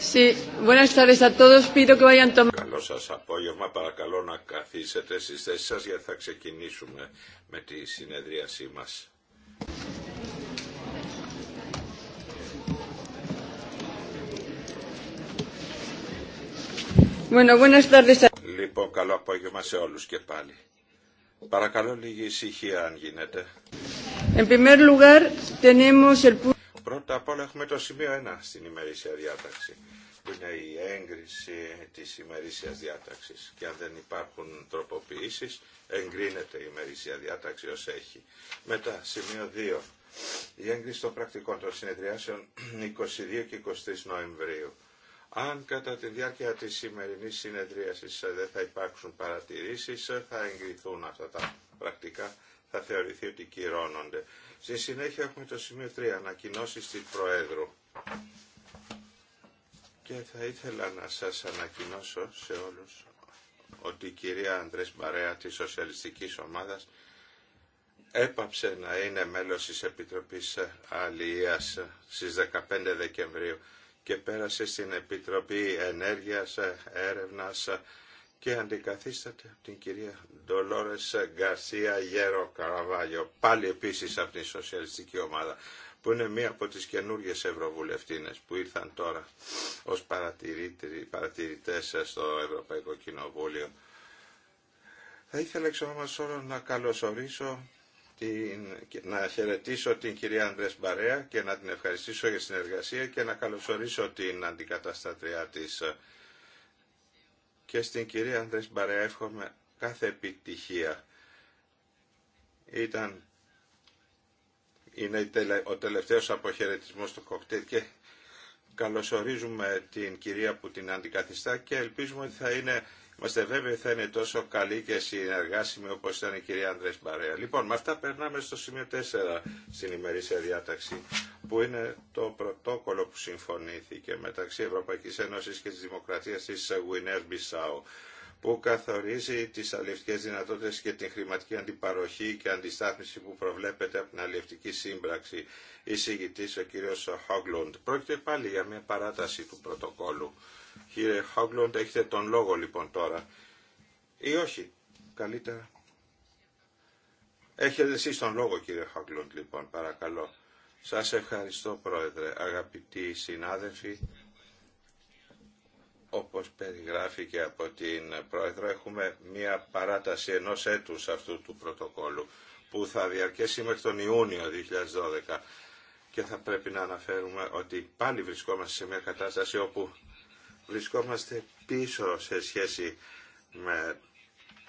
Sí, buenas tardes a todos. Pido que vayan tomando. Καλό σα απόγευμα. Παρακαλώ να καθίσετε στι θέσει σα γιατί θα ξεκινήσουμε με τη συνεδρίασή μα. Bueno, buenas tardes. Λοιπόν, καλό απόγευμα σε όλους και πάλι. Παρακαλώ λίγη ησυχία αν γίνεται. En primer lugar, tenemos el Πρώτα απ' όλα έχουμε το σημείο 1 στην ημερήσια διάταξη, που είναι η έγκριση της ημερήσιας διάταξης. Και αν δεν υπάρχουν τροποποιήσεις, εγκρίνεται η ημερήσια διάταξη ως έχει. Μετά, σημείο 2. Η έγκριση των πρακτικών των συνεδριάσεων 22 και 23 Νοεμβρίου. Αν κατά τη διάρκεια της σημερινής συνεδρίασης ε, δεν θα υπάρξουν παρατηρήσεις, ε, θα εγκριθούν αυτά τα πρακτικά, θα θεωρηθεί ότι κυρώνονται. Στη συνέχεια έχουμε το σημείο 3, ανακοινώσεις της Προέδρου. Και θα ήθελα να σας ανακοινώσω σε όλους ότι η κυρία Αντρές Μπαρέα της Σοσιαλιστικής Ομάδας έπαψε να είναι μέλος της Επιτροπής Αλληλείας στις 15 Δεκεμβρίου και πέρασε στην Επιτροπή Ενέργειας, Έρευνας, και αντικαθίσταται την κυρία Ντολόρες Γκαρσία Γέρο Καραβάγιο, πάλι επίσης από την Σοσιαλιστική Ομάδα, που είναι μία από τις καινούργιε ευρωβουλευτίνες που ήρθαν τώρα ως παρατηρητές στο Ευρωπαϊκό Κοινοβούλιο. Θα ήθελα εξ ονόμας να καλωσορίσω την, να χαιρετήσω την κυρία Ανδρές Μπαρέα και να την ευχαριστήσω για συνεργασία και να καλωσορίσω την αντικαταστατριά της και στην κυρία Ανδρές Μπαρέα εύχομαι κάθε επιτυχία. Ήταν είναι ο τελευταίος αποχαιρετισμός του κοκτέιλ και καλωσορίζουμε την κυρία που την αντικαθιστά και ελπίζουμε ότι θα είναι Είμαστε βέβαιοι θα είναι τόσο καλή και συνεργάσιμη όπω ήταν η κυρία Αντρε Μπαρέα. Λοιπόν, με αυτά περνάμε στο σημείο 4 στην ημερήσια διάταξη, που είναι το πρωτόκολλο που συμφωνήθηκε μεταξύ Ευρωπαϊκή Ένωση και τη Δημοκρατία τη Γουινέρ Μπισάου που καθορίζει τις αλληλευτικές δυνατότητες και την χρηματική αντιπαροχή και αντιστάθμιση που προβλέπεται από την αλληλευτική σύμπραξη. Εισηγητής ο κύριος Χόγλοντ. Πρόκειται πάλι για μια παράταση του πρωτοκόλου Κύριε Χάγκλοντ, έχετε τον λόγο λοιπόν τώρα. Ή όχι, καλύτερα. Έχετε εσείς τον λόγο κύριε Χάγκλοντ λοιπόν, παρακαλώ. Σας ευχαριστώ πρόεδρε, αγαπητοί συνάδελφοι. Όπως περιγράφηκε από την πρόεδρο, έχουμε μία παράταση ενός έτους αυτού του πρωτοκόλου που θα διαρκέσει μέχρι τον Ιούνιο 2012 και θα πρέπει να αναφέρουμε ότι πάλι βρισκόμαστε σε μια κατάσταση όπου βρισκόμαστε πίσω σε σχέση με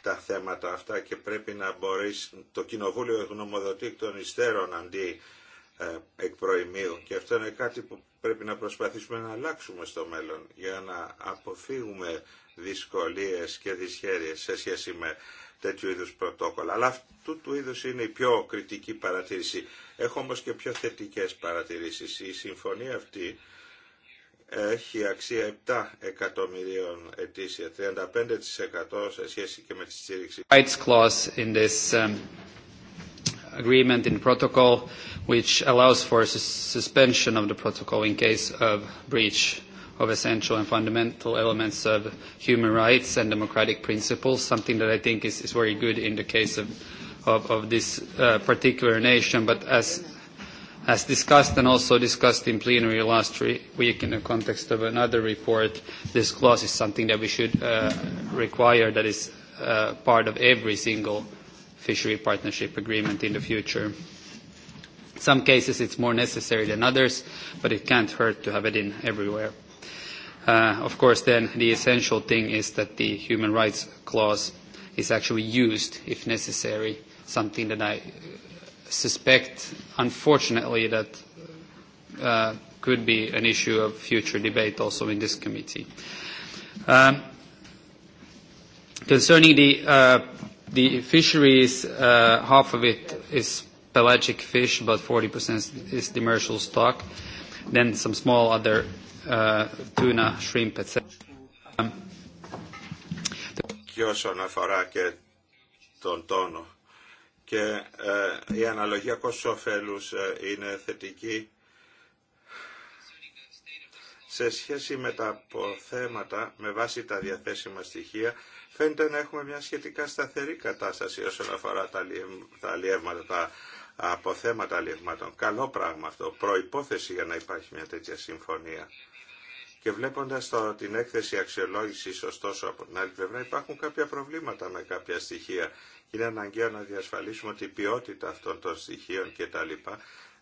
τα θέματα αυτά και πρέπει να μπορεί το Κοινοβούλιο γνωμοδοτεί εκ των υστέρων αντί ε, εκ και αυτό είναι κάτι που πρέπει να προσπαθήσουμε να αλλάξουμε στο μέλλον για να αποφύγουμε δυσκολίες και δυσχέρειες σε σχέση με τέτοιου είδους πρωτόκολλα. Αλλά αυτού του είδους είναι η πιο κριτική παρατήρηση. Έχω όμως και πιο θετικές παρατηρήσεις. Η συμφωνία αυτή έχει αξία 7 εκατομμυρίων ετήσια, 35% σε σχέση και με τη στήριξη. Rights clause in this agreement in protocol which allows for suspension of the protocol in case of breach of essential and fundamental elements of human rights and democratic principles, something that I think is, is very good in the case of, of, of this uh, particular nation, but as as discussed and also discussed in plenary last week in the context of another report, this clause is something that we should require that is part of every single fishery partnership agreement in the future. In some cases it's more necessary than others, but it can't hurt to have it in everywhere. Of course, then the essential thing is that the human rights clause is actually used if necessary, something that I suspect, unfortunately, that could be an issue of future debate also in this committee. Concerning the the fisheries, half of it is pelagic fish, about 40% is demersal stock, then some small other tuna, shrimp, etc. Και όσον αφορά και τον τόνο, και ε, η αναλογία ε, είναι θετική σε σχέση με τα αποθέματα, με βάση τα διαθέσιμα στοιχεία, φαίνεται να έχουμε μια σχετικά σταθερή κατάσταση όσον αφορά τα τα αποθέματα αλλιευμάτων. Καλό πράγμα αυτό, προϋπόθεση για να υπάρχει μια τέτοια συμφωνία. Και βλέποντας την έκθεση αξιολόγησης, ωστόσο, από την άλλη πλευρά υπάρχουν κάποια προβλήματα με κάποια στοιχεία. Είναι αναγκαίο να διασφαλίσουμε ότι η ποιότητα αυτών των στοιχείων κτλ.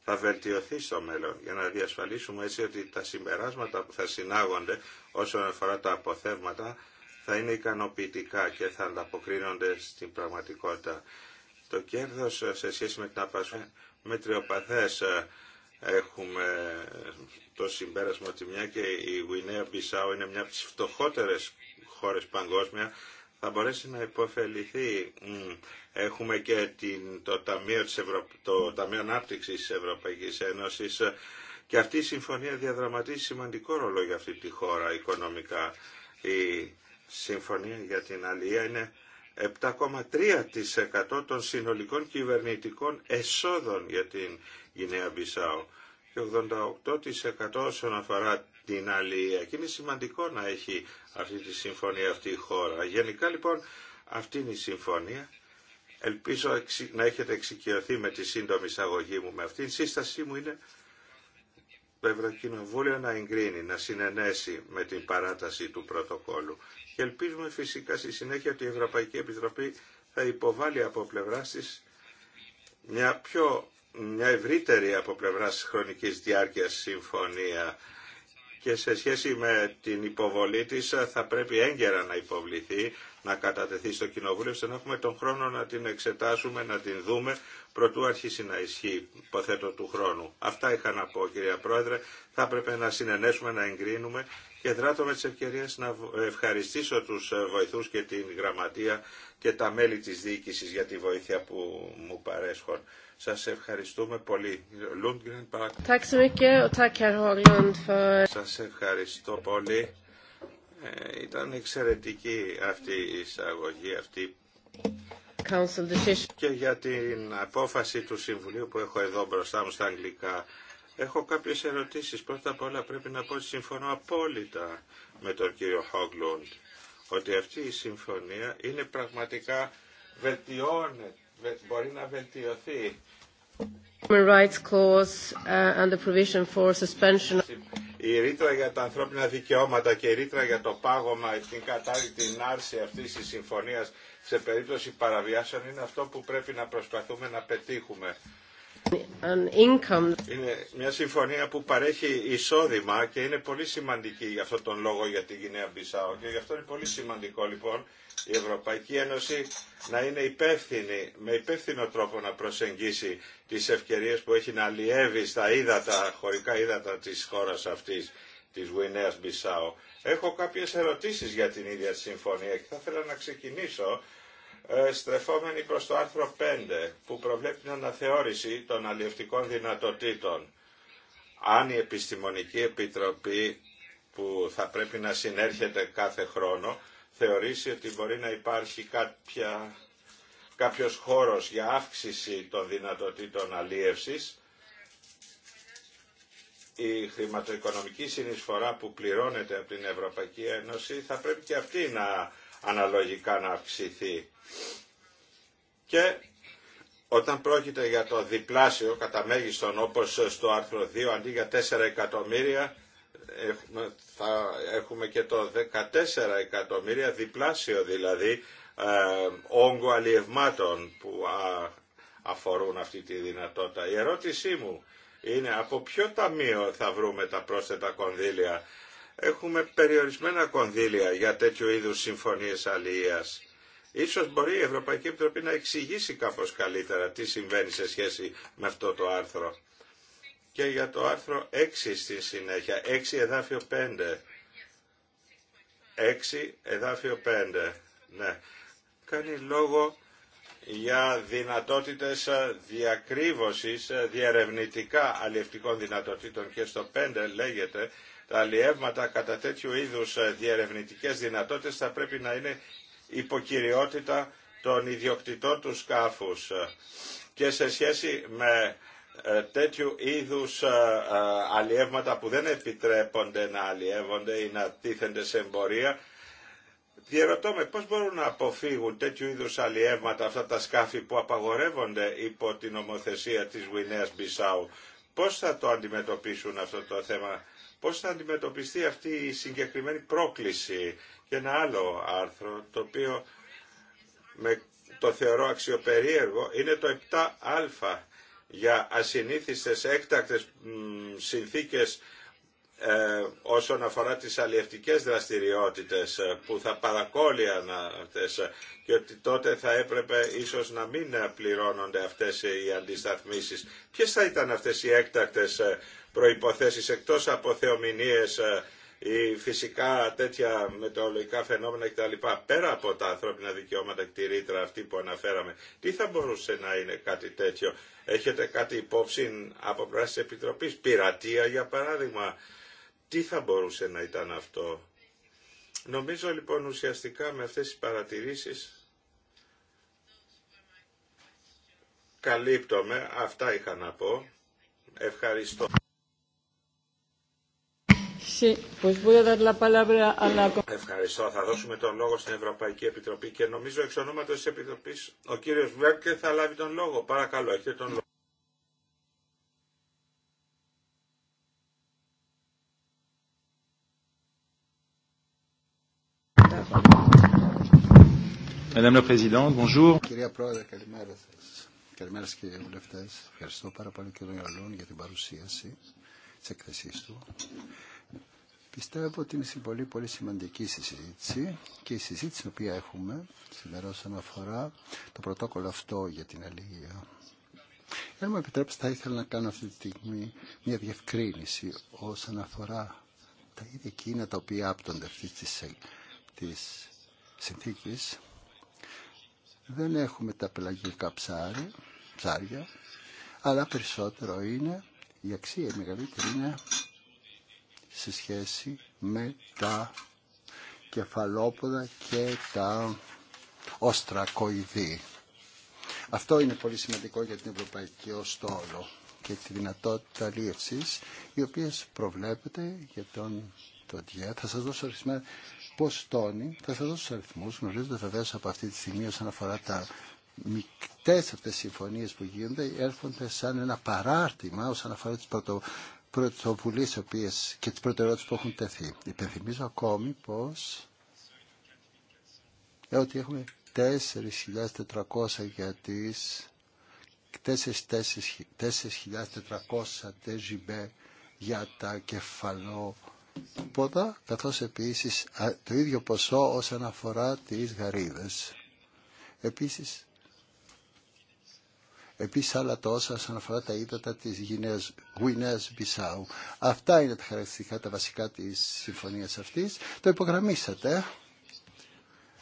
θα βελτιωθεί στο μέλλον για να διασφαλίσουμε έτσι ότι τα συμπεράσματα που θα συνάγονται όσον αφορά τα αποθέματα θα είναι ικανοποιητικά και θα ανταποκρίνονται στην πραγματικότητα. Το κέρδος ε, σε σχέση με την απασχόληση μετριοπαθές ε, έχουμε το συμπέρασμα ότι μια και η Γουινέα Μπισάου είναι μια από τις φτωχότερες χώρες παγκόσμια θα μπορέσει να υποφεληθεί. Έχουμε και την, το, Ταμείο της Ευρω... το Ταμείο Ανάπτυξης της Ευρωπαϊκής Ένωσης και αυτή η συμφωνία διαδραματίζει σημαντικό ρόλο για αυτή τη χώρα οικονομικά. Η συμφωνία για την Αλία είναι 7,3% των συνολικών κυβερνητικών εσόδων για την Γινέα Μπισάου και 88% όσον αφορά την αλληλεία. Και είναι σημαντικό να έχει αυτή τη συμφωνία αυτή η χώρα. Γενικά λοιπόν αυτή είναι η συμφωνία. Ελπίζω να έχετε εξοικειωθεί με τη σύντομη εισαγωγή μου με αυτήν. Η σύστασή μου είναι το Ευρωκοινοβούλιο να εγκρίνει, να συνενέσει με την παράταση του πρωτοκόλου και ελπίζουμε φυσικά στη συνέχεια ότι η Ευρωπαϊκή Επιτροπή θα υποβάλει από πλευρά τη μια πιο μια ευρύτερη από πλευράς χρονικής διάρκειας συμφωνία και σε σχέση με την υποβολή της θα πρέπει έγκαιρα να υποβληθεί, να κατατεθεί στο Κοινοβούλιο, ώστε να έχουμε τον χρόνο να την εξετάσουμε, να την δούμε, προτού αρχίσει να ισχύει, υποθέτω, του χρόνου. Αυτά είχα να πω, κυρία Πρόεδρε. Θα έπρεπε να συνενέσουμε, να εγκρίνουμε και δράτω με τις ευκαιρίες να ευχαριστήσω τους ε, βοηθούς και την γραμματεία και τα μέλη της διοίκησης για τη βοήθεια που μου παρέσχουν. Σας ευχαριστούμε πολύ. Lundgren, Σας ευχαριστώ πολύ. Ε, ήταν εξαιρετική αυτή η εισαγωγή, αυτή και για την απόφαση του Συμβουλίου που έχω εδώ μπροστά μου στα αγγλικά Έχω κάποιες ερωτήσεις. Πρώτα απ' όλα πρέπει να πω ότι συμφωνώ απόλυτα με τον κύριο Χόγκλουντ ότι αυτή η συμφωνία είναι πραγματικά βελτιώνεται, μπορεί να βελτιωθεί. Uh, η ρήτρα για τα ανθρώπινα δικαιώματα και η ρήτρα για το πάγωμα την κατάλληλη την άρση αυτής της συμφωνίας σε περίπτωση παραβιάσεων είναι αυτό που πρέπει να προσπαθούμε να πετύχουμε. Είναι μια συμφωνία που παρέχει εισόδημα και είναι πολύ σημαντική για αυτόν τον λόγο για την Γινέα Μπισάο και γι' αυτό είναι πολύ σημαντικό λοιπόν η Ευρωπαϊκή Ένωση να είναι υπεύθυνη, με υπεύθυνο τρόπο να προσεγγίσει τις ευκαιρίες που έχει να αλλιεύει στα ύδατα, χωρικά ύδατα της χώρας αυτής, της Γουινέας Μπισάο. Έχω κάποιες ερωτήσεις για την ίδια τη συμφωνία και θα ήθελα να ξεκινήσω ε, στρεφόμενοι προς το άρθρο 5 που προβλέπει την αναθεώρηση των αλλιευτικών δυνατοτήτων. Αν η Επιστημονική Επιτροπή που θα πρέπει να συνέρχεται κάθε χρόνο θεωρήσει ότι μπορεί να υπάρχει κάποια, κάποιος χώρος για αύξηση των δυνατοτήτων αλίευσης, η χρηματοοικονομική συνεισφορά που πληρώνεται από την Ευρωπαϊκή Ένωση θα πρέπει και αυτή να αναλογικά να αυξηθεί. Και όταν πρόκειται για το διπλάσιο κατά μέγιστον όπως στο άρθρο 2 αντί για 4 εκατομμύρια έχουμε, θα έχουμε και το 14 εκατομμύρια διπλάσιο δηλαδή ε, όγκο αλλιευμάτων που α, αφορούν αυτή τη δυνατότητα. Η ερώτησή μου είναι από ποιο ταμείο θα βρούμε τα πρόσθετα κονδύλια έχουμε περιορισμένα κονδύλια για τέτοιου είδους συμφωνίες αλληλείας. Ίσως μπορεί η Ευρωπαϊκή Επιτροπή να εξηγήσει κάπως καλύτερα τι συμβαίνει σε σχέση με αυτό το άρθρο. Και για το άρθρο 6 στη συνέχεια, 6 εδάφιο 5. 6 εδάφιο 5. Ναι. Κάνει λόγο για δυνατότητες διακρύβωσης διερευνητικά αλληλευτικών δυνατοτήτων και στο 5 λέγεται τα αλλιεύματα κατά τέτοιου είδους ε, διερευνητικές δυνατότητες θα πρέπει να είναι υποκυριότητα των ιδιοκτητών του σκάφους ε, και σε σχέση με ε, τέτοιου είδους αλλιεύματα που δεν επιτρέπονται να αλλιεύονται ή να τίθενται σε εμπορία Διερωτώ με πώς μπορούν να αποφύγουν τέτοιου είδους αλλιεύματα αυτά τα σκάφη που απαγορεύονται υπό την νομοθεσία της Γουινέας Μπισάου. Πώς θα το αντιμετωπίσουν αυτό το θέμα, πώς θα αντιμετωπιστεί αυτή η συγκεκριμένη πρόκληση. Και ένα άλλο άρθρο, το οποίο με το θεωρώ αξιοπερίεργο, είναι το 7α για ασυνήθιστες έκτακτες συνθήκες ε, όσον αφορά τις αλλιευτικές δραστηριότητες ε, που θα παρακόλλιαν ε, αυτές και ότι τότε θα έπρεπε ίσως να μην πληρώνονται αυτές οι αντισταθμίσεις. Ποιες θα ήταν αυτές οι έκτακτες προϋποθέσεις εκτός από θεομηνίες ή φυσικά τέτοια μετεωρολογικά φαινόμενα κτλ. Πέρα από τα ανθρώπινα δικαιώματα και τη ρήτρα αυτή που αναφέραμε, τι θα μπορούσε να είναι κάτι τέτοιο. Έχετε κάτι υπόψη από πράσινη επιτροπή, πειρατεία για παράδειγμα, τι θα μπορούσε να ήταν αυτό. Νομίζω λοιπόν ουσιαστικά με αυτές τις παρατηρήσεις καλύπτομαι. Αυτά είχα να πω. Ευχαριστώ. Ευχαριστώ. Θα δώσουμε τον λόγο στην Ευρωπαϊκή Επιτροπή και νομίζω εξ ονόματος της Επιτροπής ο κύριος Βέρκε θα λάβει τον λόγο. Παρακαλώ, έχετε τον λόγο. Κυρία Πρόεδρε, καλημέρα σας. Καλημέρα κύριε βουλευτές. Ευχαριστώ πάρα πολύ κύριε τον για την παρουσίαση της εκθεσής του. Πιστεύω ότι είναι πολύ, πολύ σημαντική η συζήτηση και η συζήτηση που έχουμε σήμερα όσον αφορά το πρωτόκολλο αυτό για την αλληλεία. Αν μου επιτρέψετε, θα ήθελα να κάνω αυτή τη στιγμή μια διευκρίνηση όσον αφορά τα ίδια εκείνα τα οποία άπτονται αυτή τη συνθήκη δεν έχουμε τα πελαγικά ψάρι, ψάρια, αλλά περισσότερο είναι, η αξία η μεγαλύτερη είναι σε σχέση με τα κεφαλόποδα και τα οστρακοειδή. Αυτό είναι πολύ σημαντικό για την Ευρωπαϊκή οστόλο και τη δυνατότητα λίευσης, οι οποία προβλέπεται για τον το Θα σας δώσω τόνει, Θα σας δώσω τους αριθμούς, γνωρίζετε βεβαίω από αυτή τη στιγμή όσον αφορά τα μεικτέ αυτές συμφωνίες που γίνονται έρχονται σαν ένα παράρτημα όσον αφορά τις πρωτο, πρωτοβουλίες οποίες, και τις προτεραιότητες που έχουν τεθεί. Υπενθυμίζω ακόμη πως ε, ότι έχουμε 4.400 για τις 4.400 τεζιμπέ για τα κεφαλό ποτά καθώς επίσης το ίδιο ποσό όσον αφορά τις γαρίδες. Επίσης, επίσης άλλα τόσα όσον αφορά τα ύδατα της γυνές Γουινέας Μπισάου. Αυτά είναι τα χαρακτηριστικά τα βασικά της συμφωνίας αυτής. Το υπογραμμίσατε.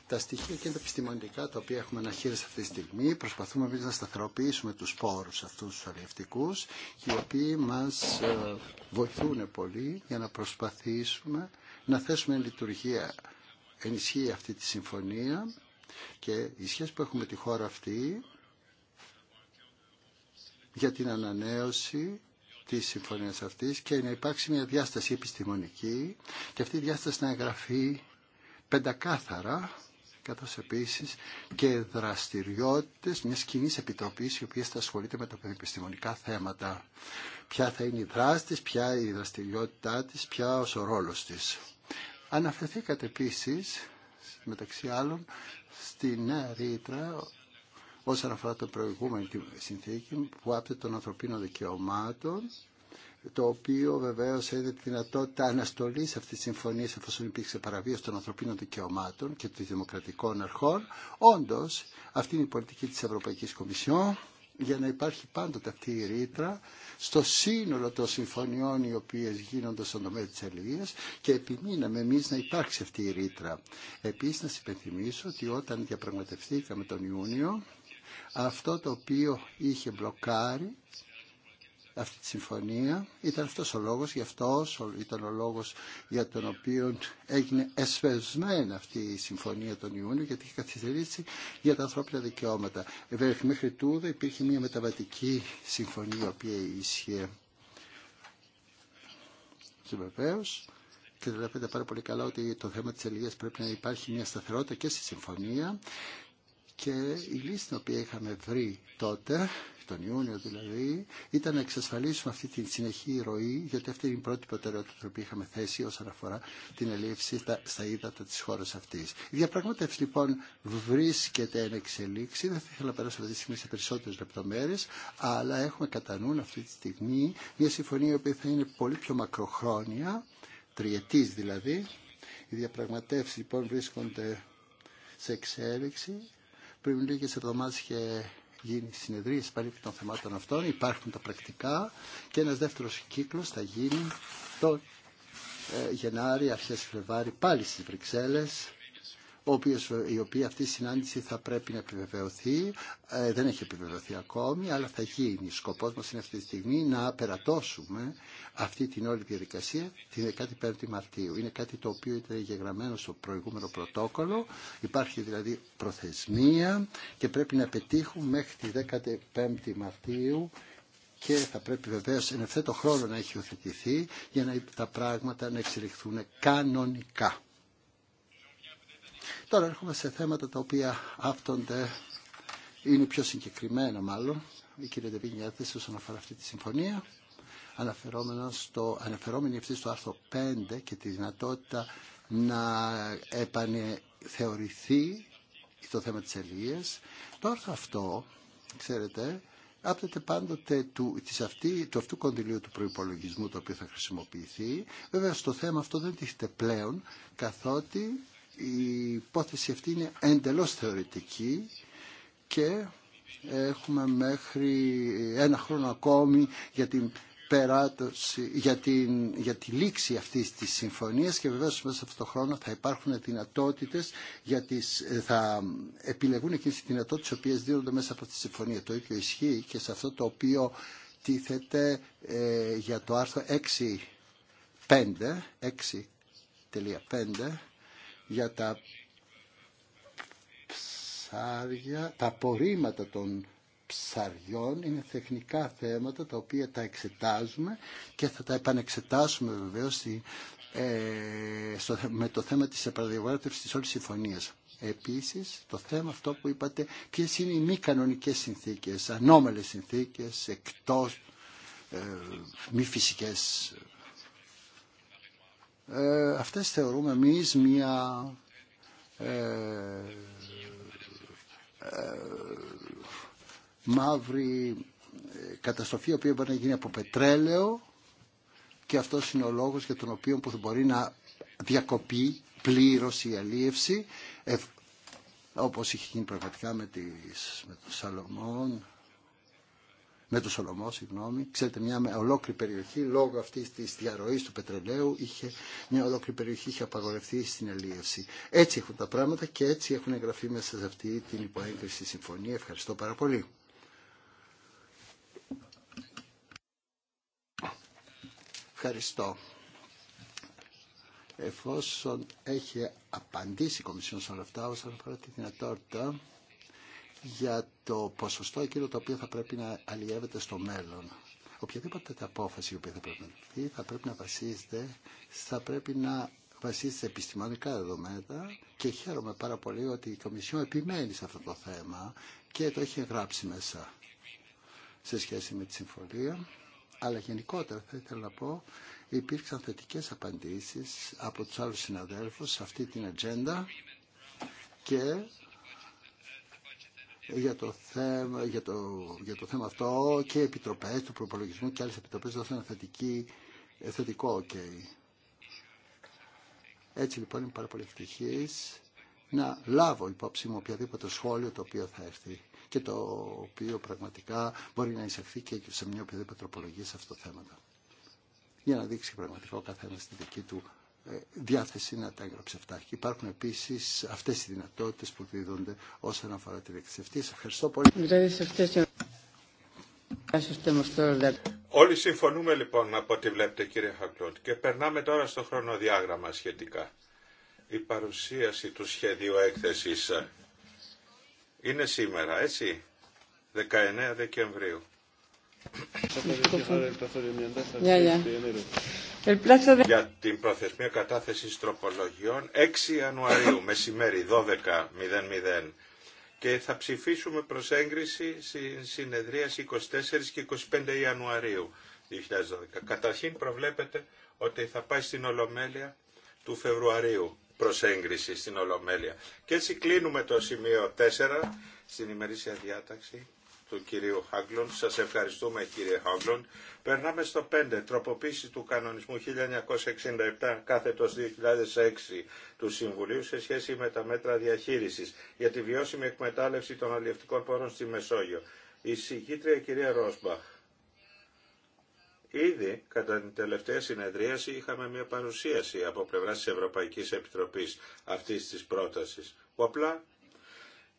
Τα στοιχεία και τα επιστημονικά τα οποία έχουμε χείρε αυτή τη στιγμή προσπαθούμε εμεί να σταθεροποιήσουμε του πόρου αυτού του αλληλευτικού οι οποίοι μα ε, βοηθούν πολύ για να προσπαθήσουμε να θέσουμε λειτουργία ενισχύει αυτή τη συμφωνία και η σχέση που έχουμε με τη χώρα αυτή για την ανανέωση της συμφωνίας αυτής και να υπάρξει μια διάσταση επιστημονική και αυτή η διάσταση να εγγραφεί πεντακάθαρα καθώς επίσης και δραστηριότητες μιας κοινή επιτροπή η οποία θα ασχολείται με τα πανεπιστημονικά θέματα. Ποια θα είναι η δράση της, ποια η δραστηριότητά της, ποια ο ρόλος της. Αναφερθήκατε επίσης, μεταξύ άλλων, στη νέα ρήτρα όσον αφορά το προηγούμενο συνθήκη που άπτεται των ανθρωπίνων δικαιωμάτων το οποίο βεβαίω έδινε τη δυνατότητα αναστολή αυτή τη συμφωνία εφόσον υπήρξε παραβίαση των ανθρωπίνων δικαιωμάτων και των δημοκρατικών αρχών. Όντω, αυτή είναι η πολιτική τη Ευρωπαϊκή Κομισιόν για να υπάρχει πάντοτε αυτή η ρήτρα στο σύνολο των συμφωνιών οι οποίε γίνονται στον τομέα τη αλληλεία και επιμείναμε εμεί να υπάρξει αυτή η ρήτρα. Επίσης, να σα ότι όταν διαπραγματευθήκαμε τον Ιούνιο, αυτό το οποίο είχε μπλοκάρει αυτή τη συμφωνία. Ήταν αυτός ο λόγος, γι' αυτό ήταν ο λόγος για τον οποίο έγινε εσφεσμένη αυτή η συμφωνία τον Ιούνιο, γιατί είχε καθυστερήσει για τα ανθρώπινα δικαιώματα. μέχρι τούδε υπήρχε μια μεταβατική συμφωνία, η οποία ίσχυε και βεβαίω. Και βλέπετε πάρα πολύ καλά ότι το θέμα της ελληνίας πρέπει να υπάρχει μια σταθερότητα και στη συμφωνία και η λύση την οποία είχαμε βρει τότε, τον Ιούνιο δηλαδή, ήταν να εξασφαλίσουμε αυτή τη συνεχή ροή, γιατί αυτή είναι η πρώτη προτεραιότητα που είχαμε θέσει όσον αφορά την ελήψη στα ύδατα τη χώρα αυτή. Η διαπραγμάτευση λοιπόν βρίσκεται εν εξελίξη. Δεν θα ήθελα να περάσω αυτή τη στιγμή σε περισσότερε λεπτομέρειε, αλλά έχουμε κατά νου αυτή τη στιγμή μια συμφωνία η οποία θα είναι πολύ πιο μακροχρόνια, τριετή δηλαδή. Οι διαπραγματεύσει λοιπόν βρίσκονται σε εξέλιξη πριν λίγες εβδομάδες είχε γίνει συνεδρίαση παρήφη των θεμάτων αυτών, υπάρχουν τα πρακτικά και ένας δεύτερος κύκλος θα γίνει το ε, Γενάρη, αρχές Φλεβάρη, πάλι στις Βρυξέλλες η οποία αυτή η συνάντηση θα πρέπει να επιβεβαιωθεί. Ε, δεν έχει επιβεβαιωθεί ακόμη, αλλά θα γίνει. Σκοπός μας είναι αυτή τη στιγμή να περατώσουμε αυτή την όλη διαδικασία την 15η Μαρτίου. Είναι κάτι το οποίο ήταν γεγραμμένο στο προηγούμενο πρωτόκολλο. Υπάρχει δηλαδή προθεσμία και πρέπει να πετύχουμε μέχρι τη 15η Μαρτίου και θα πρέπει βεβαίω εν ευθέτω χρόνο να έχει οθετηθεί για να τα πράγματα να εξελιχθούν κανονικά. Τώρα έρχομαι σε θέματα τα οποία άφτονται, είναι πιο συγκεκριμένα μάλλον. Η κυρία Ντεβίνια έθεσε όσον αφορά αυτή τη συμφωνία, στο, αναφερόμενη αυτή στο άρθρο 5 και τη δυνατότητα να επανεθεωρηθεί το θέμα της αλληλείας. Το άρθρο αυτό, ξέρετε, άπτεται πάντοτε του, αυτή, του αυτού κονδυλίου του προϋπολογισμού το οποίο θα χρησιμοποιηθεί. Βέβαια στο θέμα αυτό δεν τίθεται πλέον καθότι η υπόθεση αυτή είναι εντελώς θεωρητική και έχουμε μέχρι ένα χρόνο ακόμη για την περάτωση, για, την, για τη λήξη αυτής της συμφωνίας και βεβαίως μέσα σε αυτό το χρόνο θα υπάρχουν δυνατότητες για τις, θα επιλεγούν εκείνες τις δυνατότητες οι οποίες δίνονται μέσα από αυτή τη συμφωνία. Το ίδιο ισχύει και σε αυτό το οποίο τίθεται ε, για το άρθρο 6.5 6.5 για τα ψάρια, τα απορρίμματα των ψαριών είναι τεχνικά θέματα τα οποία τα εξετάζουμε και θα τα επανεξετάσουμε βεβαίως ε, με το θέμα της επαναδιαβάτευσης της όλης συμφωνίας. Επίσης, το θέμα αυτό που είπατε, ποιες είναι οι μη κανονικές συνθήκες, ανώμελες συνθήκες, εκτός ε, μη φυσικές ε, αυτές θεωρούμε εμείς μια ε, ε μαύρη ε, καταστροφή η οποία μπορεί να γίνει από πετρέλαιο και αυτό είναι ο λόγος για τον οποίο που μπορεί να διακοπεί πλήρως η αλίευση ε, όπως είχε γίνει πραγματικά με, τις, με τον Σαλωμόν με το Σολομό, συγγνώμη. Ξέρετε, μια ολόκληρη περιοχή, λόγω αυτή τη διαρροή του πετρελαίου, είχε, μια ολόκληρη περιοχή είχε απαγορευτεί στην ελίευση. Έτσι έχουν τα πράγματα και έτσι έχουν εγγραφεί μέσα σε αυτή την υποέγκριση συμφωνία. Ευχαριστώ πάρα πολύ. Ευχαριστώ. Εφόσον έχει απαντήσει η Κομισιόν σε όλα αυτά, όσον αφορά τη δυνατότητα για το ποσοστό εκείνο το οποίο θα πρέπει να αλλιεύεται στο μέλλον. Οποιαδήποτε απόφαση η οποία θα πρέπει να ληφθεί θα πρέπει να βασίζεται, θα πρέπει να βασίζεται σε επιστημονικά δεδομένα και χαίρομαι πάρα πολύ ότι η Κομισιόν επιμένει σε αυτό το θέμα και το έχει γράψει μέσα σε σχέση με τη συμφωνία. Αλλά γενικότερα θα ήθελα να πω υπήρξαν θετικές απαντήσεις από τους άλλους συναδέλφους σε αυτή την ατζέντα και για το, θέμα, για, το, για το θέμα αυτό και οι επιτροπές του προπολογισμού και άλλες επιτροπές δώσαν θετική, ε, θετικό ok. Έτσι λοιπόν είμαι πάρα πολύ ευτυχής να λάβω υπόψη μου οποιαδήποτε σχόλιο το οποίο θα έρθει και το οποίο πραγματικά μπορεί να εισαχθεί και σε μια οποιαδήποτε τροπολογία σε αυτό το θέμα. Για να δείξει πραγματικά ο καθένας τη δική του διάθεση να τα έγραψε αυτά. υπάρχουν επίση αυτέ οι δυνατότητε που δίδονται όσον αφορά τη δεξιευτή. Σα ευχαριστώ πολύ. Όλοι συμφωνούμε λοιπόν από ό,τι βλέπετε κύριε Χακλούντ και περνάμε τώρα στο χρονοδιάγραμμα σχετικά. Η παρουσίαση του σχεδίου έκθεσης ε, είναι σήμερα, έτσι, 19 Δεκεμβρίου. Για την προθεσμία κατάθεσης τροπολογιών 6 Ιανουαρίου, μεσημέρι 12.00 και θα ψηφίσουμε προς έγκριση στην συνεδρία 24 και 25 Ιανουαρίου 2012. Καταρχήν προβλέπεται ότι θα πάει στην Ολομέλεια του Φεβρουαρίου προς έγκριση στην Ολομέλεια. Και έτσι κλείνουμε το σημείο 4 στην ημερήσια διάταξη του κυρίου Χάγκλον. Σας ευχαριστούμε κύριε Χάγκλον. Περνάμε στο 5. Τροποποίηση του κανονισμού 1967 κάθετος 2006 του Συμβουλίου σε σχέση με τα μέτρα διαχείρισης για τη βιώσιμη εκμετάλλευση των αλλιευτικών πόρων στη Μεσόγειο. Η συγκήτρια κυρία Ρόσμπαχ. Ήδη κατά την τελευταία συνεδρίαση είχαμε μια παρουσίαση από πλευρά της Ευρωπαϊκής Επιτροπής αυτής της πρότασης που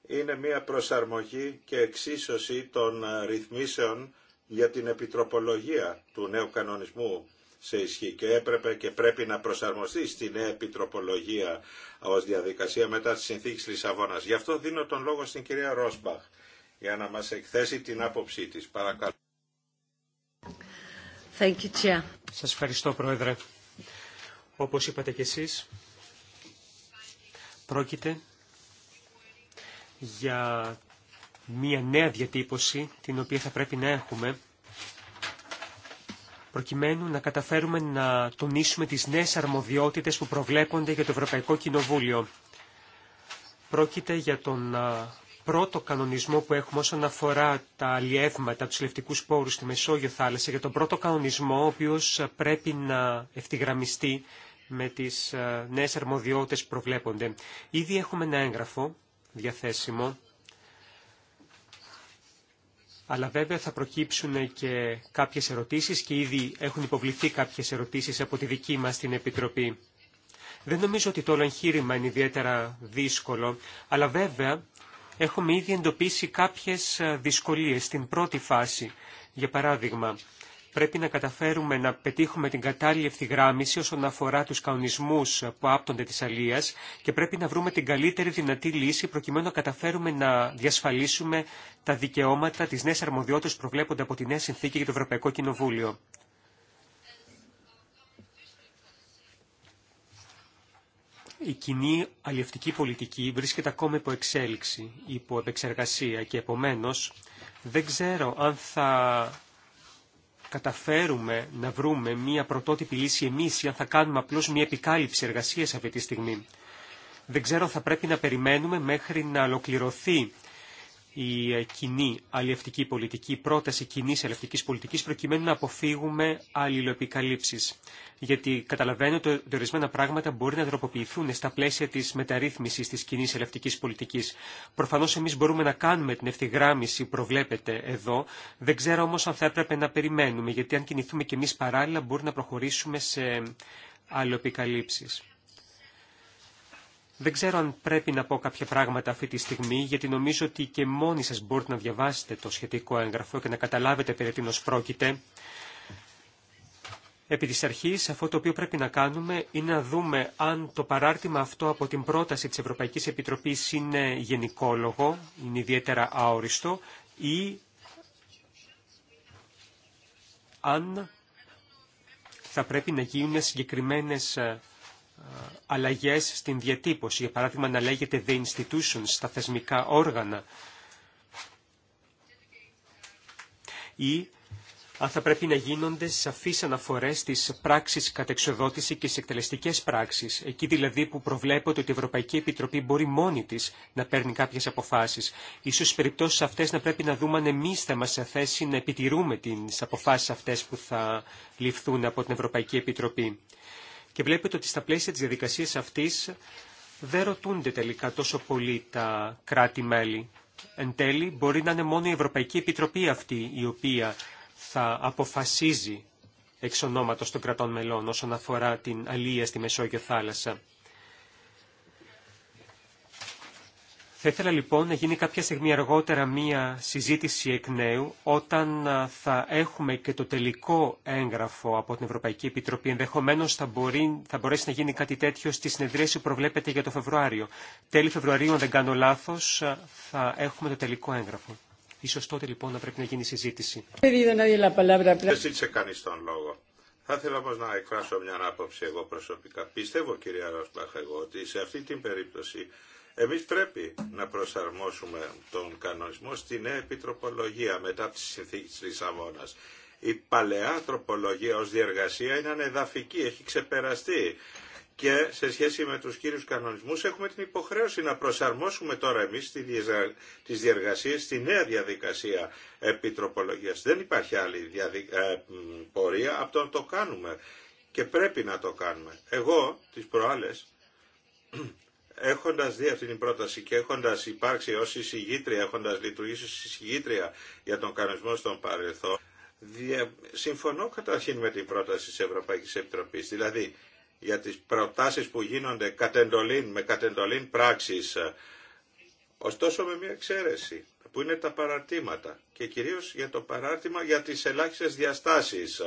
είναι μια προσαρμογή και εξίσωση των ε, ρυθμίσεων για την επιτροπολογία του νέου κανονισμού σε ισχύ και έπρεπε και πρέπει να προσαρμοστεί στη νέα επιτροπολογία ως διαδικασία μετά τη συνθήκη Λισαβόνας. Γι' αυτό δίνω τον λόγο στην κυρία Ρόσμπαχ για να μας εκθέσει την άποψή της. Παρακαλώ. Thank you, Chair. Σας ευχαριστώ, Πρόεδρε. Όπως είπατε κι εσείς, πρόκειται για μια νέα διατύπωση την οποία θα πρέπει να έχουμε προκειμένου να καταφέρουμε να τονίσουμε τις νέες αρμοδιότητες που προβλέπονται για το Ευρωπαϊκό Κοινοβούλιο. Πρόκειται για τον πρώτο κανονισμό που έχουμε όσον αφορά τα αλλιεύματα, του λευτικούς πόρους στη Μεσόγειο θάλασσα, για τον πρώτο κανονισμό ο οποίος πρέπει να ευθυγραμμιστεί με τις νέες αρμοδιότητες που προβλέπονται. Ήδη έχουμε ένα έγγραφο διαθέσιμο. Αλλά βέβαια θα προκύψουν και κάποιες ερωτήσεις και ήδη έχουν υποβληθεί κάποιες ερωτήσεις από τη δική μας την Επιτροπή. Δεν νομίζω ότι το όλο εγχείρημα είναι ιδιαίτερα δύσκολο, αλλά βέβαια έχουμε ήδη εντοπίσει κάποιες ε, δυσκολίες στην πρώτη φάση. Για παράδειγμα, πρέπει να καταφέρουμε να πετύχουμε την κατάλληλη ευθυγράμμιση όσον αφορά τους κανονισμούς που άπτονται της αλίας και πρέπει να βρούμε την καλύτερη δυνατή λύση προκειμένου να καταφέρουμε να διασφαλίσουμε τα δικαιώματα της νέας αρμοδιότητας που προβλέπονται από τη νέα συνθήκη για το Ευρωπαϊκό Κοινοβούλιο. η κοινή αλλιευτική πολιτική βρίσκεται ακόμα υπό εξέλιξη, υπό επεξεργασία και επομένως δεν ξέρω αν θα καταφέρουμε να βρούμε μία πρωτότυπη λύση εμείς ή αν θα κάνουμε απλώς μία επικάλυψη εργασίας αυτή τη στιγμή. Δεν ξέρω, θα πρέπει να περιμένουμε μέχρι να ολοκληρωθεί η ε, κοινή αλληλευτική πολιτική, η πρόταση κοινή αλληλευτική πολιτική, προκειμένου να αποφύγουμε αλληλοεπικαλύψει. Γιατί καταλαβαίνω ότι ορισμένα πράγματα μπορεί να τροποποιηθούν στα πλαίσια τη μεταρρύθμιση τη κοινή αλληλευτική πολιτική. Προφανώ εμεί μπορούμε να κάνουμε την ευθυγράμμιση που προβλέπεται εδώ. Δεν ξέρω όμω αν θα έπρεπε να περιμένουμε, γιατί αν κινηθούμε κι εμεί παράλληλα, μπορεί να προχωρήσουμε σε αλληλοεπικαλύψει. Δεν ξέρω αν πρέπει να πω κάποια πράγματα αυτή τη στιγμή, γιατί νομίζω ότι και μόνοι σας μπορείτε να διαβάσετε το σχετικό έγγραφο και να καταλάβετε περί τίνος πρόκειται. Επί της αρχής, αυτό το οποίο πρέπει να κάνουμε είναι να δούμε αν το παράρτημα αυτό από την πρόταση της Ευρωπαϊκής Επιτροπής είναι γενικόλογο, είναι ιδιαίτερα αόριστο, ή αν θα πρέπει να γίνουν συγκεκριμένες ε, ε, αλλαγές στην διατύπωση, για παράδειγμα να λέγεται the institutions, τα θεσμικά όργανα, ή αν θα πρέπει να γίνονται σαφείς αναφορές στις πράξεις κατεξοδότηση και στις εκτελεστικές πράξεις, εκεί δηλαδή που προβλέπεται ότι η Ευρωπαϊκή Επιτροπή μπορεί μόνη της να παίρνει κάποιες αποφάσεις. Ίσως στις περιπτώσεις αυτές να πρέπει να δούμε αν εμείς θα είμαστε σε θέση να επιτηρούμε τις αποφάσεις αυτές που θα ληφθούν από την Ευρωπαϊκή Επιτροπή. Και βλέπετε ότι στα πλαίσια της διαδικασίας αυτής δεν ρωτούνται τελικά τόσο πολύ τα κράτη-μέλη. Εν τέλει μπορεί να είναι μόνο η Ευρωπαϊκή Επιτροπή αυτή η οποία θα αποφασίζει εξ ονόματος των κρατών μελών όσον αφορά την αλία στη Μεσόγειο θάλασσα. Θα ήθελα λοιπόν να γίνει κάποια στιγμή αργότερα μία συζήτηση εκ νέου, όταν θα έχουμε και το τελικό έγγραφο από την Ευρωπαϊκή Επιτροπή. Ενδεχομένω θα, θα μπορέσει να γίνει κάτι τέτοιο στη συνεδρίαση που προβλέπεται για το Φεβρουάριο. Τέλη Φεβρουαρίου, αν δεν κάνω λάθο, θα έχουμε το τελικό έγγραφο. Ίσως τότε λοιπόν να πρέπει να γίνει συζήτηση. Δεν ζήτησε κανεί τον λόγο. Θα ήθελα όμω να εκφράσω μια άποψη εγώ προσωπικά. Πιστεύω, κυρία Ρόσπαχ, εγώ ότι σε αυτή την περίπτωση εμείς πρέπει να προσαρμόσουμε τον κανονισμό στη νέα επιτροπολογία μετά από τη συνθήκη της Λισαβόνας. Η παλαιά τροπολογία ως διεργασία είναι ανεδαφική, έχει ξεπεραστεί. Και σε σχέση με τους κύριους κανονισμούς έχουμε την υποχρέωση να προσαρμόσουμε τώρα εμείς τις διεργασίες στη νέα διαδικασία επιτροπολογίας. Δεν υπάρχει άλλη ε, πορεία από το να το κάνουμε και πρέπει να το κάνουμε. Εγώ τις προάλλες έχοντας δει αυτή την πρόταση και έχοντας υπάρξει ως εισηγήτρια, έχοντας λειτουργήσει ως εισηγήτρια για τον κανονισμό στον παρελθόν, συμφωνώ καταρχήν με την πρόταση της Ευρωπαϊκής Επιτροπής, δηλαδή για τις προτάσεις που γίνονται κατεντολήν, με κατεντολήν πράξης, ε, ωστόσο με μια εξαίρεση που είναι τα παραρτήματα και κυρίως για το παράρτημα για τις ελάχιστες διαστάσεις.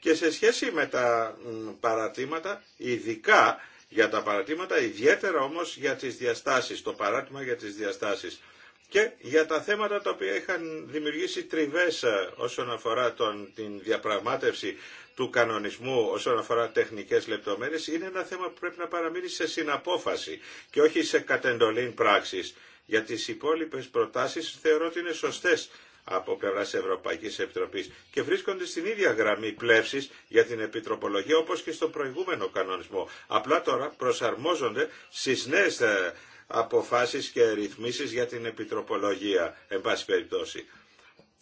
Και σε σχέση με τα παρατήματα, ειδικά για τα παρατήματα, ιδιαίτερα όμως για τις διαστάσεις, το παράτημα για τις διαστάσεις και για τα θέματα τα οποία είχαν δημιουργήσει τριβές ε, όσον αφορά τον, την διαπραγμάτευση του κανονισμού όσον αφορά τεχνικές λεπτομέρειες είναι ένα θέμα που πρέπει να παραμείνει σε συναπόφαση και όχι σε κατεντολήν πράξης. Για τις υπόλοιπες προτάσεις θεωρώ ότι είναι σωστές από πλευρά Ευρωπαϊκή Επιτροπή και βρίσκονται στην ίδια γραμμή πλεύση για την επιτροπολογία όπω και στον προηγούμενο κανονισμό. Απλά τώρα προσαρμόζονται στι νέε ε, αποφάσεις και ρυθμίσει για την επιτροπολογία, εν πάση περιπτώσει.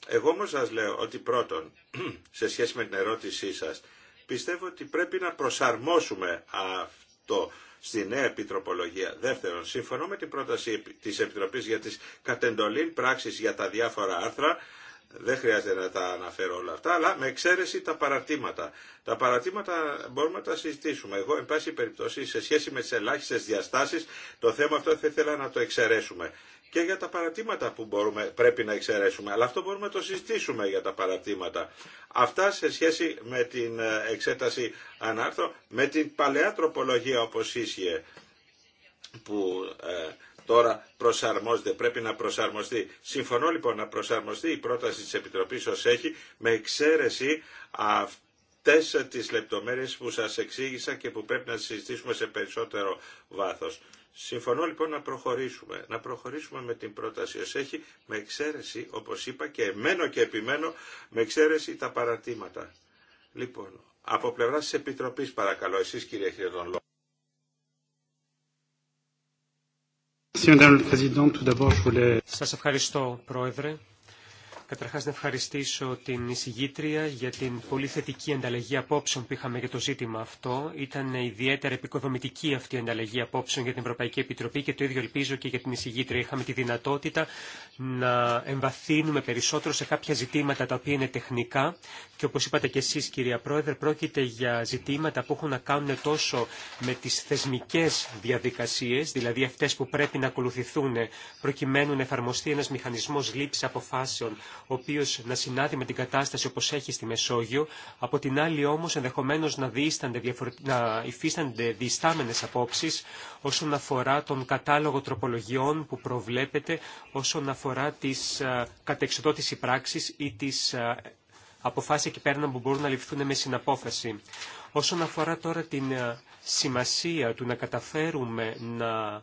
Εγώ όμω σας λέω ότι πρώτον, σε σχέση με την ερώτησή σας, πιστεύω ότι πρέπει να προσαρμόσουμε αυτό στην νέα επιτροπολογία. Δεύτερον, σύμφωνο με την πρόταση της Επιτροπής για τις κατεντολήν πράξεις για τα διάφορα άρθρα, δεν χρειάζεται να τα αναφέρω όλα αυτά, αλλά με εξαίρεση τα παρατήματα. Τα παρατήματα μπορούμε να τα συζητήσουμε. Εγώ, εν πάση περιπτώσει, σε σχέση με τι ελάχιστε διαστάσει, το θέμα αυτό θα ήθελα να το εξαιρέσουμε και για τα παρατήματα που μπορούμε, πρέπει να εξαιρέσουμε. Αλλά αυτό μπορούμε να το συζητήσουμε για τα παρατήματα. Αυτά σε σχέση με την ε, εξέταση ανάρθρω, με την παλαιά τροπολογία όπως ίσχυε που ε, τώρα προσαρμόζεται, πρέπει να προσαρμοστεί. Συμφωνώ λοιπόν να προσαρμοστεί η πρόταση της Επιτροπής ως έχει με εξαίρεση αυτή τις λεπτομέρειες που σας εξήγησα και που πρέπει να συζητήσουμε σε περισσότερο βάθος. Συμφωνώ λοιπόν να προχωρήσουμε, να προχωρήσουμε με την πρόταση ως έχει, με εξαίρεση, όπως είπα και εμένω και επιμένω, με εξαίρεση τα παρατήματα. Λοιπόν, από πλευρά τη Επιτροπής παρακαλώ, εσείς κύριε Χρυδόν Λόγκ. Σας ευχαριστώ Πρόεδρε. Καταρχά να ευχαριστήσω την εισηγήτρια για την πολύ θετική ανταλλαγή απόψεων που είχαμε για το ζήτημα αυτό. Ήταν ιδιαίτερα επικοδομητική αυτή η ανταλλαγή απόψεων για την Ευρωπαϊκή Επιτροπή και το ίδιο ελπίζω και για την εισηγήτρια. Είχαμε τη δυνατότητα να εμβαθύνουμε περισσότερο σε κάποια ζητήματα τα οποία είναι τεχνικά και όπως είπατε και εσείς κυρία Πρόεδρε πρόκειται για ζητήματα που έχουν να κάνουν τόσο με τις θεσμικές διαδικασίες, δηλαδή αυτές που πρέπει να ακολουθηθούν προκειμένου να εφαρμοστεί ένα μηχανισμό λήψη αποφάσεων ο οποίο να συνάδει με την κατάσταση όπως έχει στη Μεσόγειο, από την άλλη όμως ενδεχομένως να, διαφορε... να υφίστανται διστάμενες απόψεις όσον αφορά τον κατάλογο τροπολογιών που προβλέπεται όσον αφορά τι ε, κατεξοδότηση πράξη ή τις ε, αποφάσεις εκεί πέρα που μπορούν να ληφθούν με συναπόφαση. Όσον αφορά τώρα την ε, σημασία του να καταφέρουμε να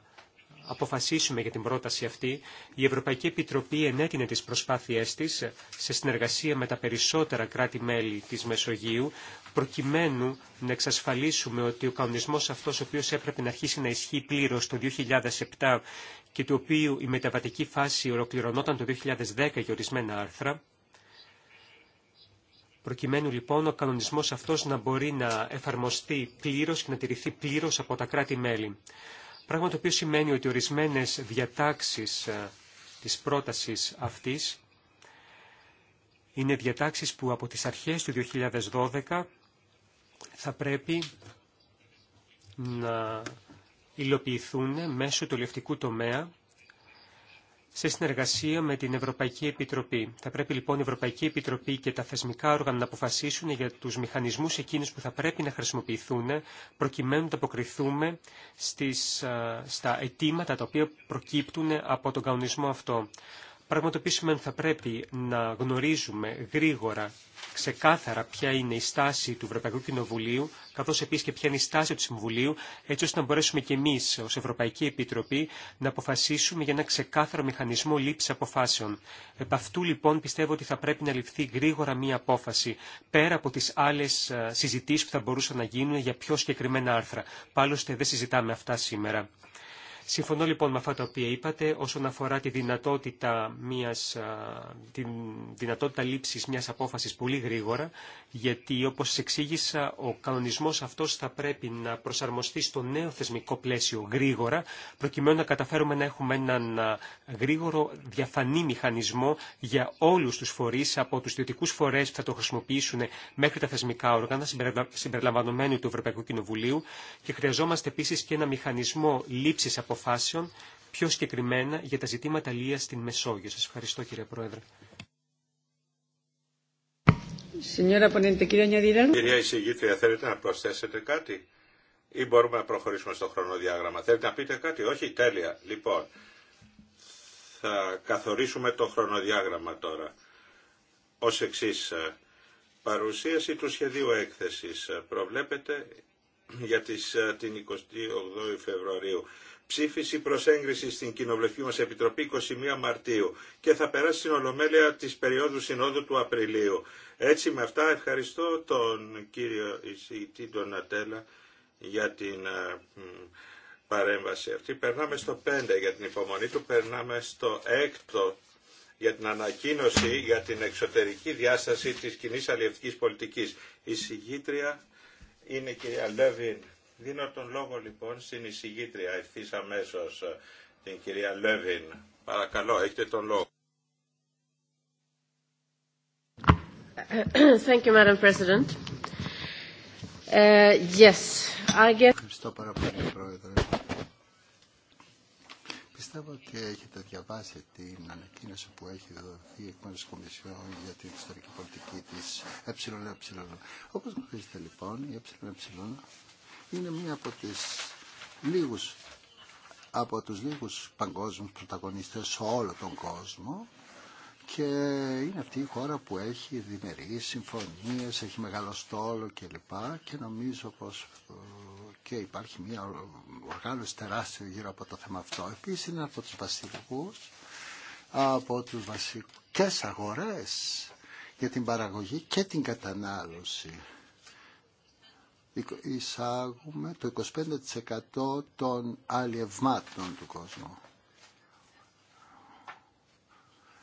αποφασίσουμε για την πρόταση αυτή, η Ευρωπαϊκή Επιτροπή ενέτεινε τις προσπάθειές της σε συνεργασία με τα περισσότερα κράτη-μέλη της Μεσογείου, προκειμένου να εξασφαλίσουμε ότι ο κανονισμός αυτός ο οποίος έπρεπε να αρχίσει να ισχύει πλήρως το 2007 και του οποίου η μεταβατική φάση ολοκληρωνόταν το 2010 για ορισμένα άρθρα, προκειμένου λοιπόν ο κανονισμός αυτός να μπορεί να εφαρμοστεί πλήρως και να τηρηθεί πλήρως από τα κράτη-μέλη. Πράγμα το οποίο σημαίνει ότι ορισμένες διατάξεις ε, της πρότασης αυτής είναι διατάξεις που από τις αρχές του 2012 θα πρέπει να υλοποιηθούν μέσω του λευτικού τομέα σε συνεργασία με την Ευρωπαϊκή Επιτροπή. Θα πρέπει λοιπόν η Ευρωπαϊκή Επιτροπή και τα θεσμικά όργανα να αποφασίσουν για τους μηχανισμούς εκείνους που θα πρέπει να χρησιμοποιηθούν προκειμένου να αποκριθούμε στις, στα αιτήματα τα οποία προκύπτουν από τον κανονισμό αυτό. Πραγματοποιήσουμε θα πρέπει να γνωρίζουμε γρήγορα, ξεκάθαρα ποια είναι η στάση του Ευρωπαϊκού Κοινοβουλίου, καθώ επίση και ποια είναι η στάση του Συμβουλίου, έτσι ώστε να μπορέσουμε και εμεί ω Ευρωπαϊκή Επιτροπή να αποφασίσουμε για ένα ξεκάθαρο μηχανισμό λήψη αποφάσεων. Επ' αυτού λοιπόν πιστεύω ότι θα πρέπει να ληφθεί γρήγορα μία απόφαση, πέρα από τι άλλε συζητήσει που θα μπορούσαν να γίνουν για πιο συγκεκριμένα άρθρα. Πάλωστε δεν συζητάμε αυτά σήμερα. Συμφωνώ λοιπόν με αυτά τα οποία είπατε όσον αφορά τη δυνατότητα, μιας, τη δυνατότητα λήψης μιας απόφασης πολύ γρήγορα, γιατί όπως εξήγησα ο κανονισμός αυτός θα πρέπει να προσαρμοστεί στο νέο θεσμικό πλαίσιο γρήγορα, προκειμένου να καταφέρουμε να έχουμε έναν γρήγορο διαφανή μηχανισμό για όλους τους φορείς, από τους ιδιωτικούς φορές που θα το χρησιμοποιήσουν μέχρι τα θεσμικά όργανα, συμπεριλαμβανομένου του Ευρωπαϊκού Κοινοβουλίου και χρειαζόμαστε επίσης και ένα μηχανισμό λήψης αποφάσεων, πιο συγκεκριμένα για τα ζητήματα λία στην Μεσόγειο. Σας ευχαριστώ κύριε Πρόεδρε. Κυρία Ισηγήτρια, θέλετε να προσθέσετε κάτι ή μπορούμε να προχωρήσουμε στο χρονοδιάγραμμα. Θέλετε να πείτε κάτι, όχι, τέλεια. Λοιπόν, θα καθορίσουμε το χρονοδιάγραμμα τώρα. Ως εξής, ε, παρουσίαση του σχεδίου έκθεσης ε, προβλέπεται για τις, ε, την 28 Φεβρουαρίου ψήφιση προς έγκριση στην Κοινοβουλευτική μας Επιτροπή 21 Μαρτίου και θα περάσει στην Ολομέλεια της περίοδου Συνόδου του Απριλίου. Έτσι με αυτά ευχαριστώ τον κύριο εισηγητή Ντονατέλα για την ε, παρέμβαση αυτή. Περνάμε στο 5 για την υπομονή του, περνάμε στο 6 για την ανακοίνωση για την εξωτερική διάσταση της κοινή αλληλευτικής πολιτικής. Η συγγήτρια είναι η κυρία Λέβιν. Δίνω τον λόγο λοιπόν στην εισηγήτρια ευθύ αμέσω ε, την κυρία Λέβιν. Παρακαλώ, έχετε τον λόγο. Thank you, Madam President. Uh, yes, I get... Ευχαριστώ πάρα πολύ, Πρόεδρε. Πιστεύω ότι έχετε διαβάσει την ανακοίνωση που έχει δοθεί εκ μέρου τη Κομισιόν για την εξωτερική πολιτική τη ΕΕ. Όπω γνωρίζετε λοιπόν, η ΕΕ είναι μία από τις λίγους από τους λίγους παγκόσμιους πρωταγωνιστές σε όλο τον κόσμο και είναι αυτή η χώρα που έχει διμερείς συμφωνίες, έχει μεγάλο στόλο κλπ. Και νομίζω πως ε, και υπάρχει μια οργάνωση τεράστια γύρω από το θέμα αυτό. Επίσης είναι από τους βασικούς, από τους βασικές αγορές για την παραγωγή και την κατανάλωση εισάγουμε το 25% των αλλιευμάτων του κόσμου.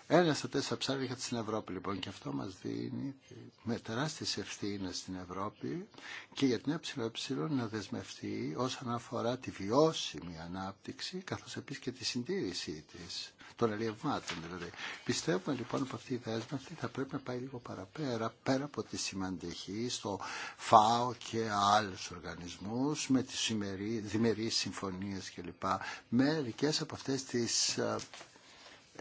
Ένα στα τέσσερα ψάρια είχατε στην Ευρώπη λοιπόν και αυτό μας δίνει με τεράστιες ευθύνε στην Ευρώπη και για την ΕΕ να δεσμευτεί όσον αφορά τη βιώσιμη ανάπτυξη καθώς επίσης και τη συντήρησή της των ελευμάτων δηλαδή. Πιστεύουμε λοιπόν ότι αυτή η δέσμευση θα πρέπει να πάει λίγο παραπέρα πέρα από τη σημαντική στο ΦΑΟ και άλλους οργανισμούς με τις διμερείς συμφωνίες κλπ. Μερικές από αυτές τις ε,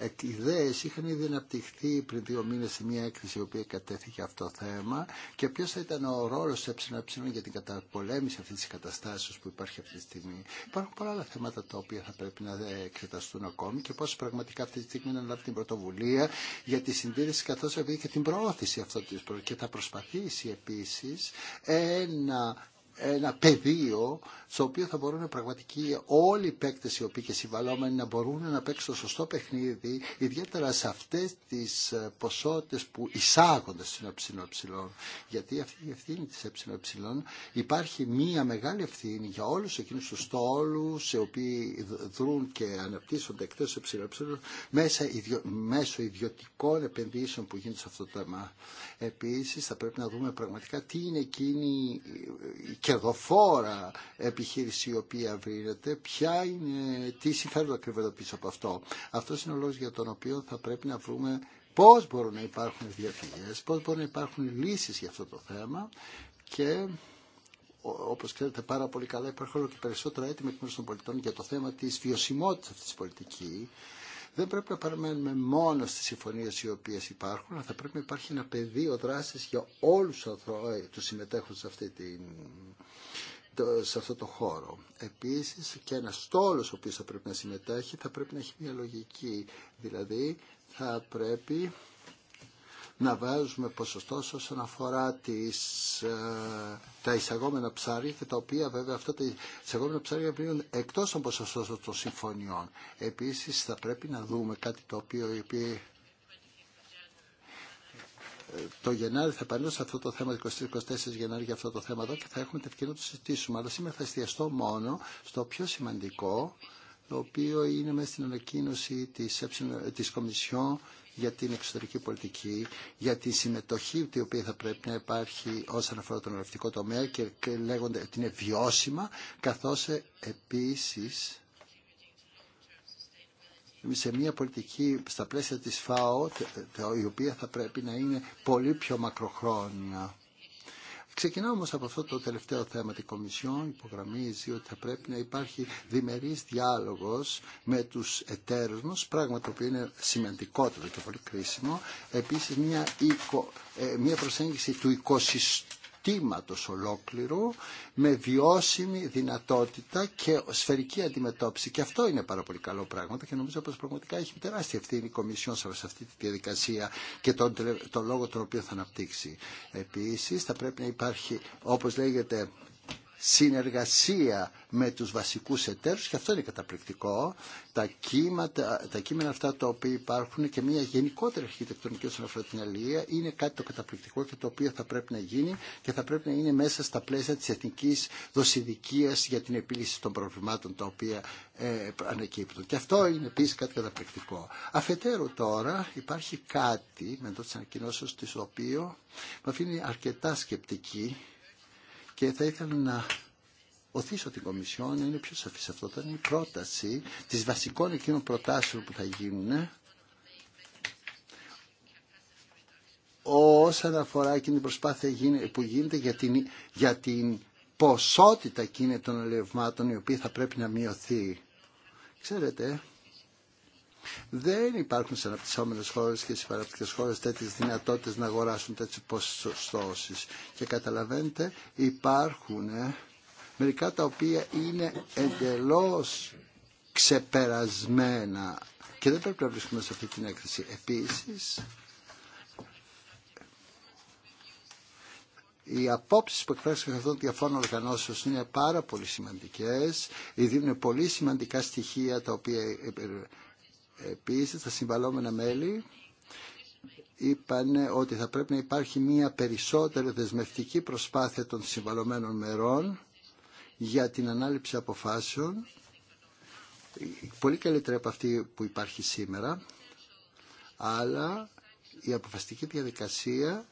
οι ιδέες είχαν ήδη αναπτυχθεί πριν δύο μήνες σε μια έκθεση η οποία κατέθηκε αυτό το θέμα και ποιος θα ήταν ο ρόλος του ΕΕ για την καταπολέμηση αυτής της καταστάσεως που υπάρχει αυτή τη στιγμή. Υπάρχουν πολλά άλλα θέματα τα οποία θα πρέπει να εξεταστούν ακόμη και πώς πραγματικά αυτή τη στιγμή να λάβει την πρωτοβουλία για τη συντήρηση καθώς και την προώθηση τη της και θα προσπαθήσει επίσης ένα ένα πεδίο στο οποίο θα μπορούν πραγματικοί όλοι οι παίκτες οι οποίοι και συμβαλόμενοι να μπορούν να παίξουν το σωστό παιχνίδι, ιδιαίτερα σε αυτές τις ε, ποσότητες που εισάγονται στην ΕΕ. Γιατί αυτή η ευθύνη της ΕΕ υπάρχει μία μεγάλη ευθύνη για όλους εκείνους τους στόλους οι οποίοι δρούν και αναπτύσσονται εκτός της μέσα μέσω ιδιωτικών επενδύσεων που γίνεται σε αυτό το θέμα. Επίσης θα πρέπει να δούμε πραγματικά τι είναι εκείνη η ε, κερδοφόρα επιχείρηση η οποία βρίσκεται, ποια είναι, τι συμφέροντα κρύβεται πίσω από αυτό. Αυτό είναι ο λόγος για τον οποίο θα πρέπει να βρούμε πώς μπορούν να υπάρχουν διαφυγέ, πώς μπορούν να υπάρχουν λύσεις για αυτό το θέμα και όπως ξέρετε πάρα πολύ καλά υπάρχουν όλο και περισσότερα έτοιμα εκ των πολιτών για το θέμα της βιωσιμότητας αυτής της δεν πρέπει να παραμένουμε μόνο στις συμφωνίες οι οποίες υπάρχουν, αλλά θα πρέπει να υπάρχει ένα πεδίο δράσης για όλους τους ε, συμμετέχοντες σε, αυτή την, σε αυτό το χώρο. Επίσης και ένας στόλος ο οποίος θα πρέπει να συμμετέχει θα πρέπει να έχει μια λογική, δηλαδή θα πρέπει να βάζουμε ποσοστό όσον αφορά τις, ε, τα εισαγόμενα ψάρια τα οποία βέβαια αυτά τα εισαγόμενα ψάρια βγαίνουν εκτός των ποσοστών των συμφωνιών. Επίσης θα πρέπει να δούμε κάτι το οποίο ε, το Γενάρη θα επανέλθω σε αυτό το θέμα, 23-24 Γενάρη για αυτό το θέμα εδώ και θα έχουμε την ευκαιρία να το συζητήσουμε. Αλλά σήμερα θα εστιαστώ μόνο στο πιο σημαντικό, το οποίο είναι μέσα στην ανακοίνωση της, ΕΕ, της Κομισιόν για την εξωτερική πολιτική, για τη συμμετοχή την οποία θα πρέπει να υπάρχει όσον αφορά τον ελευτικό τομέα και, και λέγονται ότι είναι βιώσιμα, καθώς ε, επίσης σε μια πολιτική στα πλαίσια της ΦΑΟ, η οποία θα πρέπει να είναι πολύ πιο μακροχρόνια Ξεκινάω όμω από αυτό το τελευταίο θέμα. Η Κομισιόν υπογραμμίζει ότι θα πρέπει να υπάρχει διμερής διάλογος με τους εταίρους μας, πράγμα το οποίο είναι σημαντικότερο και πολύ κρίσιμο. Επίσης μια, ε, μια προσέγγιση του οικοσυστήματος συστήματος ολόκληρου με βιώσιμη δυνατότητα και σφαιρική αντιμετώπιση. Και αυτό είναι πάρα πολύ καλό πράγμα και νομίζω πως πραγματικά έχει τεράστια ευθύνη η Κομισιόν σε αυτή τη διαδικασία και τον, τον λόγο τον οποίο θα αναπτύξει. Επίσης θα πρέπει να υπάρχει, όπως λέγεται, συνεργασία με τους βασικούς εταίρους και αυτό είναι καταπληκτικό. Τα, κύματα, τα κείμενα αυτά τα οποία υπάρχουν και μια γενικότερη αρχιτεκτονική όσον αφορά την αλληλεία είναι κάτι το καταπληκτικό και το οποίο θα πρέπει να γίνει και θα πρέπει να είναι μέσα στα πλαίσια της εθνικής δοσιδικίας για την επίλυση των προβλημάτων τα οποία ε, ανακύπτουν. Και αυτό είναι επίση κάτι καταπληκτικό. Αφετέρου τώρα υπάρχει κάτι με το της ανακοινώσεως της οποίο με αφήνει αρκετά σκεπτική και θα ήθελα να οθήσω την Κομισιόν να είναι πιο σαφή σε αυτό. Θα είναι η πρόταση τη βασικών εκείνων προτάσεων που θα γίνουν όσον αφορά εκείνη την προσπάθεια που γίνεται για την, για την ποσότητα εκείνη των ελευμάτων η οποία θα πρέπει να μειωθεί. Ξέρετε, δεν υπάρχουν σε αναπτυσσόμενες χώρε και σε παραπτικές χώρε τέτοιες δυνατότητε να αγοράσουν τέτοιες ποσοστώσει. Και καταλαβαίνετε υπάρχουν ε, μερικά τα οποία είναι εντελώς ξεπερασμένα και δεν πρέπει να βρίσκουμε σε αυτή την έκθεση. Επίση. οι απόψει που σε αυτών των διαφόρων οργανώσεων είναι πάρα πολύ σημαντικέ, δίνουν πολύ σημαντικά στοιχεία τα οποία ε, ε, Επίσης, τα συμβαλόμενα μέλη είπαν ότι θα πρέπει να υπάρχει μια περισσότερη δεσμευτική προσπάθεια των συμβαλωμένων μερών για την ανάληψη αποφάσεων, πολύ καλύτερα από αυτή που υπάρχει σήμερα, αλλά η αποφαστική διαδικασία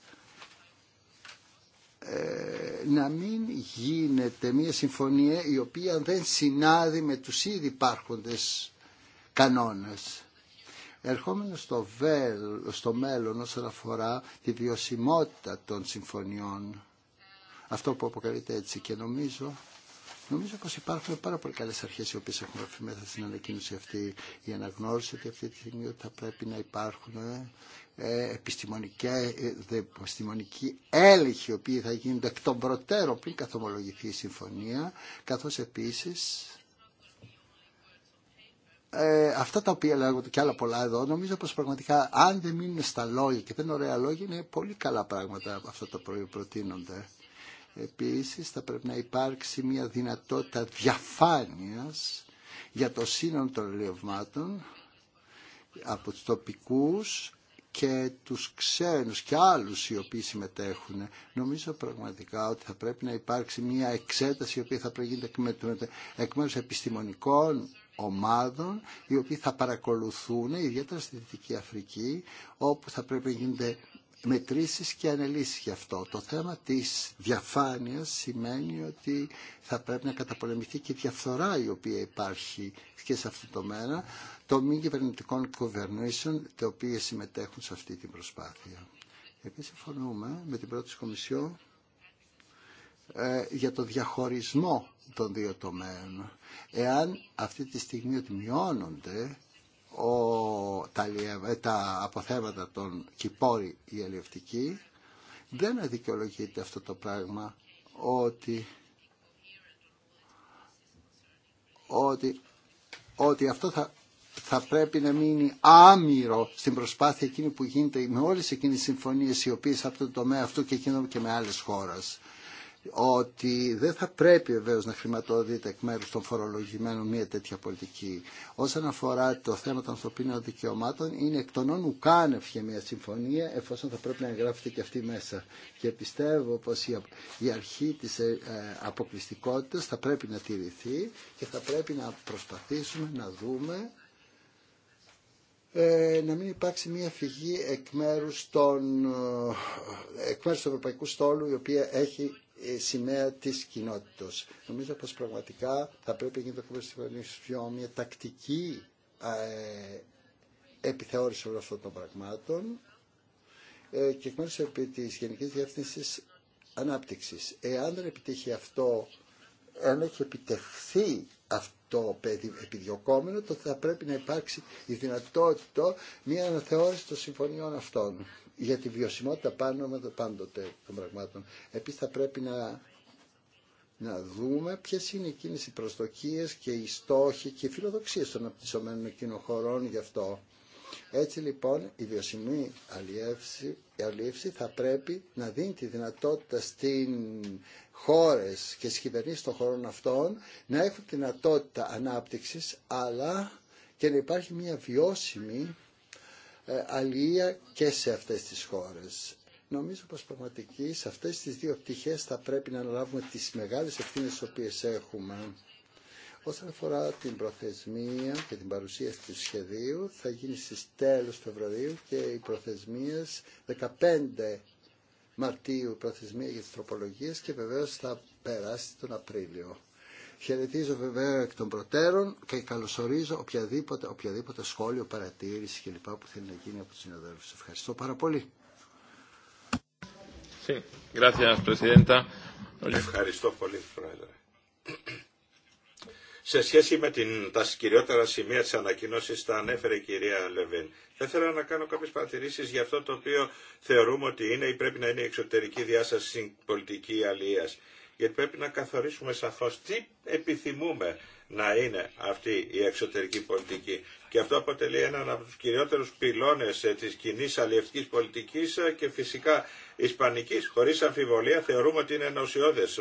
ε, να μην γίνεται μια συμφωνία η οποία δεν συνάδει με τους ήδη υπάρχοντες κανόνες. Ερχόμενο στο, στο μέλλον όσον αφορά τη βιωσιμότητα των συμφωνιών, αυτό που αποκαλείται έτσι και νομίζω Νομίζω πως υπάρχουν πάρα πολύ καλές αρχές οι οποίες έχουν γραφεί μέσα στην ανακοίνωση αυτή. Η αναγνώριση ότι αυτή τη στιγμή θα πρέπει να υπάρχουν ε, ε, ε επιστημονικοί έλεγχοι οι οποίοι θα γίνονται εκ των προτέρων πριν καθομολογηθεί η συμφωνία καθώς επίσης ε, αυτά τα οποία λέγονται και άλλα πολλά εδώ, νομίζω πως πραγματικά αν δεν μείνουν στα λόγια και δεν είναι ωραία λόγια, είναι πολύ καλά πράγματα αυτά τα οποία προτείνονται. Επίσης θα πρέπει να υπάρξει μια δυνατότητα διαφάνειας για το σύνολο των λεωμάτων από τους τοπικούς και τους ξένους και άλλους οι οποίοι συμμετέχουν. Νομίζω πραγματικά ότι θα πρέπει να υπάρξει μια εξέταση η οποία θα πρέπει να γίνεται εκ μέρους επιστημονικών ομάδων οι οποίοι θα παρακολουθούν ιδιαίτερα στη Δυτική Αφρική όπου θα πρέπει να γίνονται μετρήσεις και αναλύσεις γι' αυτό. Το θέμα της διαφάνειας σημαίνει ότι θα πρέπει να καταπολεμηθεί και η διαφθορά η οποία υπάρχει και σε αυτό το μέρα των μη κυβερνητικών κυβερνήσεων τα οποία συμμετέχουν σε αυτή την προσπάθεια. Επίσης συμφωνούμε με την πρώτη Κομισιό ε, για το διαχωρισμό των δύο τομέων Εάν αυτή τη στιγμή ότι μειώνονται ο, τα, ε, αποθέματα των κυπόροι οι ελευτικοί, δεν αδικαιολογείται αυτό το πράγμα ότι, ότι, ότι αυτό θα, θα πρέπει να μείνει άμυρο στην προσπάθεια εκείνη που γίνεται με όλες εκείνες τις συμφωνίες οι οποίες από το τομέα αυτού και εκείνο και με άλλες χώρες ότι δεν θα πρέπει βεβαίω να χρηματοδοτείται εκ μέρου των φορολογημένων μια τέτοια πολιτική. Όσον αφορά το θέμα των ανθρωπίνων δικαιωμάτων, είναι εκ των όνων ουκάνευ μια συμφωνία, εφόσον θα πρέπει να εγγράφεται και αυτή μέσα. Και πιστεύω πω η αρχή τη ε, ε, αποκλειστικότητα θα πρέπει να τηρηθεί και θα πρέπει να προσπαθήσουμε να δούμε ε, να μην υπάρξει μια φυγή εκ μέρους, των, εκ μέρους του Ευρωπαϊκού Στόλου η οποία έχει ε, σημαία της κοινότητος. Νομίζω πως πραγματικά θα πρέπει να γίνεται πιο μια τακτική ε, επιθεώρηση όλων αυτών των πραγμάτων ε, και εκ μέρους επί της Γενικής Διεύθυνσης Ανάπτυξης. Εάν δεν επιτύχει αυτό, αν έχει επιτευχθεί αυτό επιδιωκόμενο, τότε θα πρέπει να υπάρξει η δυνατότητα μια αναθεώρηση των συμφωνιών αυτών για τη βιωσιμότητα πάνω με το πάντοτε των πραγμάτων. Επίσης θα πρέπει να, να δούμε ποιες είναι εκείνες οι προσδοκίε και οι στόχοι και οι φιλοδοξίες των απτυσσομένων εκείνων χωρών γι' αυτό. Έτσι λοιπόν η βιωσιμή αλλιεύση, η θα πρέπει να δίνει τη δυνατότητα στην χώρες και στις κυβερνήσεις των χωρών αυτών να έχουν δυνατότητα ανάπτυξης αλλά και να υπάρχει μια βιώσιμη ε, αλληλεία και σε αυτές τις χώρες. Νομίζω πως πραγματική σε αυτές τις δύο πτυχές θα πρέπει να αναλάβουμε τις μεγάλες ευθύνες τις οποίες έχουμε. Όσον αφορά την προθεσμία και την παρουσίαση του σχεδίου, θα γίνει στις τέλος Φεβρουαρίου και οι προθεσμίες 15 Μαρτίου προθεσμία για τις τροπολογίες και βεβαίως θα περάσει τον Απρίλιο. Χαιρετίζω βέβαια εκ των προτέρων και καλωσορίζω οποιαδήποτε, οποιαδήποτε σχόλιο, παρατήρηση κλπ. που θέλει να γίνει από του συναδέλφου. Ευχαριστώ πάρα πολύ. Ευχαριστώ πολύ, Πρόεδρε. Σε σχέση με την, τα κυριότερα σημεία της ανακοίνωσης τα ανέφερε η κυρία Λεβίν. Θα ήθελα να κάνω κάποιες παρατηρήσεις για αυτό το οποίο θεωρούμε ότι είναι ή πρέπει να είναι η εξωτερική διάσταση στην πολιτική αλληλείας γιατί πρέπει να καθορίσουμε σαφώς τι επιθυμούμε να είναι αυτή η εξωτερική πολιτική. Και αυτό αποτελεί έναν από τους κυριότερους πυλώνες ε, της κοινή αλλιευτικής πολιτικής ε, και φυσικά ισπανικής. Χωρίς αμφιβολία θεωρούμε ότι είναι ένα ουσιώδες,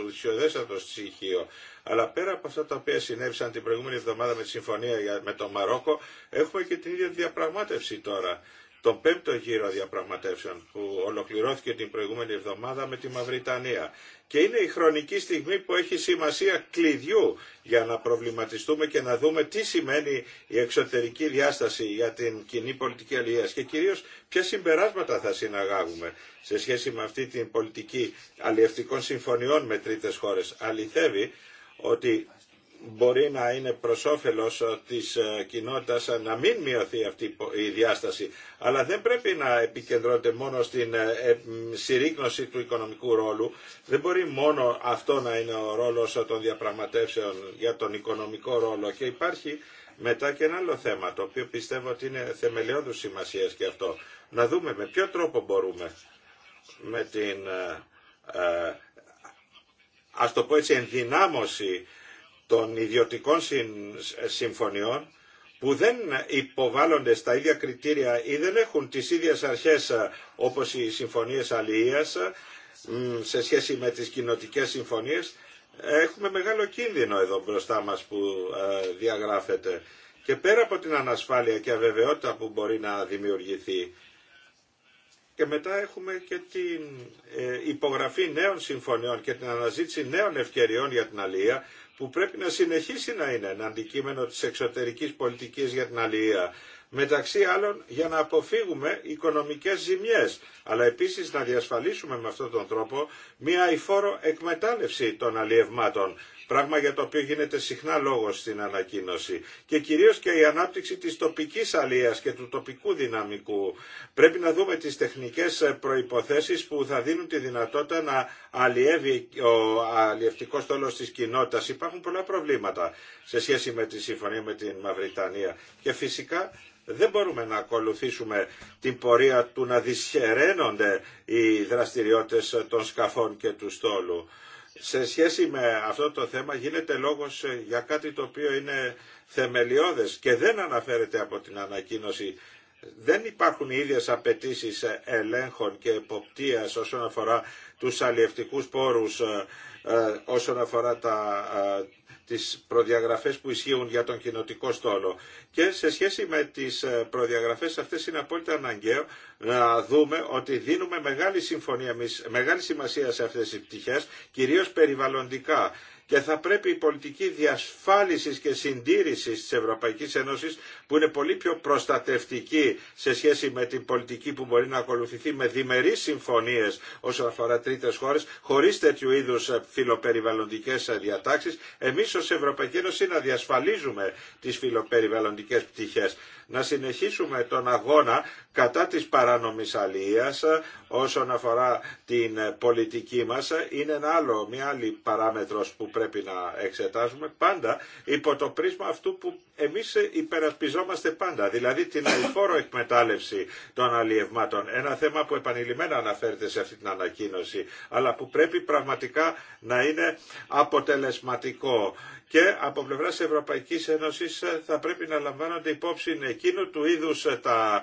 το στοιχείο. Αλλά πέρα από αυτά τα οποία συνέβησαν την προηγούμενη εβδομάδα με τη συμφωνία με το Μαρόκο, έχουμε και την ίδια διαπραγμάτευση τώρα τον πέμπτο γύρο διαπραγματεύσεων που ολοκληρώθηκε την προηγούμενη εβδομάδα με τη Μαυριτανία. Και είναι η χρονική στιγμή που έχει σημασία κλειδιού για να προβληματιστούμε και να δούμε τι σημαίνει η εξωτερική διάσταση για την κοινή πολιτική αλληλεία και κυρίως ποια συμπεράσματα θα συναγάγουμε σε σχέση με αυτή την πολιτική αλλιευτικών συμφωνιών με τρίτες χώρες. Αληθεύει ότι μπορεί να είναι προ όφελο ε, τη ε, κοινότητα ε, να μην μειωθεί αυτή η διάσταση. Αλλά δεν πρέπει να επικεντρώνεται μόνο στην συρρήκνωση του οικονομικού ρόλου. Δεν μπορεί μόνο αυτό να είναι ο ρόλο των διαπραγματεύσεων για τον οικονομικό ρόλο. Και υπάρχει μετά και ένα άλλο θέμα, το οποίο πιστεύω ότι είναι θεμελιώδους σημασία και αυτό. Να δούμε με ποιο τρόπο μπορούμε με την, ας το ενδυνάμωση των ιδιωτικών συμφωνιών που δεν υποβάλλονται στα ίδια κριτήρια ή δεν έχουν τις ίδιες αρχές ε, όπως οι συμφωνίες αλληλείας ε, σε σχέση με τις κοινοτικές συμφωνίες έχουμε μεγάλο κίνδυνο εδώ μπροστά μας που ε, διαγράφεται και πέρα από την ανασφάλεια και αβεβαιότητα που μπορεί να δημιουργηθεί και μετά έχουμε και την υπογραφή νέων συμφωνιών και την αναζήτηση νέων ευκαιριών για την αλληλεία που πρέπει να συνεχίσει να είναι ένα αντικείμενο της εξωτερικής πολιτικής για την αλληλεία. Μεταξύ άλλων για να αποφύγουμε οικονομικές ζημιές, αλλά επίσης να διασφαλίσουμε με αυτόν τον τρόπο μια υφόρο εκμετάλλευση των αλλιευμάτων πράγμα για το οποίο γίνεται συχνά λόγος στην ανακοίνωση. Και κυρίως και η ανάπτυξη της τοπικής αλίας και του τοπικού δυναμικού. Πρέπει να δούμε τις τεχνικές προϋποθέσεις που θα δίνουν τη δυνατότητα να αλλιεύει ο αλλιευτικός στόλος της κοινότητας. Υπάρχουν πολλά προβλήματα σε σχέση με τη συμφωνία με την Μαυριτανία. Και φυσικά δεν μπορούμε να ακολουθήσουμε την πορεία του να δυσχεραίνονται οι δραστηριότητες των σκαφών και του στόλου σε σχέση με αυτό το θέμα γίνεται λόγος ε, για κάτι το οποίο είναι θεμελιώδες και δεν αναφέρεται από την ανακοίνωση. Δεν υπάρχουν οι ίδιες απαιτήσεις ε, ελέγχων και εποπτείας όσον αφορά τους αλλιευτικούς πόρους ε, ε, όσον αφορά τα, ε, τις προδιαγραφές που ισχύουν για τον κοινοτικό στόλο. Και σε σχέση με τις ε, προδιαγραφές αυτές είναι απόλυτα αναγκαίο να δούμε ότι δίνουμε μεγάλη, συμφωνία, μεγάλη σημασία σε αυτές τις πτυχές, κυρίως περιβαλλοντικά και θα πρέπει η πολιτική διασφάλισης και συντήρησης της Ευρωπαϊκής Ένωσης που είναι πολύ πιο προστατευτική σε σχέση με την πολιτική που μπορεί να ακολουθηθεί με διμερείς συμφωνίες όσον αφορά τρίτες χώρες χωρίς τέτοιου είδους φιλοπεριβαλλοντικές διατάξεις εμείς ως Ευρωπαϊκή Ένωση να διασφαλίζουμε τις φιλοπεριβαλλοντικές πτυχές να συνεχίσουμε τον αγώνα κατά της παράνομης αλίας ε, όσον αφορά την ε, πολιτική μας ε, είναι ένα άλλο, μια άλλη παράμετρος που πρέπει να εξετάζουμε πάντα υπό το πρίσμα αυτού που εμείς υπερασπιζόμαστε πάντα, δηλαδή την αηφόρο εκμετάλλευση των αλλιευμάτων. Ένα θέμα που επανειλημμένα αναφέρεται σε αυτή την ανακοίνωση, αλλά που πρέπει πραγματικά να είναι αποτελεσματικό και από πλευρά Ευρωπαϊκή Ένωση ε, θα πρέπει να λαμβάνονται υπόψη εκείνου του είδου ε, τα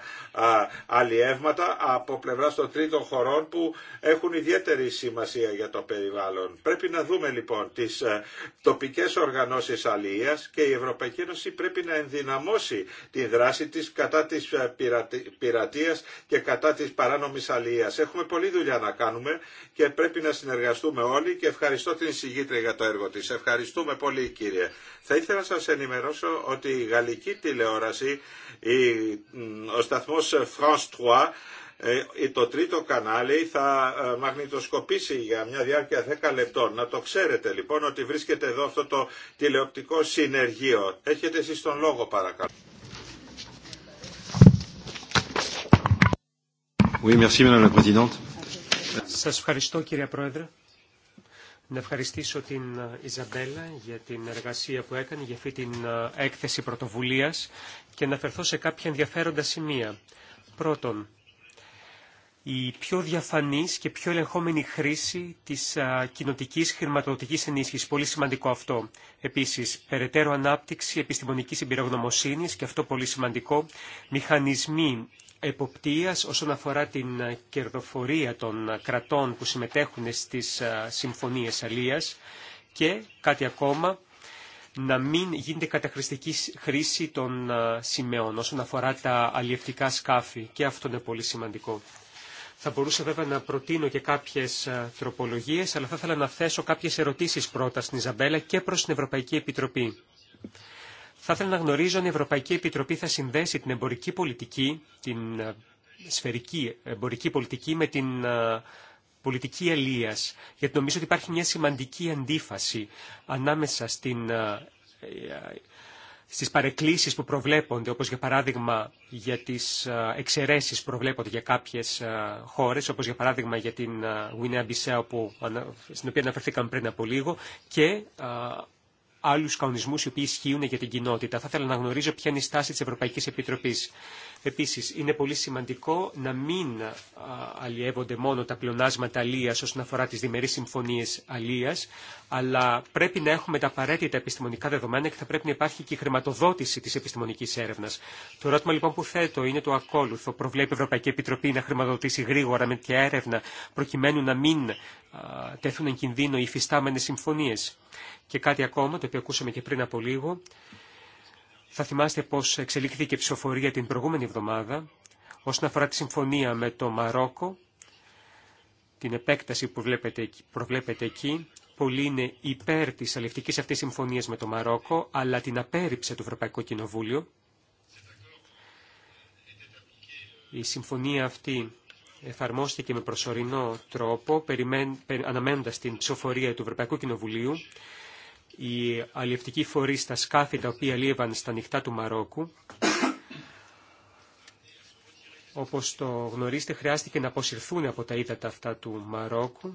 αλλιεύματα από πλευρά των τρίτων χωρών που έχουν ιδιαίτερη σημασία για το περιβάλλον. Πρέπει να δούμε λοιπόν τι ε, τοπικέ οργανώσει αλληλεία και η Ευρωπαϊκή Ένωση πρέπει να ενδυναμώσει τη δράση τη κατά τη πειρατεία και κατά τη παράνομη αλληλεία. Έχουμε πολλή δουλειά να κάνουμε και πρέπει να συνεργαστούμε όλοι και ευχαριστώ την συγγήτρια για το έργο τη. Ευχαριστούμε πολύ κύριε. Θα ήθελα να σας ενημερώσω ότι η γαλλική τηλεόραση, ο σταθμός France 3, ε, το τρίτο κανάλι θα ε, μαγνητοσκοπήσει για μια διάρκεια 10 λεπτών. Να το ξέρετε λοιπόν ότι βρίσκεται εδώ αυτό το τηλεοπτικό συνεργείο. Έχετε εσείς τον λόγο παρακαλώ. Oui, ευχαριστώ κύριε Πρόεδρε. Να ευχαριστήσω την ε, Ιζαμπέλα για την εργασία που έκανε, για αυτή την ε, έκθεση πρωτοβουλίας και να φερθώ σε κάποια ενδιαφέροντα σημεία. Πρώτον, η πιο διαφανής και πιο ελεγχόμενη χρήση της ε, κοινοτική χρηματοδοτικής ενίσχυσης. Πολύ σημαντικό αυτό. Επίσης, περαιτέρω ανάπτυξη επιστημονικής εμπειρογνωμοσύνης και αυτό πολύ σημαντικό. Μηχανισμοί εποπτείας όσον αφορά την ε, κερδοφορία των ε, κρατών που συμμετέχουν στις ε, συμφωνίες αλίας και κάτι ακόμα να μην γίνεται καταχρηστική χρήση των σημαίων όσον αφορά τα αλλιευτικά σκάφη και αυτό είναι πολύ σημαντικό. Θα μπορούσα βέβαια να προτείνω και κάποιες τροπολογίες, αλλά θα ήθελα να θέσω κάποιες ερωτήσεις πρώτα στην Ιζαμπέλα και προς την Ευρωπαϊκή Επιτροπή. Θα ήθελα να γνωρίζω αν η Ευρωπαϊκή Επιτροπή θα συνδέσει την εμπορική πολιτική, την ε, σφαιρική εμπορική πολιτική με την ε, πολιτική ελίας, γιατί νομίζω ότι υπάρχει μια σημαντική αντίφαση ανάμεσα στην, ε, στις παρεκκλήσεις που προβλέπονται, όπως για παράδειγμα για τις εξαιρέσεις που προβλέπονται για κάποιες χώρες, όπως για παράδειγμα για την Γουινέα Μπισέα, στην οποία αναφερθήκαμε πριν από λίγο, και άλλου κανονισμούς οι οποίοι ισχύουν για την κοινότητα. Θα ήθελα να γνωρίζω ποια είναι η στάση τη Ευρωπαϊκής Επιτροπής. Επίσης, είναι πολύ σημαντικό να μην αλλιεύονται μόνο τα πλεονάσματα αλίας όσον αφορά τις διμερείς συμφωνίες αλίας, αλλά πρέπει να έχουμε τα απαραίτητα επιστημονικά δεδομένα και θα πρέπει να υπάρχει και η χρηματοδότηση της επιστημονικής έρευνας. Το ερώτημα λοιπόν που θέτω είναι το ακόλουθο. Προβλέπει η Ευρωπαϊκή Επιτροπή να χρηματοδοτήσει γρήγορα με και έρευνα προκειμένου να μην τέθουν εν κινδύνο οι υφιστάμενες συμφωνίες. Και κάτι ακόμα, το οποίο ακούσαμε και πριν από λίγο, θα θυμάστε πώς εξελίχθηκε η ψηφοφορία την προηγούμενη εβδομάδα όσον αφορά τη συμφωνία με το Μαρόκο, την επέκταση που προβλέπετε εκεί. Πολλοί είναι υπέρ της αλληλευτικής αυτής συμφωνίας με το Μαρόκο, αλλά την απέρριψε το Ευρωπαϊκό Κοινοβούλιο. Η συμφωνία αυτή εφαρμόστηκε με προσωρινό τρόπο, αναμένοντας την ψηφοφορία του Ευρωπαϊκού Κοινοβουλίου οι αλλιευτικοί φορείς στα σκάφη τα οποία λείπαν στα νυχτά του Μαρόκου. Όπως το γνωρίζετε χρειάστηκε να αποσυρθούν από τα ύδατα αυτά του Μαρόκου.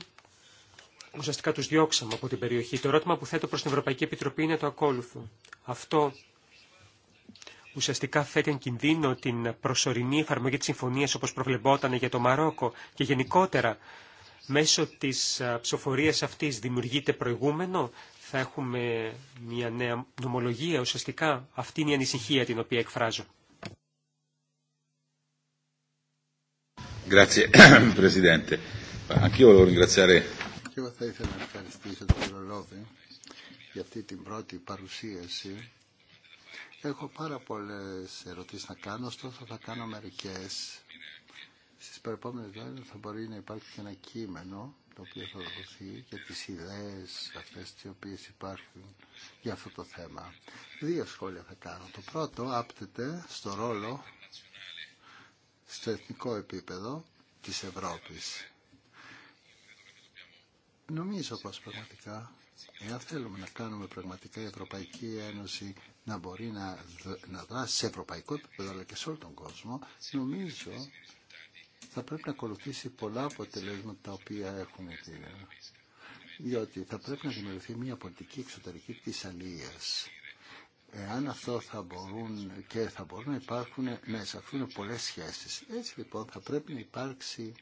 Ουσιαστικά τους διώξαμε από την περιοχή. Το ερώτημα που θέτω προς την Ευρωπαϊκή Επιτροπή είναι το ακόλουθο. Αυτό ουσιαστικά θέτει αν κινδύνω την προσωρινή εφαρμογή της συμφωνίας όπως προβλεπόταν για το Μαρόκο και γενικότερα μέσω της ψηφοφορία αυτής δημιουργείται προηγούμενο θα έχουμε μια νέα νομολογία. Ουσιαστικά αυτή είναι η ανησυχία την οποία εκφράζω. Και εγώ θα ήθελα να ευχαριστήσω τον κύριο Λόβε για αυτή την πρώτη παρουσίαση. Έχω πάρα πολλέ ερωτήσει να κάνω, ωστόσο θα κάνω μερικές. Στι προηγούμενες δόσει θα μπορεί να υπάρχει και ένα κείμενο το οποίο θα δοθεί και τις ιδέες αυτές τις οποίες υπάρχουν για αυτό το θέμα. Δύο σχόλια θα κάνω. Το πρώτο άπτεται στο ρόλο στο εθνικό επίπεδο της Ευρώπης. Νομίζω πως πραγματικά, εάν θέλουμε να κάνουμε πραγματικά η Ευρωπαϊκή Ένωση να μπορεί να, δράσει σε ευρωπαϊκό επίπεδο αλλά και σε όλο τον κόσμο, νομίζω θα πρέπει να ακολουθήσει πολλά αποτελέσματα τα οποία έχουν ε. διότι θα πρέπει να δημιουργηθεί μια πολιτική εξωτερική της αλίας. Εάν αυτό θα μπορούν και θα μπορούν να υπάρχουν, αφού είναι πολλές σχέσεις. Έτσι λοιπόν θα πρέπει να υπάρξει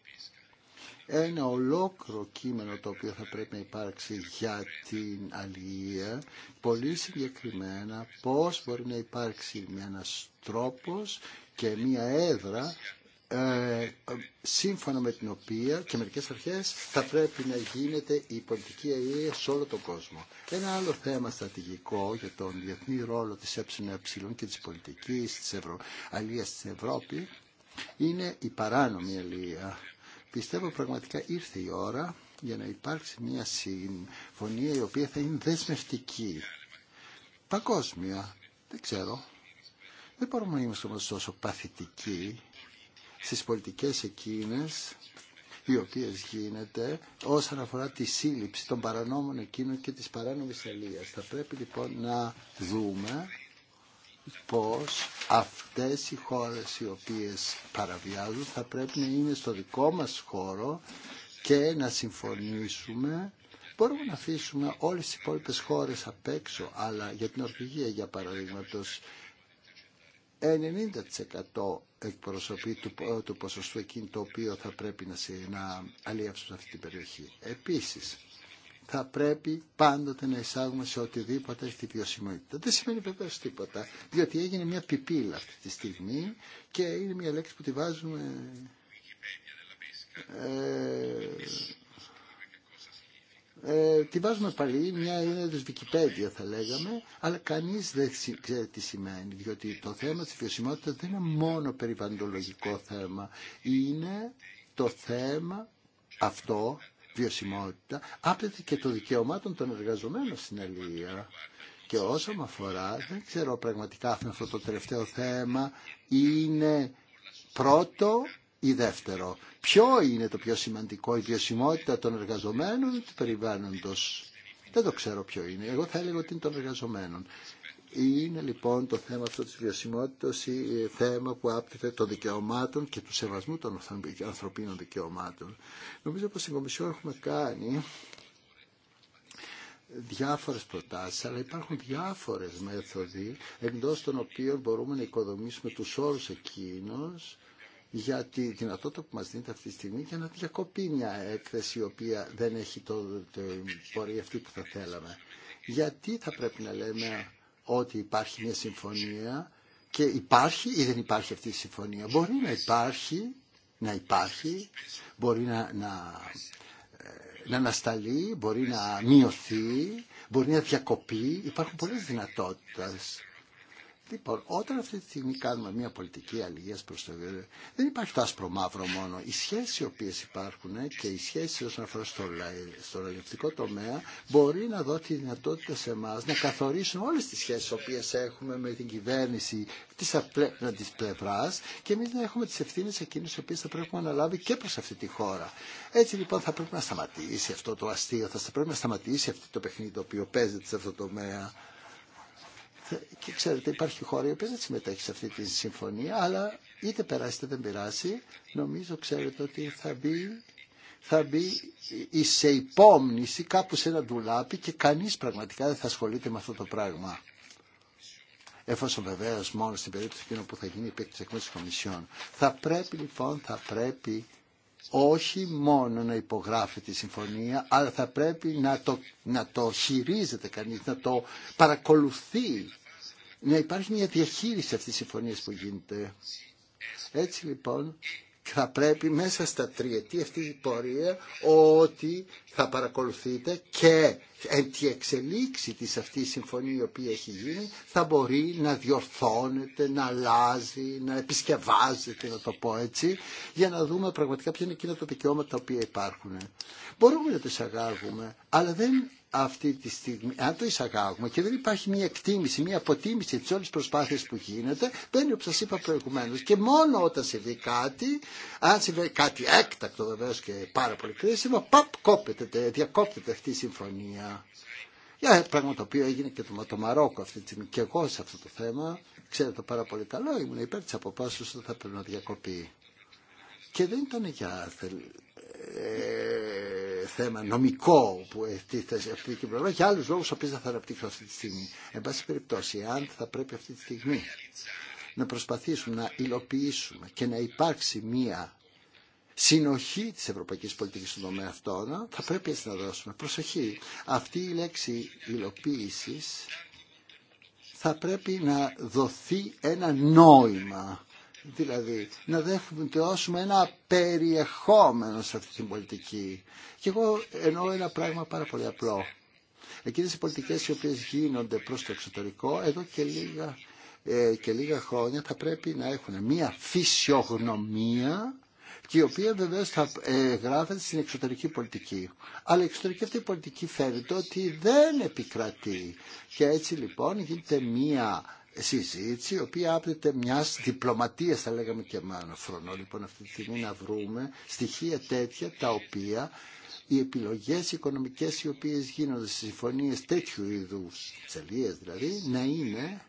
ένα ολόκληρο κείμενο το οποίο θα πρέπει να υπάρξει για την αλληλεία, πολύ συγκεκριμένα πώς μπορεί να υπάρξει ένα τρόπος και μια έδρα ε, σύμφωνα με την οποία και μερικές αρχές θα πρέπει να γίνεται η πολιτική αιλία σε όλο τον κόσμο. Ένα άλλο θέμα στρατηγικό για τον διεθνή ρόλο της ΕΕ και της πολιτικής της Ευρω... στην Ευρώπη είναι η παράνομη αλλία. Πιστεύω πραγματικά ήρθε η ώρα για να υπάρξει μια συμφωνία η οποία θα είναι δεσμευτική. Παγκόσμια. Δεν ξέρω. Δεν μπορούμε να είμαστε όμως τόσο παθητικοί στις πολιτικές εκείνες οι οποίες γίνεται όσον αφορά τη σύλληψη των παρανόμων εκείνων και της παράνομης αλίας. Θα πρέπει λοιπόν να δούμε πως αυτές οι χώρες οι οποίες παραβιάζουν θα πρέπει να είναι στο δικό μας χώρο και να συμφωνήσουμε Μπορούμε να αφήσουμε όλες τις υπόλοιπες χώρες απ' έξω, αλλά για την Ορβηγία, για παραδείγματος, 90% εκπροσωπεί του, ε, του ποσοστού εκείνη το οποίο θα πρέπει να, σε, να αυτή την περιοχή. Επίσης, θα πρέπει πάντοτε να εισάγουμε σε οτιδήποτε στη βιωσιμότητα. Δεν σημαίνει βεβαίω τίποτα, διότι έγινε μια πιπίλα αυτή τη στιγμή και είναι μια λέξη που τη βάζουμε ε, ε, τη βάζουμε πάλι, μια είναι της Wikipedia θα λέγαμε, αλλά κανείς δεν ξέρει τι σημαίνει, διότι το θέμα της βιωσιμότητας δεν είναι μόνο περιβαλλοντολογικό θέμα, είναι το θέμα αυτό, βιωσιμότητα, άπτεται και των δικαιωμάτων των εργαζομένων στην Αλία. Και όσο με αφορά, δεν ξέρω πραγματικά αν αυτό το τελευταίο θέμα είναι πρώτο ή δεύτερο, ποιο είναι το πιο σημαντικό, η βιωσιμότητα των εργαζομένων ή του περιβάλλοντος. Δεν το ξέρω ποιο είναι. Εγώ θα έλεγα ότι είναι των εργαζομένων. Είναι λοιπόν το θέμα αυτό της βιωσιμότητας ή ε, θέμα που άπτεται των δικαιωμάτων και του σεβασμού των ανθρωπίνων δικαιωμάτων. Νομίζω πως στην Κομισιόν έχουμε κάνει διάφορες προτάσεις, αλλά υπάρχουν διάφορες μέθοδοι εντός των οποίων μπορούμε να οικοδομήσουμε τους όρους εκείνους για τη δυνατότητα που μας δίνεται αυτή τη στιγμή για να διακοπεί μια έκθεση η οποία δεν έχει το, πορεία αυτή που θα θέλαμε. Γιατί θα πρέπει να λέμε ότι υπάρχει μια συμφωνία και υπάρχει ή δεν υπάρχει αυτή η συμφωνία. Μπορεί να υπάρχει, να υπάρχει, μπορεί να, να, ε, να ανασταλεί, μπορεί να μειωθεί, μπορεί να διακοπεί. Υπάρχουν πολλές δυνατότητες Λοιπόν, όταν αυτή τη στιγμή κάνουμε μια πολιτική αλληλεία προ το ευρώ, δεν υπάρχει το άσπρο μαύρο μόνο. Οι σχέσει οι οποίε υπάρχουν και οι σχέσει όσον αφορά στο, στο τομέα μπορεί να δώσει τη δυνατότητα σε εμά να καθορίσουν όλε τι σχέσει οι οποίε έχουμε με την κυβέρνηση τη απέναντι πλευρά και εμεί να έχουμε τι ευθύνε εκείνε οι οποίε θα πρέπει να αναλάβει και προ αυτή τη χώρα. Έτσι λοιπόν θα πρέπει να σταματήσει αυτό το αστείο, θα πρέπει να σταματήσει αυτό το παιχνίδι το οποίο παίζεται σε αυτό το τομέα και ξέρετε υπάρχει χώρο που δεν συμμετέχει σε αυτή τη συμφωνία αλλά είτε περάσει είτε δεν περάσει νομίζω ξέρετε ότι θα μπει θα μπει σε υπόμνηση κάπου σε ένα ντουλάπι και κανείς πραγματικά δεν θα ασχολείται με αυτό το πράγμα. Εφόσον βεβαίω μόνο στην περίπτωση που θα γίνει η εκ μέρου Κομισιόν. Θα πρέπει λοιπόν, θα πρέπει όχι μόνο να υπογράφει τη συμφωνία, αλλά θα πρέπει να το, να το χειρίζεται κανείς, να το παρακολουθεί, να υπάρχει μια διαχείριση αυτής της συμφωνίας που γίνεται. Έτσι λοιπόν θα πρέπει μέσα στα τριετή αυτή η πορεία ότι θα παρακολουθείτε και εν τη εξελίξη της αυτής συμφωνία η οποία έχει γίνει θα μπορεί να διορθώνεται, να αλλάζει, να επισκευάζεται να το πω έτσι για να δούμε πραγματικά ποια είναι εκείνα τα δικαιώματα τα οποία υπάρχουν. Μπορούμε να τις αγάγουμε αλλά δεν αυτή τη στιγμή, αν το εισαγάγουμε και δεν υπάρχει μια εκτίμηση, μια αποτίμηση τη όλη προσπάθεια που γίνεται, μπαίνει όπω σα είπα προηγουμένω. Και μόνο όταν συμβεί κάτι, αν συμβεί κάτι έκτακτο βεβαίω και πάρα πολύ κρίσιμο, παπ, κόπτεται, διακόπτεται αυτή η συμφωνία. Για πράγμα το οποίο έγινε και το, το Μαρόκο αυτή τη στιγμή. Και εγώ σε αυτό το θέμα, ξέρετε πάρα πολύ καλό, ήμουν υπέρ τη αποφάσεω ότι θα πρέπει να διακοπεί. Και δεν ήταν για ε, θέμα νομικό που σε αυτή την πλευρά και άλλους λόγους ο θα αναπτύξω αυτή τη στιγμή. Εν πάση περιπτώσει, αν θα πρέπει αυτή τη στιγμή να προσπαθήσουμε να υλοποιήσουμε και να υπάρξει μία συνοχή της ευρωπαϊκής πολιτικής στον τομέα αυτόν, θα πρέπει έτσι να δώσουμε προσοχή. Αυτή η λέξη υλοποίησης θα πρέπει να δοθεί ένα νόημα δηλαδή να δώσουμε ένα περιεχόμενο σε αυτή την πολιτική. Και εγώ εννοώ ένα πράγμα πάρα πολύ απλό. Εκείνες οι πολιτικές οι οποίες γίνονται προς το εξωτερικό, εδώ και λίγα, ε, και λίγα χρόνια θα πρέπει να έχουν μία φυσιογνωμία και η οποία βεβαίως θα ε, γράφεται στην εξωτερική πολιτική. Αλλά η εξωτερική αυτή πολιτική φαίνεται ότι δεν επικρατεί. Και έτσι λοιπόν γίνεται μία συζήτηση η οποία άπτεται μια διπλωματία, θα λέγαμε και μάλλον φρονώ λοιπόν αυτή τη στιγμή να βρούμε στοιχεία τέτοια τα οποία οι επιλογέ οικονομικέ οι οποίε γίνονται στι συμφωνίε τέτοιου είδους τσελίες δηλαδή να είναι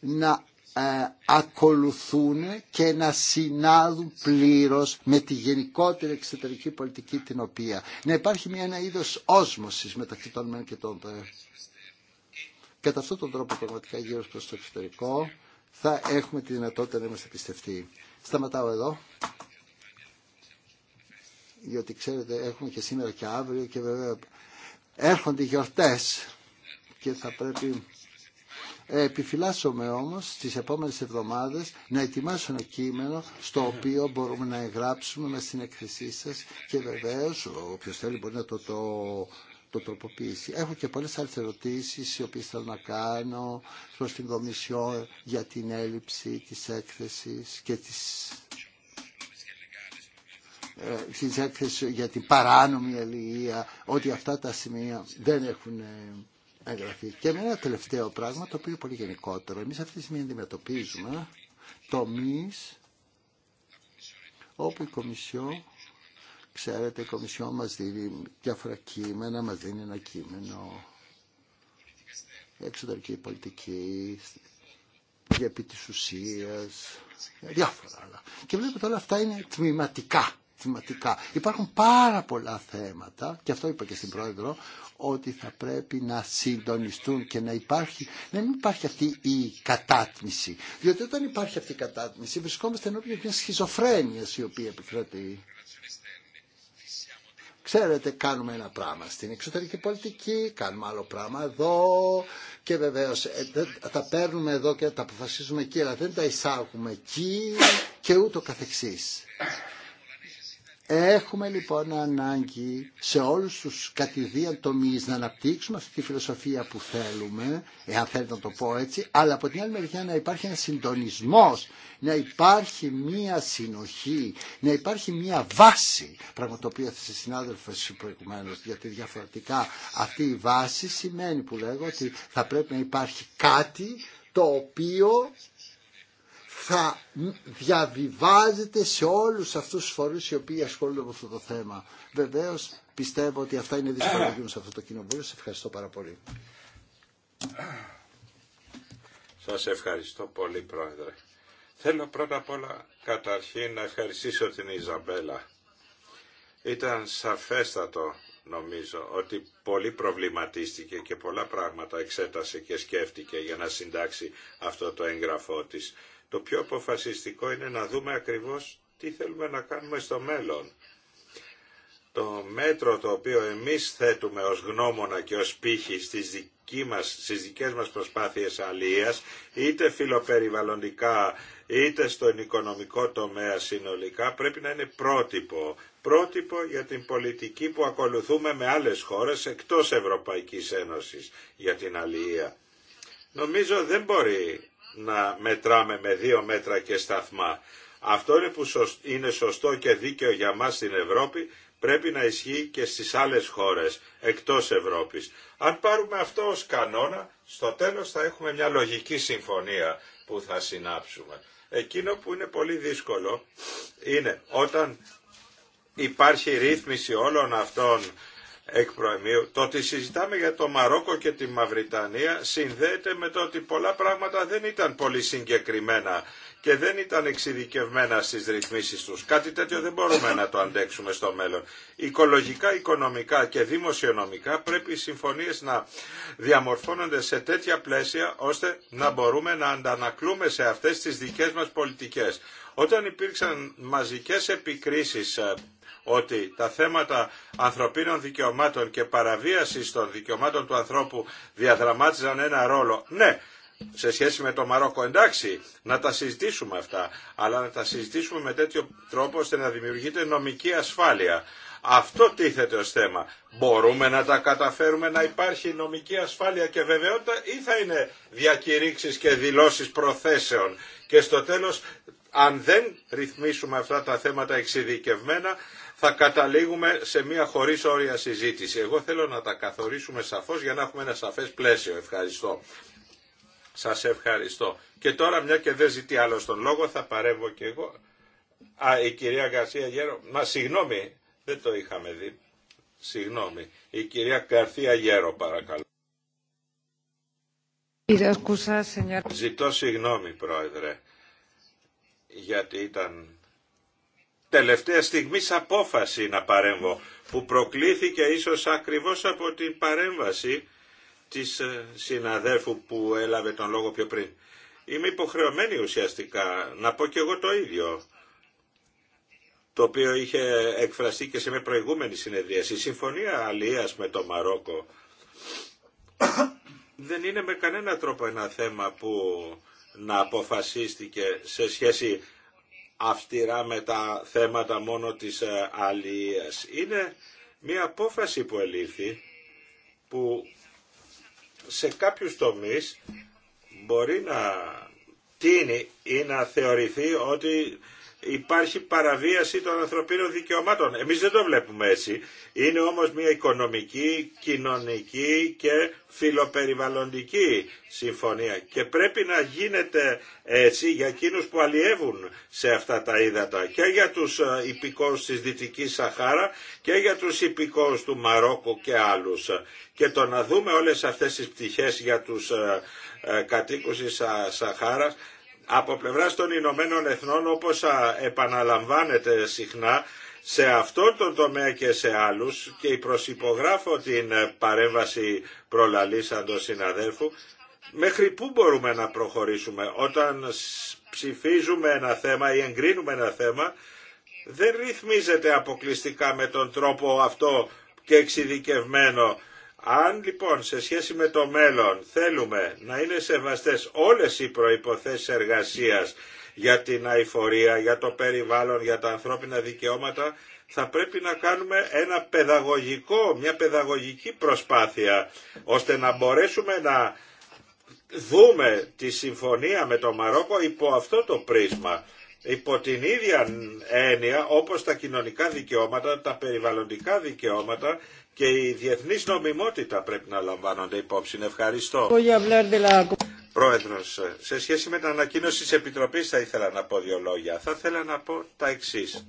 να ε, ακολουθούν και να συνάδουν πλήρως με τη γενικότερη εξωτερική πολιτική την οποία να υπάρχει μια, ένα είδος όσμωσης μεταξύ των μεν και των Κατά αυτόν τον τρόπο πραγματικά γύρω προς το εξωτερικό θα έχουμε τη δυνατότητα να είμαστε πιστευτοί. Σταματάω εδώ. γιατί ξέρετε έχουμε και σήμερα και αύριο και βέβαια έρχονται οι γιορτές και θα πρέπει ε, επιφυλάσσομαι όμως τις επόμενες εβδομάδες να ετοιμάσω ένα κείμενο στο οποίο μπορούμε να εγγράψουμε με στην εκθεσή σας και βεβαίως όποιος θέλει μπορεί να το, το το τροποποιήσει. Έχω και πολλές άλλες ερωτήσεις οι οποίες θέλω να κάνω προς την Κομισιό για την έλλειψη της έκθεσης και της ε, της έκθεσης για την παράνομη αλληλεία, ότι αυτά τα σημεία δεν έχουν ε, εγγραφεί. Και με ένα τελευταίο πράγμα το οποίο είναι πολύ γενικότερο. Εμείς αυτή τη στιγμή αντιμετωπίζουμε τομείς όπου η Κομισιό Ξέρετε, η Κομισιόν μας δίνει διάφορα κείμενα, μας δίνει ένα κείμενο εξωτερική πολιτική, για επί της ουσίας, διάφορα άλλα. Και βλέπετε όλα αυτά είναι τμηματικά. Υπάρχουν πάρα πολλά θέματα, και αυτό είπα και στην Πρόεδρο, ότι θα πρέπει να συντονιστούν και να υπάρχει, να μην υπάρχει αυτή η κατάτμιση. Διότι όταν υπάρχει αυτή η κατάτμιση βρισκόμαστε ενώπιον μια σχιζοφρένεια η οποία επικρατεί. Ξέρετε, κάνουμε ένα πράγμα στην εξωτερική πολιτική, κάνουμε άλλο πράγμα εδώ και βεβαίω ε, τα παίρνουμε εδώ και τα αποφασίζουμε εκεί, αλλά δεν τα εισάγουμε εκεί και ούτω καθεξής. Έχουμε λοιπόν ανάγκη σε όλους τους κατηδίαν τομείς να αναπτύξουμε αυτή τη φιλοσοφία που θέλουμε, εάν θέλετε να το πω έτσι, αλλά από την άλλη μεριά να υπάρχει ένα συντονισμός, να υπάρχει μία συνοχή, να υπάρχει μία βάση, πράγμα σε οποίο συνάδελφοι προηγουμένω, προηγουμένως, γιατί διαφορετικά αυτή η βάση σημαίνει που λέγω ότι θα πρέπει να υπάρχει κάτι το οποίο θα διαβιβάζεται σε όλους αυτούς τους φορείς οι οποίοι ασχολούνται με αυτό το θέμα. Βεβαίως πιστεύω ότι αυτά είναι δύσκολα να σε αυτό το κοινοβούλιο. Σε ευχαριστώ πάρα πολύ. Σας ευχαριστώ πολύ Πρόεδρε. Θέλω πρώτα απ' όλα καταρχήν να ευχαριστήσω την Ιζαμπέλα. Ήταν σαφέστατο νομίζω ότι πολύ προβληματίστηκε και πολλά πράγματα εξέτασε και σκέφτηκε για να συντάξει αυτό το έγγραφό της. Το πιο αποφασιστικό είναι να δούμε ακριβώς τι θέλουμε να κάνουμε στο μέλλον. Το μέτρο το οποίο εμείς θέτουμε ως γνώμονα και ως πύχη στις δική μας, στις δικές μας προσπάθειες αλίας, είτε φιλοπεριβαλλοντικά είτε στον οικονομικό τομέα συνολικά, πρέπει να είναι πρότυπο. Πρότυπο για την πολιτική που ακολουθούμε με άλλες χώρες εκτός Ευρωπαϊκής Ένωσης για την αλληλεία. Νομίζω δεν μπορεί να μετράμε με δύο μέτρα και σταθμά. Αυτό είναι που είναι σωστό και δίκαιο για μας στην Ευρώπη πρέπει να ισχύει και στις άλλες χώρες εκτός Ευρώπης. Αν πάρουμε αυτό ως κανόνα, στο τέλος θα έχουμε μια λογική συμφωνία που θα συνάψουμε. Εκείνο που είναι πολύ δύσκολο είναι όταν υπάρχει ρύθμιση όλων αυτών εκ Το ότι συζητάμε για το Μαρόκο και τη Μαυριτανία συνδέεται με το ότι πολλά πράγματα δεν ήταν πολύ συγκεκριμένα και δεν ήταν εξειδικευμένα στις ρυθμίσεις τους. Κάτι τέτοιο δεν μπορούμε να το αντέξουμε στο μέλλον. Οικολογικά, οικονομικά και δημοσιονομικά πρέπει οι συμφωνίες να διαμορφώνονται σε τέτοια πλαίσια ώστε να μπορούμε να αντανακλούμε σε αυτές τις δικές μας πολιτικές. Όταν υπήρξαν μαζικές επικρίσεις ε, ότι τα θέματα ανθρωπίνων δικαιωμάτων και παραβίασης των δικαιωμάτων του ανθρώπου διαδραμάτιζαν ένα ρόλο. Ναι, σε σχέση με το Μαρόκο εντάξει, να τα συζητήσουμε αυτά, αλλά να τα συζητήσουμε με τέτοιο τρόπο ώστε να δημιουργείται νομική ασφάλεια. Αυτό τίθεται ως θέμα. Μπορούμε να τα καταφέρουμε να υπάρχει νομική ασφάλεια και βεβαιότητα ή θα είναι διακηρύξεις και δηλώσεις προθέσεων. Και στο τέλος αν δεν ρυθμίσουμε αυτά τα θέματα εξειδικευμένα θα καταλήγουμε σε μια χωρίς όρια συζήτηση. Εγώ θέλω να τα καθορίσουμε σαφώς για να έχουμε ένα σαφές πλαίσιο. Ευχαριστώ. Σας ευχαριστώ. Και τώρα μια και δεν ζητεί άλλο τον λόγο θα παρεύω και εγώ. Α, η κυρία Γκαρσία Γέρο. Μα συγγνώμη, δεν το είχαμε δει. Συγγνώμη. Η κυρία καρθία Γέρο παρακαλώ. Ζητώ συγγνώμη πρόεδρε γιατί ήταν τελευταία στιγμή απόφαση να παρέμβω που προκλήθηκε ίσως ακριβώς από την παρέμβαση της ε, συναδέρφου που έλαβε τον λόγο πιο πριν. Είμαι υποχρεωμένη ουσιαστικά να πω και εγώ το ίδιο το οποίο είχε εκφραστεί και σε μια προηγούμενη συνεδρίαση. Η συμφωνία αλίας με το Μαρόκο δεν είναι με κανένα τρόπο ένα θέμα που να αποφασίστηκε σε σχέση αυστηρά με τα θέματα μόνο της ε, αλληλείας. Είναι μια απόφαση που ελήφθη που σε κάποιους τομείς μπορεί να τίνει ή να θεωρηθεί ότι υπάρχει παραβίαση των ανθρωπίνων δικαιωμάτων. Εμείς δεν το βλέπουμε έτσι. Είναι όμως μια οικονομική, κοινωνική και φιλοπεριβαλλοντική συμφωνία και πρέπει να γίνεται έτσι για εκείνους που αλλιεύουν σε αυτά τα ύδατα και για τους ε, υπηκόους της Δυτικής Σαχάρα και για τους υπηκόους του Μαρόκου και άλλους. Και το να δούμε όλες αυτές τις πτυχές για τους ε, ε, κατοίκους της Σαχάρας από πλευράς των Ηνωμένων Εθνών όπως επαναλαμβάνεται συχνά σε αυτό τον τομέα και σε άλλους και προσυπογράφω την ε, παρέμβαση προλαλήσαντος συναδέλφου μέχρι πού μπορούμε να προχωρήσουμε όταν ψηφίζουμε ένα θέμα ή εγκρίνουμε ένα θέμα δεν ρυθμίζεται αποκλειστικά με τον τρόπο αυτό και εξειδικευμένο αν λοιπόν σε σχέση με το μέλλον θέλουμε να είναι σεβαστές όλες οι προϋποθέσεις εργασίας για την αηφορία, για το περιβάλλον, για τα ανθρώπινα δικαιώματα, θα πρέπει να κάνουμε ένα παιδαγωγικό, μια παιδαγωγική προσπάθεια, ώστε να μπορέσουμε να δούμε τη συμφωνία με το Μαρόκο υπό αυτό το πρίσμα. Υπό την ίδια έννοια όπως τα κοινωνικά δικαιώματα, τα περιβαλλοντικά δικαιώματα και η διεθνή νομιμότητα πρέπει να λαμβάνονται υπόψη. Ευχαριστώ. Πρόεδρος, σε σχέση με την ανακοίνωση της Επιτροπής θα ήθελα να πω δύο λόγια. Θα ήθελα να πω τα εξής.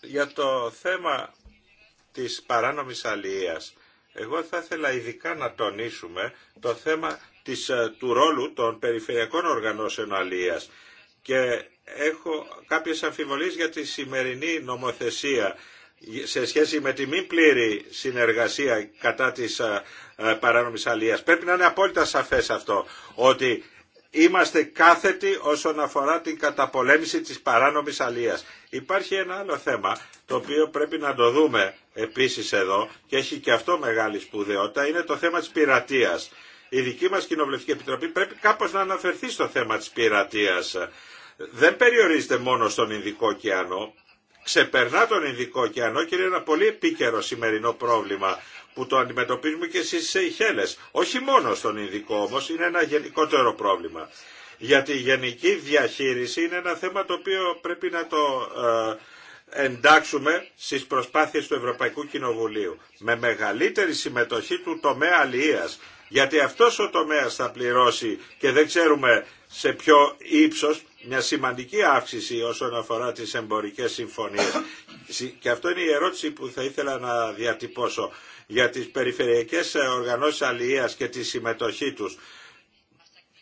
Για το θέμα της παράνομης αλληλείας, εγώ θα ήθελα ειδικά να τονίσουμε το θέμα της, ε, του ρόλου των περιφερειακών οργανώσεων αλληλείας. Και έχω κάποιες αμφιβολίες για τη σημερινή νομοθεσία σε σχέση με τη μη πλήρη συνεργασία κατά της ε, ε, παράνομης αλίας. Πρέπει να είναι απόλυτα σαφές αυτό, ότι είμαστε κάθετοι όσον αφορά την καταπολέμηση της παράνομης αλίας. Υπάρχει ένα άλλο θέμα, το οποίο πρέπει να το δούμε επίσης εδώ και έχει και αυτό μεγάλη σπουδαιότητα, είναι το θέμα της πειρατείας. Η δική μας Κοινοβουλευτική Επιτροπή πρέπει κάπως να αναφερθεί στο θέμα της πειρατείας. Δεν περιορίζεται μόνο στον Ινδικό ωκεανό, ξεπερνά τον Ινδικό ωκεανό και είναι ένα πολύ επίκαιρο σημερινό πρόβλημα που το αντιμετωπίζουμε και στις Σεϊχέλε. Όχι μόνο στον ειδικό όμως, είναι ένα γενικότερο πρόβλημα. Γιατί η γενική διαχείριση είναι ένα θέμα το οποίο πρέπει να το ε, εντάξουμε στις προσπάθειες του Ευρωπαϊκού Κοινοβουλίου. Με μεγαλύτερη συμμετοχή του τομέα αλληλείας. Γιατί αυτός ο τομέας θα πληρώσει και δεν ξέρουμε σε ποιο ύψος μια σημαντική αύξηση όσον αφορά τις εμπορικές συμφωνίες. Και αυτό είναι η ερώτηση που θα ήθελα να διατυπώσω για τις περιφερειακές οργανώσεις αλληλείας και τη συμμετοχή τους.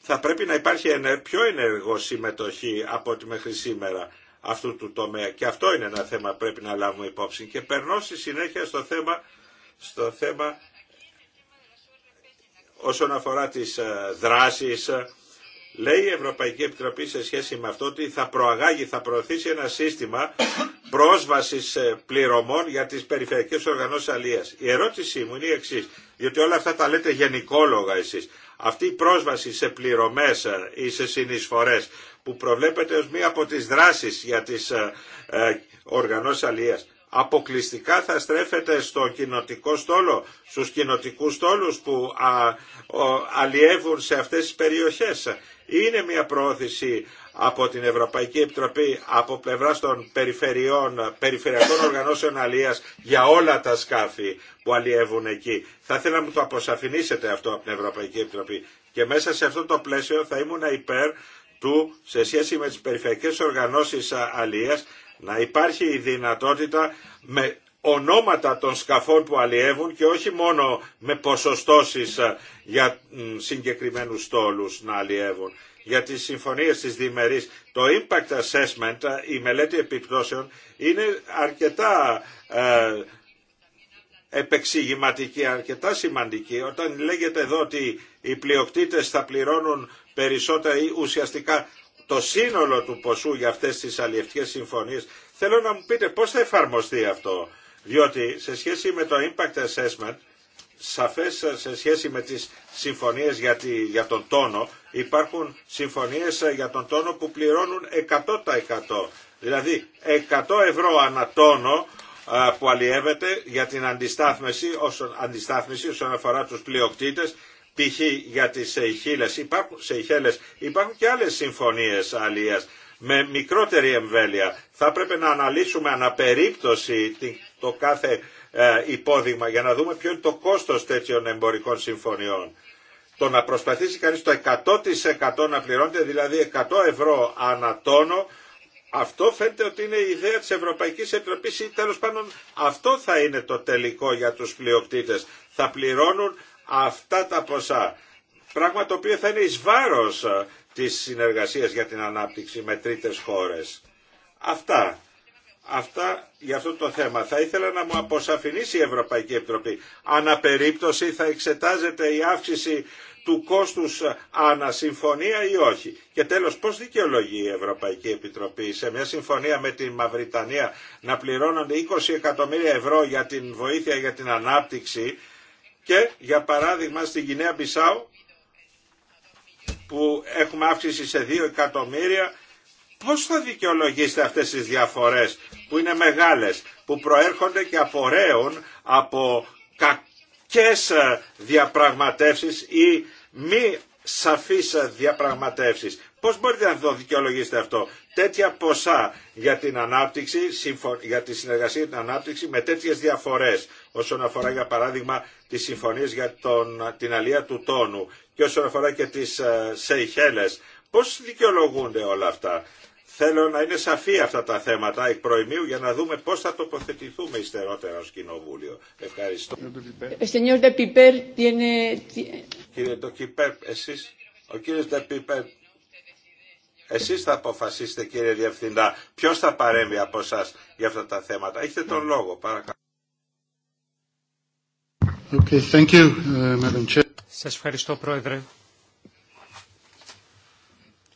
Θα πρέπει να υπάρχει πιο ενεργό συμμετοχή από ό,τι μέχρι σήμερα αυτού του τομέα. Και αυτό είναι ένα θέμα που πρέπει να λάβουμε υπόψη. Και περνώ στη συνέχεια στο θέμα, στο θέμα όσον αφορά τις ε, δράσεις Λέει η Ευρωπαϊκή Επιτροπή σε σχέση με αυτό ότι θα προαγάγει, θα προωθήσει ένα σύστημα πρόσβασης ε, πληρωμών για τις περιφερειακές οργανώσεις αλίας. Η ερώτησή μου είναι η εξή: διότι όλα αυτά τα λέτε γενικόλογα εσείς. Αυτή η πρόσβαση σε πληρωμέ ε, ή σε συνεισφορέ που προβλέπεται ως μία από τις δράσεις για τις ε, οργανώσει αλίας αποκλειστικά θα στρέφεται στο κοινοτικό στόλο, στους κοινοτικούς στόλους που α, αλλιεύουν σε αυτές τις περιοχές. Είναι μια πρόθεση από την Ευρωπαϊκή Επιτροπή από πλευρά των περιφερειών, περιφερειακών οργανώσεων αλλίας για όλα τα σκάφη που αλλιεύουν εκεί. Θα ήθελα να μου το αποσαφηνίσετε αυτό από την Ευρωπαϊκή Επιτροπή. Και μέσα σε αυτό το πλαίσιο θα ήμουν υπέρ του σε σχέση με τις περιφερειακές οργανώσεις αλλίας να υπάρχει η δυνατότητα με ονόματα των σκαφών που αλλιεύουν και όχι μόνο με ποσοστώσεις ε, για συγκεκριμένους στόλους να αλλιεύουν. Για τις συμφωνίες της διμερής, το impact assessment, ε, η μελέτη επιπτώσεων, είναι αρκετά ε, επεξηγηματική, αρκετά σημαντική. Όταν λέγεται εδώ ότι οι πλειοκτήτες θα πληρώνουν περισσότερα ή ουσιαστικά το σύνολο του ποσού για αυτές τις αλλιευτικές συμφωνίες. Θέλω να μου πείτε πώς θα εφαρμοστεί αυτό, διότι σε σχέση με το impact assessment, σαφές σε σχέση με τις συμφωνίες για, για τον τόνο, υπάρχουν συμφωνίες για τον τόνο που πληρώνουν 100%. Δηλαδή 100 ευρώ ανά τόνο που αλλιεύεται για την αντιστάθμιση όσον, αντιστάθμιση όσον αφορά τους πλειοκτήτες π.χ. για τις Σεϊχέλες υπάρχουν, Σεϊχέλες, υπάρχουν και άλλες συμφωνίες αλίας με μικρότερη εμβέλεια. Θα πρέπει να αναλύσουμε αναπερίπτωση το κάθε ε, υπόδειγμα για να δούμε ποιο είναι το κόστος τέτοιων εμπορικών συμφωνιών. Το να προσπαθήσει κανείς το 100% να πληρώνεται, δηλαδή 100 ευρώ ανατόνο, αυτό φαίνεται ότι είναι η ιδέα της Ευρωπαϊκής Επιτροπής ή τέλος πάντων αυτό θα είναι το τελικό για τους πλειοκτήτες. Θα πληρώνουν αυτά τα ποσά. Πράγμα το οποίο θα είναι εις βάρος ε, της συνεργασίας για την ανάπτυξη με τρίτες χώρες. Αυτά. Αυτά για αυτό το θέμα. Θα ήθελα να μου αποσαφηνίσει η Ευρωπαϊκή Επιτροπή. Αναπερίπτωση θα εξετάζεται η αύξηση του κόστους ε, ανασυμφωνία ή όχι. Και τέλος, πώς δικαιολογεί η Ευρωπαϊκή Επιτροπή σε μια συμφωνία με τη Μαυριτανία να πληρώνονται 20 εκατομμύρια ευρώ για την βοήθεια για την ανάπτυξη και για παράδειγμα στην Κινέα Μπισάου που έχουμε αύξηση σε 2 εκατομμύρια πώς θα δικαιολογήσετε αυτές τις διαφορές που είναι μεγάλες που προέρχονται και απορρέουν από κακές διαπραγματεύσεις ή μη σαφείς διαπραγματεύσεις. Πώς μπορείτε να το δικαιολογήσετε αυτό. Τέτοια ποσά για την ανάπτυξη, για τη συνεργασία και την ανάπτυξη με τέτοιες διαφορές όσον αφορά για παράδειγμα τις συμφωνίες για τον, την αλία του τόνου και όσον αφορά και τις ε, Σεϊχέλες. Πώς δικαιολογούνται όλα αυτά. Θέλω να είναι σαφή αυτά τα θέματα εκ προημίου για να δούμε πώς θα τοποθετηθούμε υστερότερα ως Κοινοβούλιο. Ευχαριστώ. Κύριε Ντοκιπέρ, ε, εσείς, ο κύριος εσείς θα αποφασίσετε κύριε Διευθυντά ποιος θα παρέμβει από εσά για αυτά τα θέματα. Έχετε τον λόγο, παρακαλώ. Uh, σας ευχαριστώ, Πρόεδρε.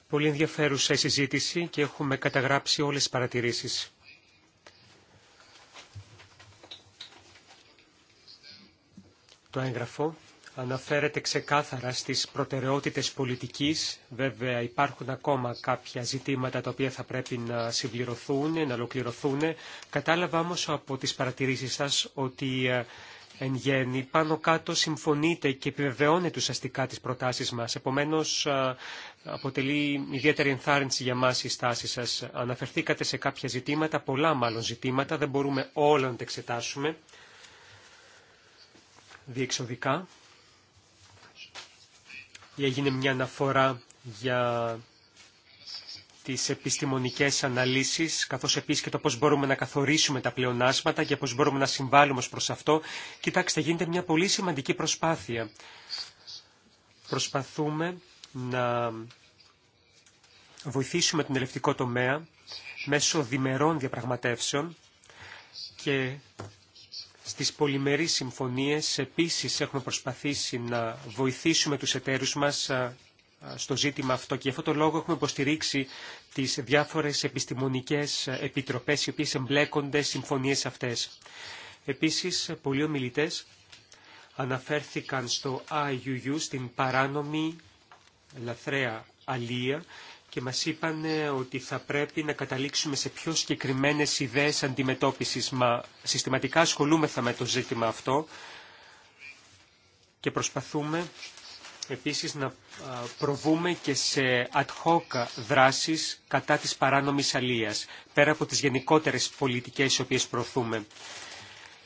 Πολύ ενδιαφέρουσα η συζήτηση και έχουμε καταγράψει όλες τις παρατηρήσεις. Το έγγραφο αναφέρεται ξεκάθαρα στις προτεραιότητες πολιτικής. Βέβαια υπάρχουν ακόμα κάποια ζητήματα τα οποία θα πρέπει να συμπληρωθούν, να ολοκληρωθούν. Κατάλαβα όμως από τις παρατηρήσεις σας ότι ε, εν γέννη πάνω κάτω συμφωνείται και επιβεβαιώνετε ουσιαστικά τις προτάσεις μας. Επομένως, αποτελεί ιδιαίτερη ενθάρρυνση για μας η στάση σας. Αναφερθήκατε σε κάποια ζητήματα, πολλά μάλλον ζητήματα, δεν μπορούμε όλα να τα εξετάσουμε διεξοδικά. Ή έγινε μια αναφορά για τις επιστημονικές αναλύσεις, καθώς επίσης και το πώς μπορούμε να καθορίσουμε τα πλεονάσματα και πώς μπορούμε να συμβάλλουμε προς αυτό. Κοιτάξτε, γίνεται μια πολύ σημαντική προσπάθεια. Προσπαθούμε να βοηθήσουμε τον ελευτικό τομέα μέσω διμερών διαπραγματεύσεων και στις πολυμερείς συμφωνίες επίσης έχουμε προσπαθήσει να βοηθήσουμε τους εταίρους μας ε, στο ζήτημα αυτό και γι' αυτό το λόγο έχουμε υποστηρίξει τις διάφορες επιστημονικές επιτροπές οι οποίες εμπλέκονται συμφωνίες αυτές. Επίσης, πολλοί ομιλητέ αναφέρθηκαν στο IUU, στην παράνομη λαθρέα αλία και μας είπαν ε, ότι θα πρέπει να καταλήξουμε σε πιο συγκεκριμένες ιδέες αντιμετώπισης. Μα συστηματικά ασχολούμεθα με το ζήτημα αυτό και προσπαθούμε επίσης να προβούμε και σε ad hoc δράσεις κατά της παράνομης αλίας, πέρα από τις γενικότερες πολιτικές οι οποίες προωθούμε.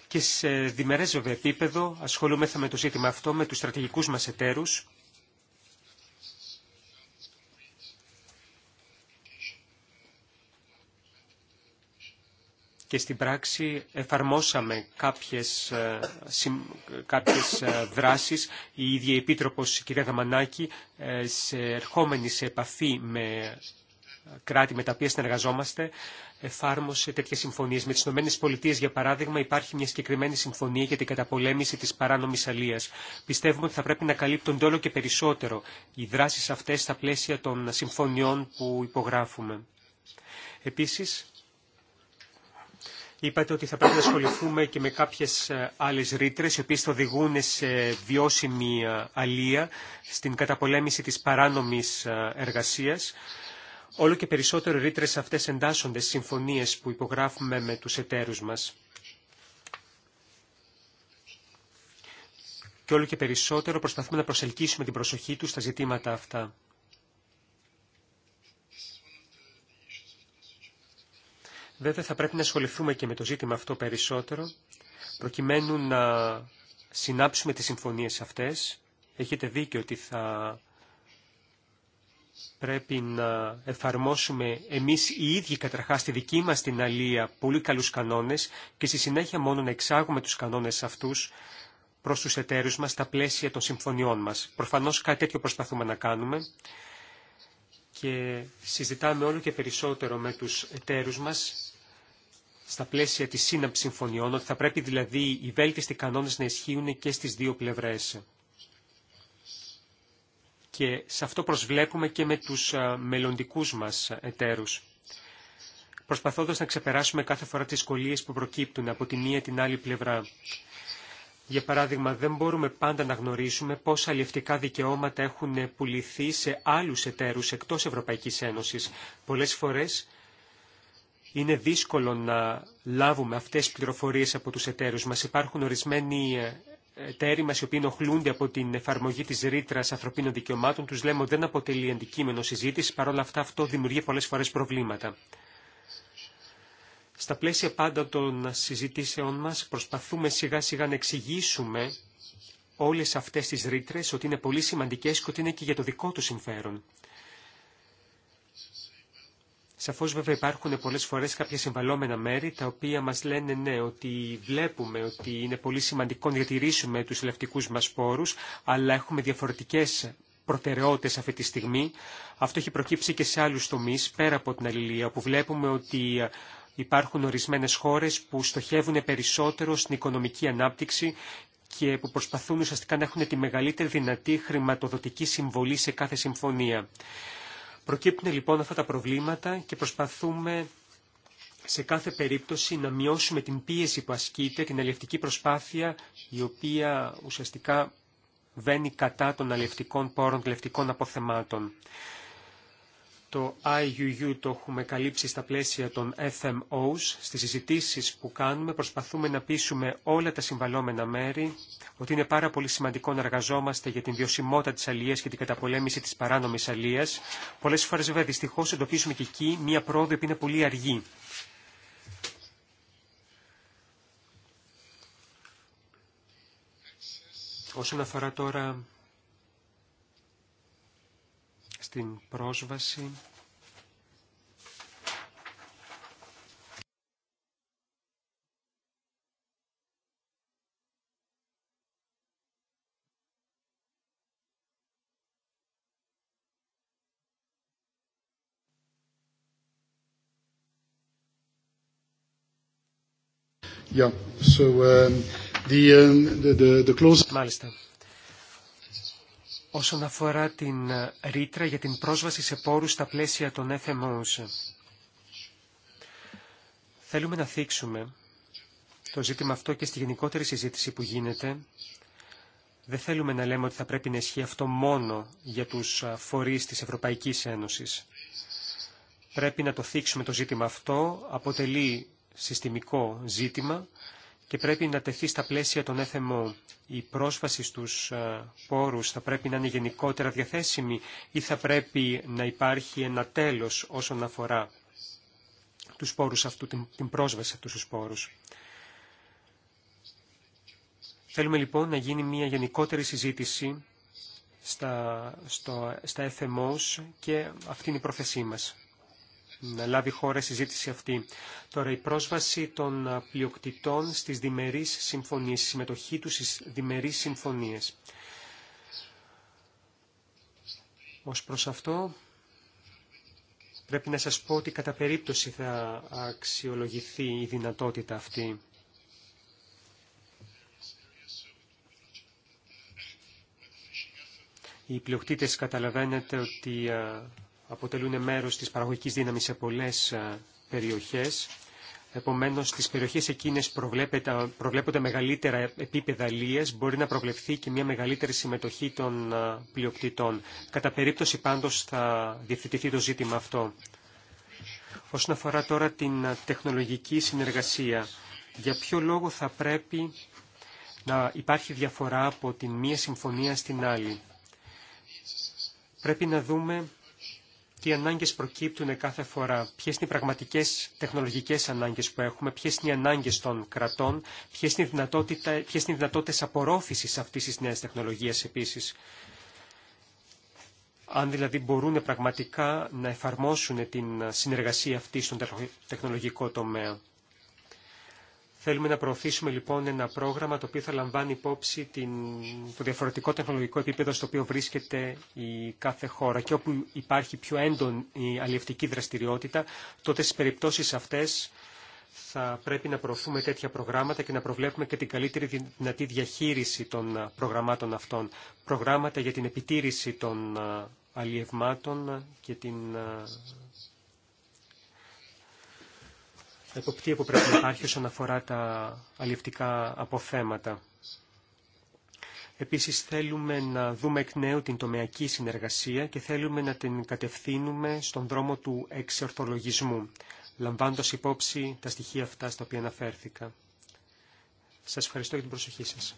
Και σε διμερές επίπεδο ασχολούμεθα με το ζήτημα αυτό με τους στρατηγικούς μας εταίρους και στην πράξη εφαρμόσαμε κάποιες, ε, κάποιες ε, δράσεις. Η ίδια η Επίτροπος, η κυρία Γαμανάκη, ε, σε ερχόμενη σε επαφή με κράτη με τα οποία συνεργαζόμαστε, εφάρμοσε τέτοιες συμφωνίες. Με τις ΗΠΑ, για παράδειγμα, υπάρχει μια συγκεκριμένη συμφωνία για την καταπολέμηση της παράνομης αλίας. Πιστεύουμε ότι θα πρέπει να καλύπτονται όλο και περισσότερο οι δράσεις αυτές στα πλαίσια των συμφωνιών που υπογράφουμε. Επίσης, Είπατε ότι θα πρέπει να ασχοληθούμε και με κάποιες ε, άλλες ρήτρε, οι οποίες θα οδηγούν σε βιώσιμη ε, αλία, στην καταπολέμηση της παράνομης ε, εργασίας. Όλο και περισσότερο ρήτρε αυτές εντάσσονται στις συμφωνίες που υπογράφουμε με τους εταίρους μας. Και όλο και περισσότερο προσπαθούμε να προσελκύσουμε την προσοχή τους στα ζητήματα αυτά. Βέβαια θα πρέπει να ασχοληθούμε και με το ζήτημα αυτό περισσότερο, προκειμένου να συνάψουμε τις συμφωνίες αυτές. Έχετε δίκιο ότι θα πρέπει να εφαρμόσουμε εμείς οι ίδιοι καταρχάς στη δική μας την αλία πολύ καλούς κανόνες και στη συνέχεια μόνο να εξάγουμε τους κανόνες αυτούς προς τους εταίρους μας στα πλαίσια των συμφωνιών μας. Προφανώς κάτι τέτοιο προσπαθούμε να κάνουμε και συζητάμε όλο και περισσότερο με τους εταίρους μας στα πλαίσια της σύναψης συμφωνιών, ότι θα πρέπει δηλαδή οι βέλτιστοι κανόνες να ισχύουν και στις δύο πλευρές. Και σε αυτό προσβλέπουμε και με τους ε, μελλοντικούς μας εταίρους. Προσπαθώντας να ξεπεράσουμε κάθε φορά τις σχολίε που προκύπτουν από τη μία την άλλη πλευρά. Για παράδειγμα, δεν μπορούμε πάντα να γνωρίσουμε πόσα αλληλευτικά δικαιώματα έχουν πουληθεί σε άλλους εταίρους εκτός Ευρωπαϊκής Ένωσης. Πολλές φορές είναι δύσκολο να λάβουμε αυτές τις πληροφορίες από τους εταίρους μας. Υπάρχουν ορισμένοι ε, εταίροι μας οι οποίοι ενοχλούνται από την εφαρμογή της ρήτρα ανθρωπίνων δικαιωμάτων. Τους λέμε ότι δεν αποτελεί αντικείμενο συζήτηση, παρόλα αυτά αυτό δημιουργεί πολλές φορές προβλήματα. Στα πλαίσια πάντα των συζητήσεών μας προσπαθούμε σιγά σιγά να εξηγήσουμε όλες αυτές τις ρήτρε ότι είναι πολύ σημαντικές και ότι είναι και για το δικό του συμφέρον. Σαφώς βέβαια υπάρχουν πολλές φορές κάποια συμβαλόμενα μέρη τα οποία μας λένε ναι ότι βλέπουμε ότι είναι πολύ σημαντικό να διατηρήσουμε τους ελευτικούς μας πόρους αλλά έχουμε διαφορετικές προτεραιότητες αυτή τη στιγμή. Αυτό έχει προκύψει και σε άλλους τομείς πέρα από την αλληλεία όπου βλέπουμε ότι ε, υπάρχουν ορισμένες χώρες που στοχεύουν περισσότερο στην οικονομική ανάπτυξη και που προσπαθούν ουσιαστικά να έχουν τη μεγαλύτερη δυνατή χρηματοδοτική συμβολή σε κάθε συμφωνία. Προκύπτουν λοιπόν αυτά τα προβλήματα και προσπαθούμε σε κάθε περίπτωση να μειώσουμε την πίεση που ασκείται, την αλληλευτική προσπάθεια η οποία ουσιαστικά βαίνει κατά των αλληλευτικών πόρων, αλληλευτικών αποθεμάτων. Το IUU το έχουμε καλύψει στα πλαίσια των FMOs. Στις συζητήσεις που κάνουμε προσπαθούμε να πείσουμε όλα τα συμβαλόμενα μέρη ότι είναι πάρα πολύ σημαντικό να εργαζόμαστε για την βιωσιμότητα της αλίας και την καταπολέμηση της παράνομης αλίας. Πολλές φορές βέβαια δυστυχώς εντοπίζουμε και εκεί μία πρόοδο που είναι πολύ αργή. Όσον αφορά τώρα στην πρόσβαση Yeah. So, um, the, um, the, the, the close... Μάλιστα όσον αφορά την ε, ρήτρα για την πρόσβαση σε πόρους στα πλαίσια των FMOs. Θέλουμε να θίξουμε το ζήτημα αυτό και στη γενικότερη συζήτηση που γίνεται. Δεν θέλουμε να λέμε ότι θα πρέπει να ισχύει αυτό μόνο για τους ε, φορείς της Ευρωπαϊκής Ένωσης. Πρέπει να το θίξουμε το ζήτημα αυτό, αποτελεί συστημικό ζήτημα και πρέπει να τεθεί στα πλαίσια των FMO. Η πρόσβαση στους ε, πόρους θα πρέπει να είναι γενικότερα διαθέσιμη ή θα πρέπει να υπάρχει ένα τέλος όσον αφορά τους πόρους αυτού, την, πρόσβαση αυτούς τους πόρους. Θέλουμε λοιπόν να γίνει μια γενικότερη συζήτηση στα, στο, και αυτή είναι η πρόθεσή μας να λάβει χώρα η συζήτηση αυτή. Τώρα, η πρόσβαση των πλειοκτητών στις διμερείς συμφωνίες, η συμμετοχή του στις διμερείς συμφωνίες. Ως προς αυτό, πρέπει να σας πω ότι κατά περίπτωση θα αξιολογηθεί η δυνατότητα αυτή. Οι πλειοκτήτες καταλαβαίνετε ότι αποτελούν μέρος της παραγωγικής δύναμης σε πολλές ε, περιοχές. Επομένως, στις περιοχές εκείνες προβλέπονται μεγαλύτερα επίπεδα λίας, μπορεί να προβλεφθεί και μια μεγαλύτερη συμμετοχή των ε, πλειοκτητών. Κατά περίπτωση πάντως θα διευθυνθεί το ζήτημα αυτό. Όσον αφορά τώρα την ε, τεχνολογική συνεργασία, για ποιο λόγο θα πρέπει να υπάρχει διαφορά από την μία συμφωνία στην άλλη. Πρέπει να δούμε τι ανάγκε προκύπτουν κάθε φορά, ποιε είναι οι πραγματικές τεχνολογικές ανάγκες που έχουμε, ποιε είναι οι ανάγκες των κρατών, ποιε είναι οι, δυνατότητε απορρόφηση αυτή τη νέα τεχνολογία. αυτής επίσης. Αν δηλαδή μπορούν πραγματικά να εφαρμόσουν την συνεργασία αυτή στον τεχνολογικό τομέα. Θέλουμε να προωθήσουμε λοιπόν ένα πρόγραμμα το οποίο θα λαμβάνει υπόψη την, το διαφορετικό τεχνολογικό επίπεδο στο οποίο βρίσκεται η κάθε χώρα και όπου υπάρχει πιο έντονη αλλιευτική δραστηριότητα, τότε στις περιπτώσεις αυτές θα πρέπει να προωθούμε τέτοια προγράμματα και να προβλέπουμε και την καλύτερη δυνατή διαχείριση των προγραμμάτων αυτών. Προγράμματα για την επιτήρηση των αλλιευμάτων και την εποπτεία που πρέπει να υπάρχει όσον αφορά τα αλληλευτικά αποθέματα. Επίσης θέλουμε να δούμε εκ νέου την τομεακή συνεργασία και θέλουμε να την κατευθύνουμε στον δρόμο του εξορθολογισμού, λαμβάνοντας υπόψη τα στοιχεία αυτά στα οποία αναφέρθηκα. Σας ευχαριστώ για την προσοχή σας.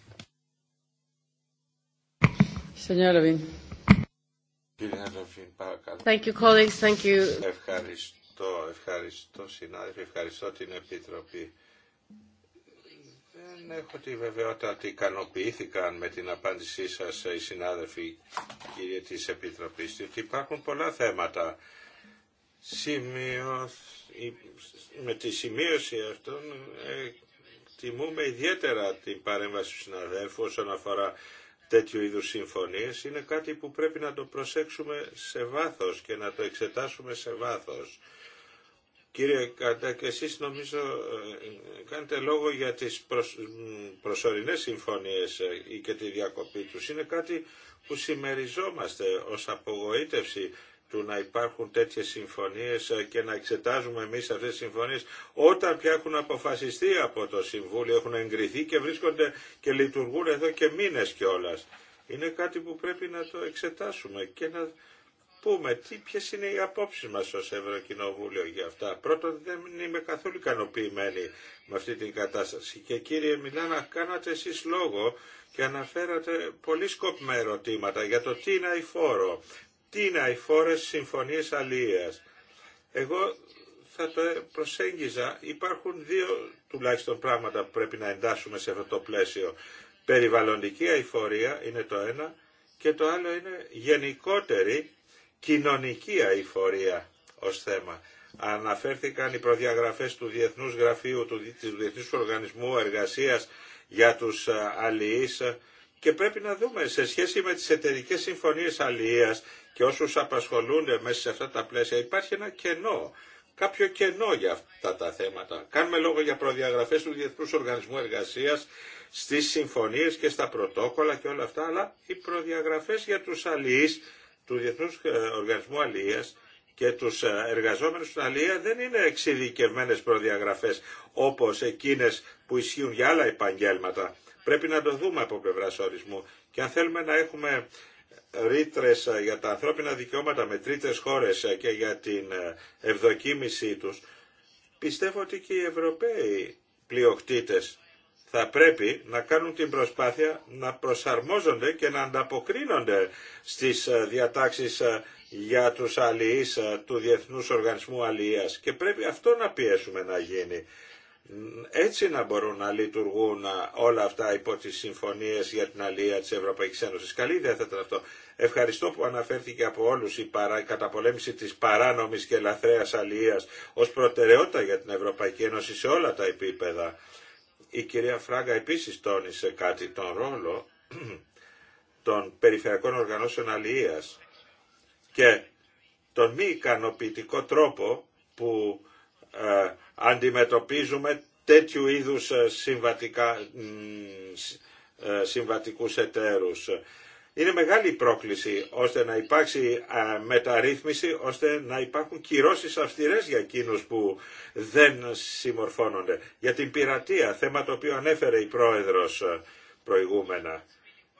Thank you, colleagues. Thank you. Ευχαριστώ Ευχαριστώ, ευχαριστώ συνάδελφοι, ευχαριστώ την Επιτροπή. Δεν έχω τη βεβαιότητα ότι ικανοποιήθηκαν με την απάντησή σας ε, οι συνάδελφοι κύριε της Επιτροπής, διότι υπάρχουν πολλά θέματα. Με τη σημείωση αυτών ε, τιμούμε ιδιαίτερα την παρέμβαση του συναδέλφου όσον αφορά τέτοιου είδους συμφωνίες. Είναι κάτι που πρέπει να το προσέξουμε σε βάθος και να το εξετάσουμε σε βάθος. Κύριε Κατά, και εσείς νομίζω ε, κάνετε λόγο για τις προσωρινές συμφωνίες ε, ή και τη διακοπή τους. Είναι κάτι που συμμεριζόμαστε ως απογοήτευση του να υπάρχουν τέτοιες συμφωνίες ε, και να εξετάζουμε εμείς αυτές τις συμφωνίες όταν πια έχουν αποφασιστεί από το Συμβούλιο, έχουν εγκριθεί και βρίσκονται και λειτουργούν εδώ και μήνες κιόλας. Είναι κάτι που πρέπει να το εξετάσουμε και να πούμε τι, ποιες είναι οι απόψεις μας ως Ευρωκοινοβούλιο για αυτά. Πρώτον δεν είμαι καθόλου ικανοποιημένη με αυτή την κατάσταση. Και κύριε Μιλάνα κάνατε εσείς λόγο και αναφέρατε πολύ σκόπιμα ερωτήματα για το τι είναι αηφόρο. Τι είναι αηφόρες συμφωνίες αλληλείας. Εγώ θα το προσέγγιζα, υπάρχουν δύο τουλάχιστον πράγματα που πρέπει να εντάσσουμε σε αυτό το πλαίσιο. Περιβαλλοντική αηφορία είναι το ένα και το άλλο είναι γενικότερη κοινωνική αηφορία ως θέμα. Αναφέρθηκαν οι προδιαγραφές του Διεθνούς Γραφείου, του Διεθνούς Οργανισμού Εργασίας για τους ε, αλληλείς και πρέπει να δούμε σε σχέση με τις εταιρικές συμφωνίες αλληλείας και όσους απασχολούνται μέσα σε αυτά τα πλαίσια υπάρχει ένα κενό κάποιο κενό για αυτά τα θέματα. Κάνουμε λόγο για προδιαγραφές του Διεθνούς Οργανισμού Εργασίας στις συμφωνίες και στα πρωτόκολλα και όλα αυτά, αλλά οι προδιαγραφές για τους αλληλείς του Διεθνού ε, Οργανισμού Αλίας και τους ε, εργαζόμενους στην Αλία δεν είναι εξειδικευμένε προδιαγραφές όπως εκείνες που ισχύουν για άλλα επαγγέλματα. Πρέπει να το δούμε από πλευρά ορισμού. Και αν θέλουμε να έχουμε ρήτρε ε, για τα ανθρώπινα δικαιώματα με τρίτες χώρες και για την ευδοκίμησή τους, πιστεύω ότι και οι Ευρωπαίοι πλειοκτήτες θα πρέπει να κάνουν την προσπάθεια να προσαρμόζονται και να ανταποκρίνονται στις ε, διατάξεις ε, για τους αλληλείς ε, του Διεθνούς Οργανισμού Αλληλείας και πρέπει αυτό να πιέσουμε να γίνει. Έτσι να μπορούν να λειτουργούν όλα αυτά υπό τις συμφωνίες για την αλληλεία της Ευρωπαϊκής Ένωσης. Καλή ιδέα θα ήταν αυτό. Ευχαριστώ που αναφέρθηκε από όλους η καταπολέμηση της παράνομης και λαθρέας αλληλείας ως προτεραιότητα για την Ευρωπαϊκή Ένωση σε όλα τα επίπεδα. Η κυρία Φράγκα επίσης τόνισε κάτι τον ρόλο των περιφερειακών οργανώσεων αλληλείας και τον μη ικανοποιητικό τρόπο που ε, αντιμετωπίζουμε τέτοιου είδους ε, συμβατικά, ε, συμβατικούς εταίρους. Είναι μεγάλη η πρόκληση ώστε να υπάρξει μεταρρύθμιση, ώστε να υπάρχουν κυρώσεις αυστηρές για εκείνους που δεν συμμορφώνονται. Για την πειρατεία, θέμα το οποίο ανέφερε η Πρόεδρος προηγούμενα.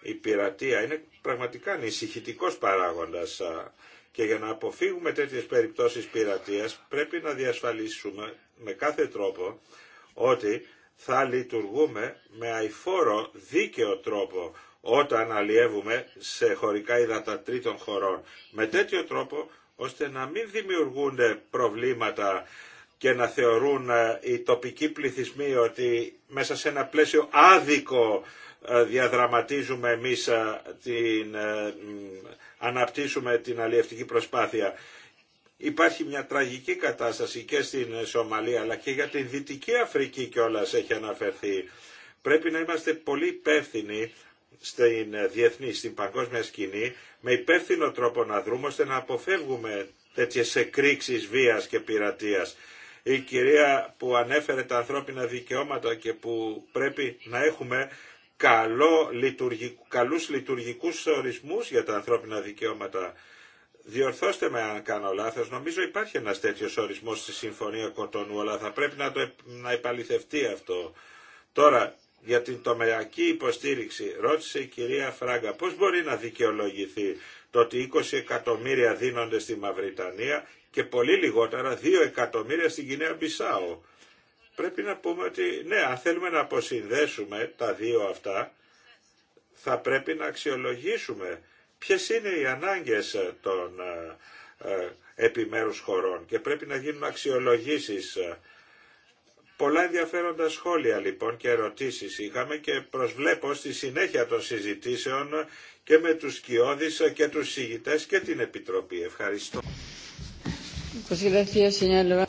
Η πειρατεία είναι πραγματικά ανησυχητικό παράγοντας και για να αποφύγουμε τέτοιες περιπτώσεις πειρατείας πρέπει να διασφαλίσουμε με κάθε τρόπο ότι θα λειτουργούμε με αηφόρο δίκαιο τρόπο όταν αλλιεύουμε σε χωρικά υδατά τρίτων χωρών. Με τέτοιο τρόπο ώστε να μην δημιουργούνται προβλήματα και να θεωρούν ε, οι τοπικοί πληθυσμοί ότι μέσα σε ένα πλαίσιο άδικο ε, διαδραματίζουμε εμείς ε, την, αναπτύσσουμε την αλλιευτική προσπάθεια. Υπάρχει μια τραγική κατάσταση και στην Σομαλία αλλά και για την Δυτική Αφρική κιόλας έχει αναφερθεί. Πρέπει να είμαστε πολύ υπεύθυνοι στην ε, διεθνή, στην παγκόσμια σκηνή με υπεύθυνο τρόπο να δρούμε ώστε να αποφεύγουμε τέτοιες εκρήξεις βίας και πειρατείας. Η κυρία που ανέφερε τα ανθρώπινα δικαιώματα και που πρέπει να έχουμε καλό, λειτουργικού, καλούς λειτουργικούς ορισμούς για τα ανθρώπινα δικαιώματα. Διορθώστε με αν κάνω λάθος, νομίζω υπάρχει ένας τέτοιος ορισμός στη Συμφωνία Κοτονού, αλλά θα πρέπει να, το, να επαληθευτεί αυτό. Τώρα, για την τομεακή υποστήριξη ρώτησε η κυρία Φράγκα πώς μπορεί να δικαιολογηθεί το ότι 20 εκατομμύρια δίνονται στη Μαυριτανία και πολύ λιγότερα 2 εκατομμύρια στην Κινέα Μπισάου. Πρέπει να πούμε ότι ναι, αν θέλουμε να αποσυνδέσουμε τα δύο αυτά, θα πρέπει να αξιολογήσουμε ποιες είναι οι ανάγκες των ε, ε, επιμέρους χωρών και πρέπει να γίνουν αξιολογήσεις ε, Πολλά ενδιαφέροντα σχόλια λοιπόν και ερωτήσεις είχαμε και προσβλέπω στη συνέχεια των συζητήσεων και με τους κοιόδης και τους συγητές και την Επιτροπή. Ευχαριστώ.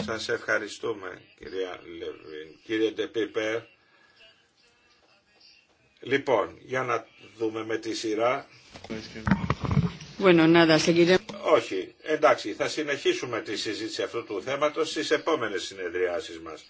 Σας ευχαριστούμε κυρία Λεβίν. Κύριε Ντεπίπερ. Λοιπόν, για να δούμε με τη σειρά. Bueno, nada, Όχι, εντάξει, θα συνεχίσουμε τη συζήτηση αυτού του θέματος στις επόμενες συνεδριάσεις μας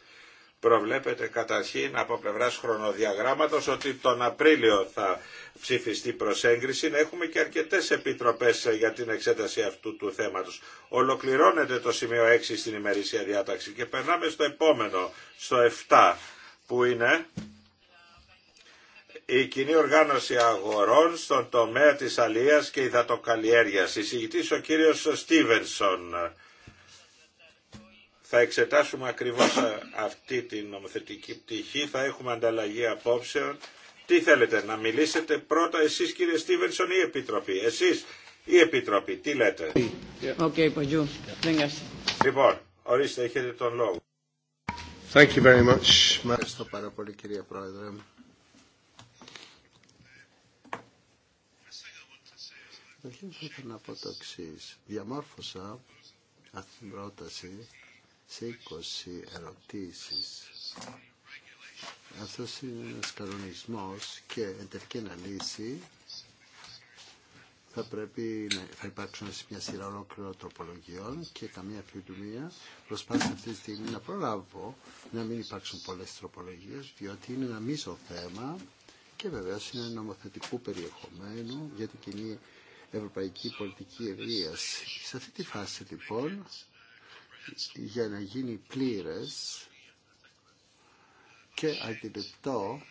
προβλέπεται καταρχήν από πλευρά χρονοδιαγράμματος ότι τον Απρίλιο θα ψηφιστεί προς έγκριση να έχουμε και αρκετές επιτροπές για την εξέταση αυτού του θέματος. Ολοκληρώνεται το σημείο 6 στην ημερήσια διάταξη και περνάμε στο επόμενο, στο 7 που είναι η κοινή οργάνωση αγορών στον τομέα της αλίας και υδατοκαλλιέργειας. Εισηγητής ο κύριος Στίβενσον. Θα εξετάσουμε ακριβώς αυτή την νομοθετική πτυχή, θα έχουμε ανταλλαγή απόψεων. Τι θέλετε, να μιλήσετε πρώτα εσείς κύριε Στίβενσον ή η Επιτροπή. Εσείς ή επιτροπη εσεις η επιτροπη τι λέτε. Okay, yeah. Λοιπόν, ορίστε, έχετε τον λόγο. Thank you very much. Ευχαριστώ πάρα πολύ κύριε Πρόεδρε. ήθελα να πω το Διαμόρφωσα αυτή την πρόταση σε 20 ερωτήσεις. Αυτός είναι ένας κανονισμός και εν τελική αναλύση θα πρέπει να θα υπάρξουν σε μια σειρά ολόκληρων τροπολογιών και καμία φιλτουμία. Προσπάθησα αυτή τη στιγμή να προλάβω να μην υπάρξουν πολλές τροπολογίες, διότι είναι ένα μίσο θέμα και βεβαίω είναι νομοθετικού περιεχομένου για την κοινή ευρωπαϊκή πολιτική ευρεία. Σε αυτή τη φάση λοιπόν για να γίνει πλήρες και αντιληπτό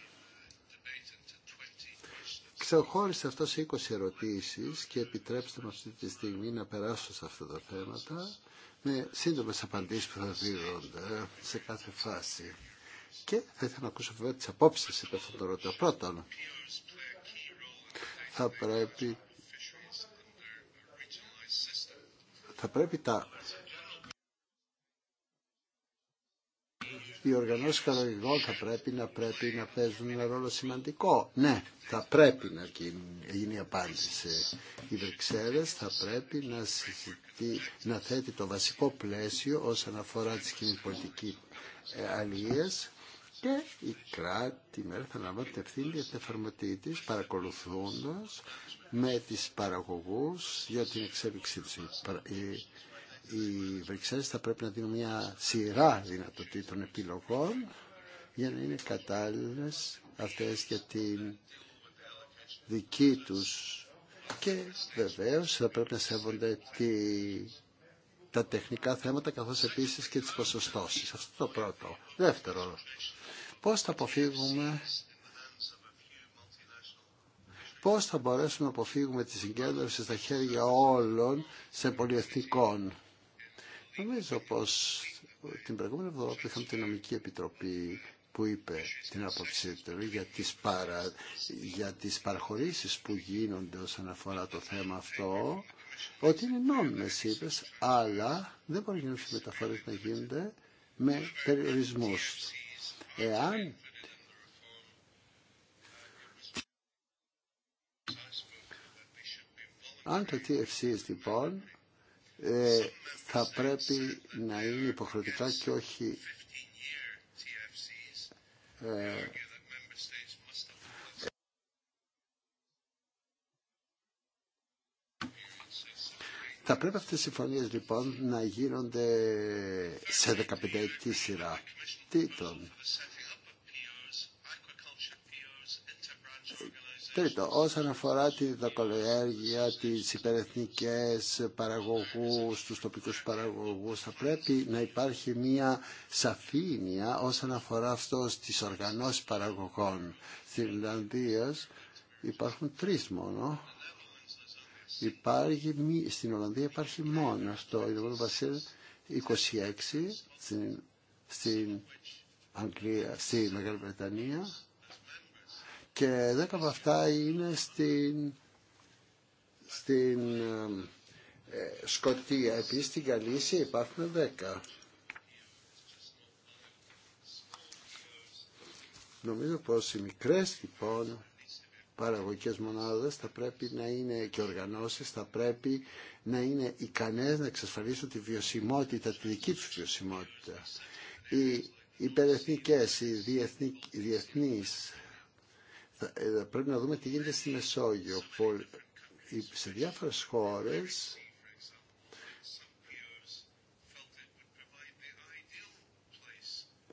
ξεχώρισε αυτό σε 20 ερωτήσεις και επιτρέψτε μου αυτή τη στιγμή να περάσω σε αυτά τα θέματα με σύντομες απαντήσεις που θα δίνονται σε κάθε φάση. Και θα ήθελα να ακούσω βέβαια τις απόψεις επί αυτό το ερωτών. Πρώτον, θα πρέπει θα πρέπει τα οι οργανώσει χαλαριγών θα πρέπει να, πρέπει να παίζουν ένα ρόλο σημαντικό. Ναι, θα πρέπει να γίνει η απάντηση. Οι Βρυξέλλες θα πρέπει να, συζητεί, να θέτει το βασικό πλαίσιο όσον αφορά τις κοινή πολιτική ε, και η κράτη μέρα θα λαμβάνει την ευθύνη για την εφαρμογή τη, με τις παραγωγούς για την εξέλιξή της οι Βρυξέλλες θα πρέπει να δίνουν μια σειρά δυνατοτήτων επιλογών για να είναι κατάλληλες αυτές για την δική τους και βεβαίως θα πρέπει να σέβονται τη, τα τεχνικά θέματα καθώς επίσης και τις ποσοστώσεις. Αυτό το πρώτο. Δεύτερο, πώς θα αποφύγουμε πώς θα μπορέσουμε να αποφύγουμε τη συγκέντρωση στα χέρια όλων σε πολυεθνικών Νομίζω πως την προηγούμενη εβδομάδα που είχαμε την νομική επιτροπή που είπε την άποψή του για τις, παρα, για παραχωρήσεις που γίνονται όσον αφορά το θέμα αυτό, ότι είναι νόμιμες είπες, αλλά δεν μπορεί να οι μεταφορές να γίνονται με περιορισμούς. Εάν αν το TFC λοιπόν ε, θα πρέπει να είναι υποχρεωτικά και όχι ε, Θα πρέπει αυτές οι συμφωνίες λοιπόν να γίνονται σε 15 ετή σειρά. Τρίτο, όσον αφορά τη δακολογία, τις υπερεθνικές παραγωγούς, τους τοπικούς παραγωγούς, θα πρέπει να υπάρχει μια σαφήνεια όσον αφορά αυτό στις οργανώσεις παραγωγών. Στην Ιρλανδία υπάρχουν τρεις μόνο. Υπάρχει, στην Ολλανδία υπάρχει μόνο στο Ιδρύμα Βασίλειο 26, στην, στην Αγγλία, στη Μεγάλη Βρετανία και δέκα από αυτά είναι στην, στην ε, Σκοτία. Επίσης στην Γαλλίση υπάρχουν δέκα. Νομίζω πως οι μικρές λοιπόν παραγωγικές μονάδες θα πρέπει να είναι και οργανώσεις θα πρέπει να είναι ικανές να εξασφαλίσουν τη βιωσιμότητα, τη δική τους βιωσιμότητα. Οι υπερεθνικές, οι διεθνείς ε, πρέπει να δούμε τι γίνεται στη Μεσόγειο. Σε διάφορες χώρες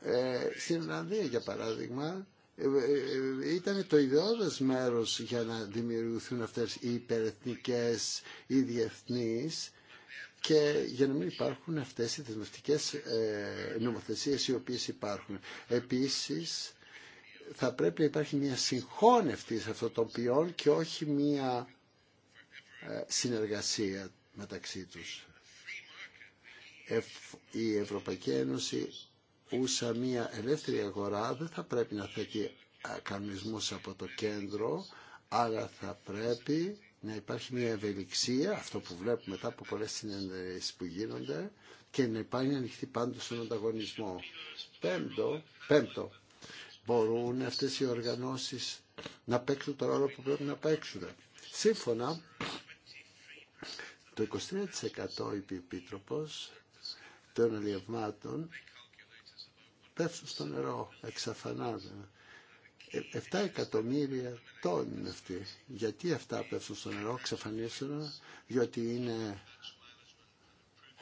ε, στην Ιρλανδία για παράδειγμα ε, ήταν το ιδεώδες μέρος για να δημιουργηθούν αυτές οι υπερεθνικές ή διεθνείς και για να μην υπάρχουν αυτές οι δεσμευτικές νομοθεσίες οι οποίες υπάρχουν. Επίσης θα πρέπει να υπάρχει μια συγχώνευτη σε αυτό το ποιόν και όχι μια ε, συνεργασία μεταξύ τους. Η Ευρωπαϊκή Ένωση ούσα μια ελεύθερη αγορά δεν θα πρέπει να θέτει ε, κανονισμούς από το κέντρο, αλλά θα πρέπει να υπάρχει μια ευελιξία, αυτό που βλέπουμε μετά από πολλές συνεδρίες που γίνονται, και να υπάρχει ανοιχτή πάντως στον ανταγωνισμό. Πέμπτο, πέμπτο, μπορούν αυτές οι οργανώσεις να παίξουν το ρόλο που πρέπει να παίξουν. Σύμφωνα, το 23% είπε η Επίτροπος των αλλιευμάτων πέφτουν στο νερό, εξαφανάζουν. 7 εκατομμύρια τόνοι είναι αυτοί. Γιατί αυτά πέφτουν στο νερό, εξαφανίσουν, διότι είναι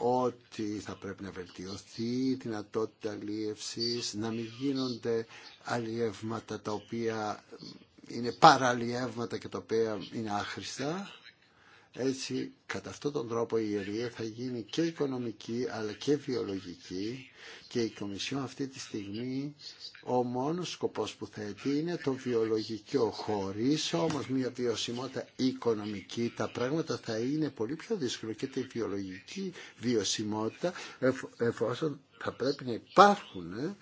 ότι θα πρέπει να βελτιωθεί η δυνατότητα αλλιεύσης, να μην γίνονται αλλιεύματα τα οποία είναι παραλλιεύματα και τα οποία είναι άχρηστα έτσι, κατά αυτόν τον τρόπο η ιερία θα γίνει και οικονομική αλλά και βιολογική και η Κομισιόν αυτή τη στιγμή ο μόνος σκοπός που θέτει είναι το βιολογικό. Χωρίς όμως μια βιωσιμότητα οικονομική τα πράγματα θα είναι πολύ πιο δύσκολο και τη βιολογική βιωσιμότητα εφόσον θα πρέπει να υπάρχουν ε,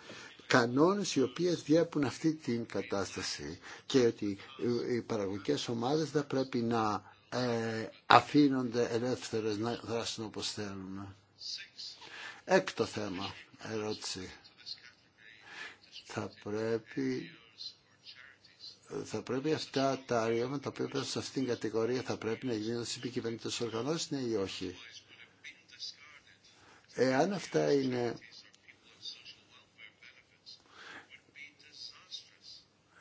κανόνες οι οποίες διέπουν αυτή την κατάσταση και ότι ε, οι παραγωγικές ομάδες θα πρέπει να ε, αφήνονται ελεύθερες να δράσουν όπως θέλουν. Έκτο θέμα, ερώτηση. Θα πρέπει, θα πρέπει αυτά τα αριώματα τα οποία σε αυτήν την κατηγορία θα πρέπει να γίνουν στις επικυβερνητές οργανώσεις, ναι ή όχι. Εάν αυτά είναι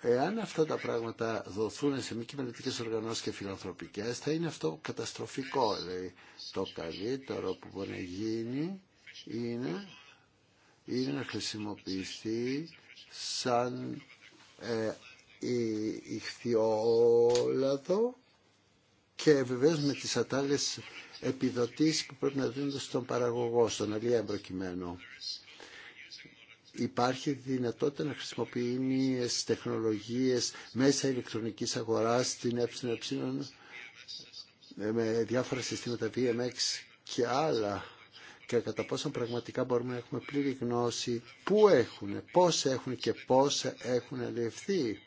Εάν αυτά τα πράγματα δοθούν σε μη κυβερνητικέ οργανώσει και φιλανθρωπικέ, θα είναι αυτό καταστροφικό. Δηλαδή, το καλύτερο που μπορεί να γίνει είναι, είναι να χρησιμοποιηθεί σαν ε, ηχθιόλαδο και βεβαίω με τις ατάλληλες επιδοτήσεις που πρέπει να δίνονται στον παραγωγό, στον αλλιέμπρο κειμένο υπάρχει δυνατότητα να χρησιμοποιεί τεχνολογίες μέσα ηλεκτρονικής αγοράς στην ΕΕ με διάφορα συστήματα VMX και άλλα και κατά πόσο πραγματικά μπορούμε να έχουμε πλήρη γνώση πού έχουν, πώς έχουν και πώς έχουν αλληλευθεί,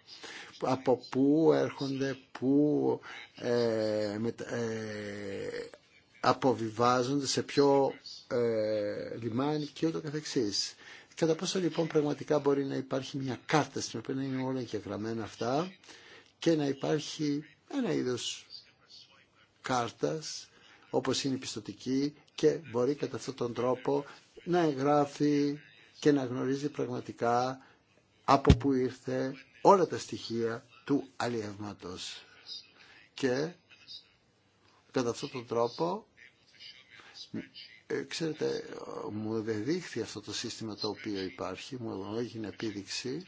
από πού έρχονται, πού ε, ε, αποβιβάζονται, σε ποιο ε, λιμάνι και ούτω καθεξής. Κατά πόσο λοιπόν πραγματικά μπορεί να υπάρχει μια κάρτα στην οποία είναι όλα εγγεγραμμένα αυτά και να υπάρχει ένα είδος κάρτας όπως είναι η πιστοτική και μπορεί κατά αυτόν τον τρόπο να εγγράφει και να γνωρίζει πραγματικά από που ήρθε όλα τα στοιχεία του αλλιεύματος. Και κατά αυτόν τον τρόπο ε, ξέρετε, μου δεδείχθη αυτό το σύστημα το οποίο υπάρχει, μου έγινε επίδειξη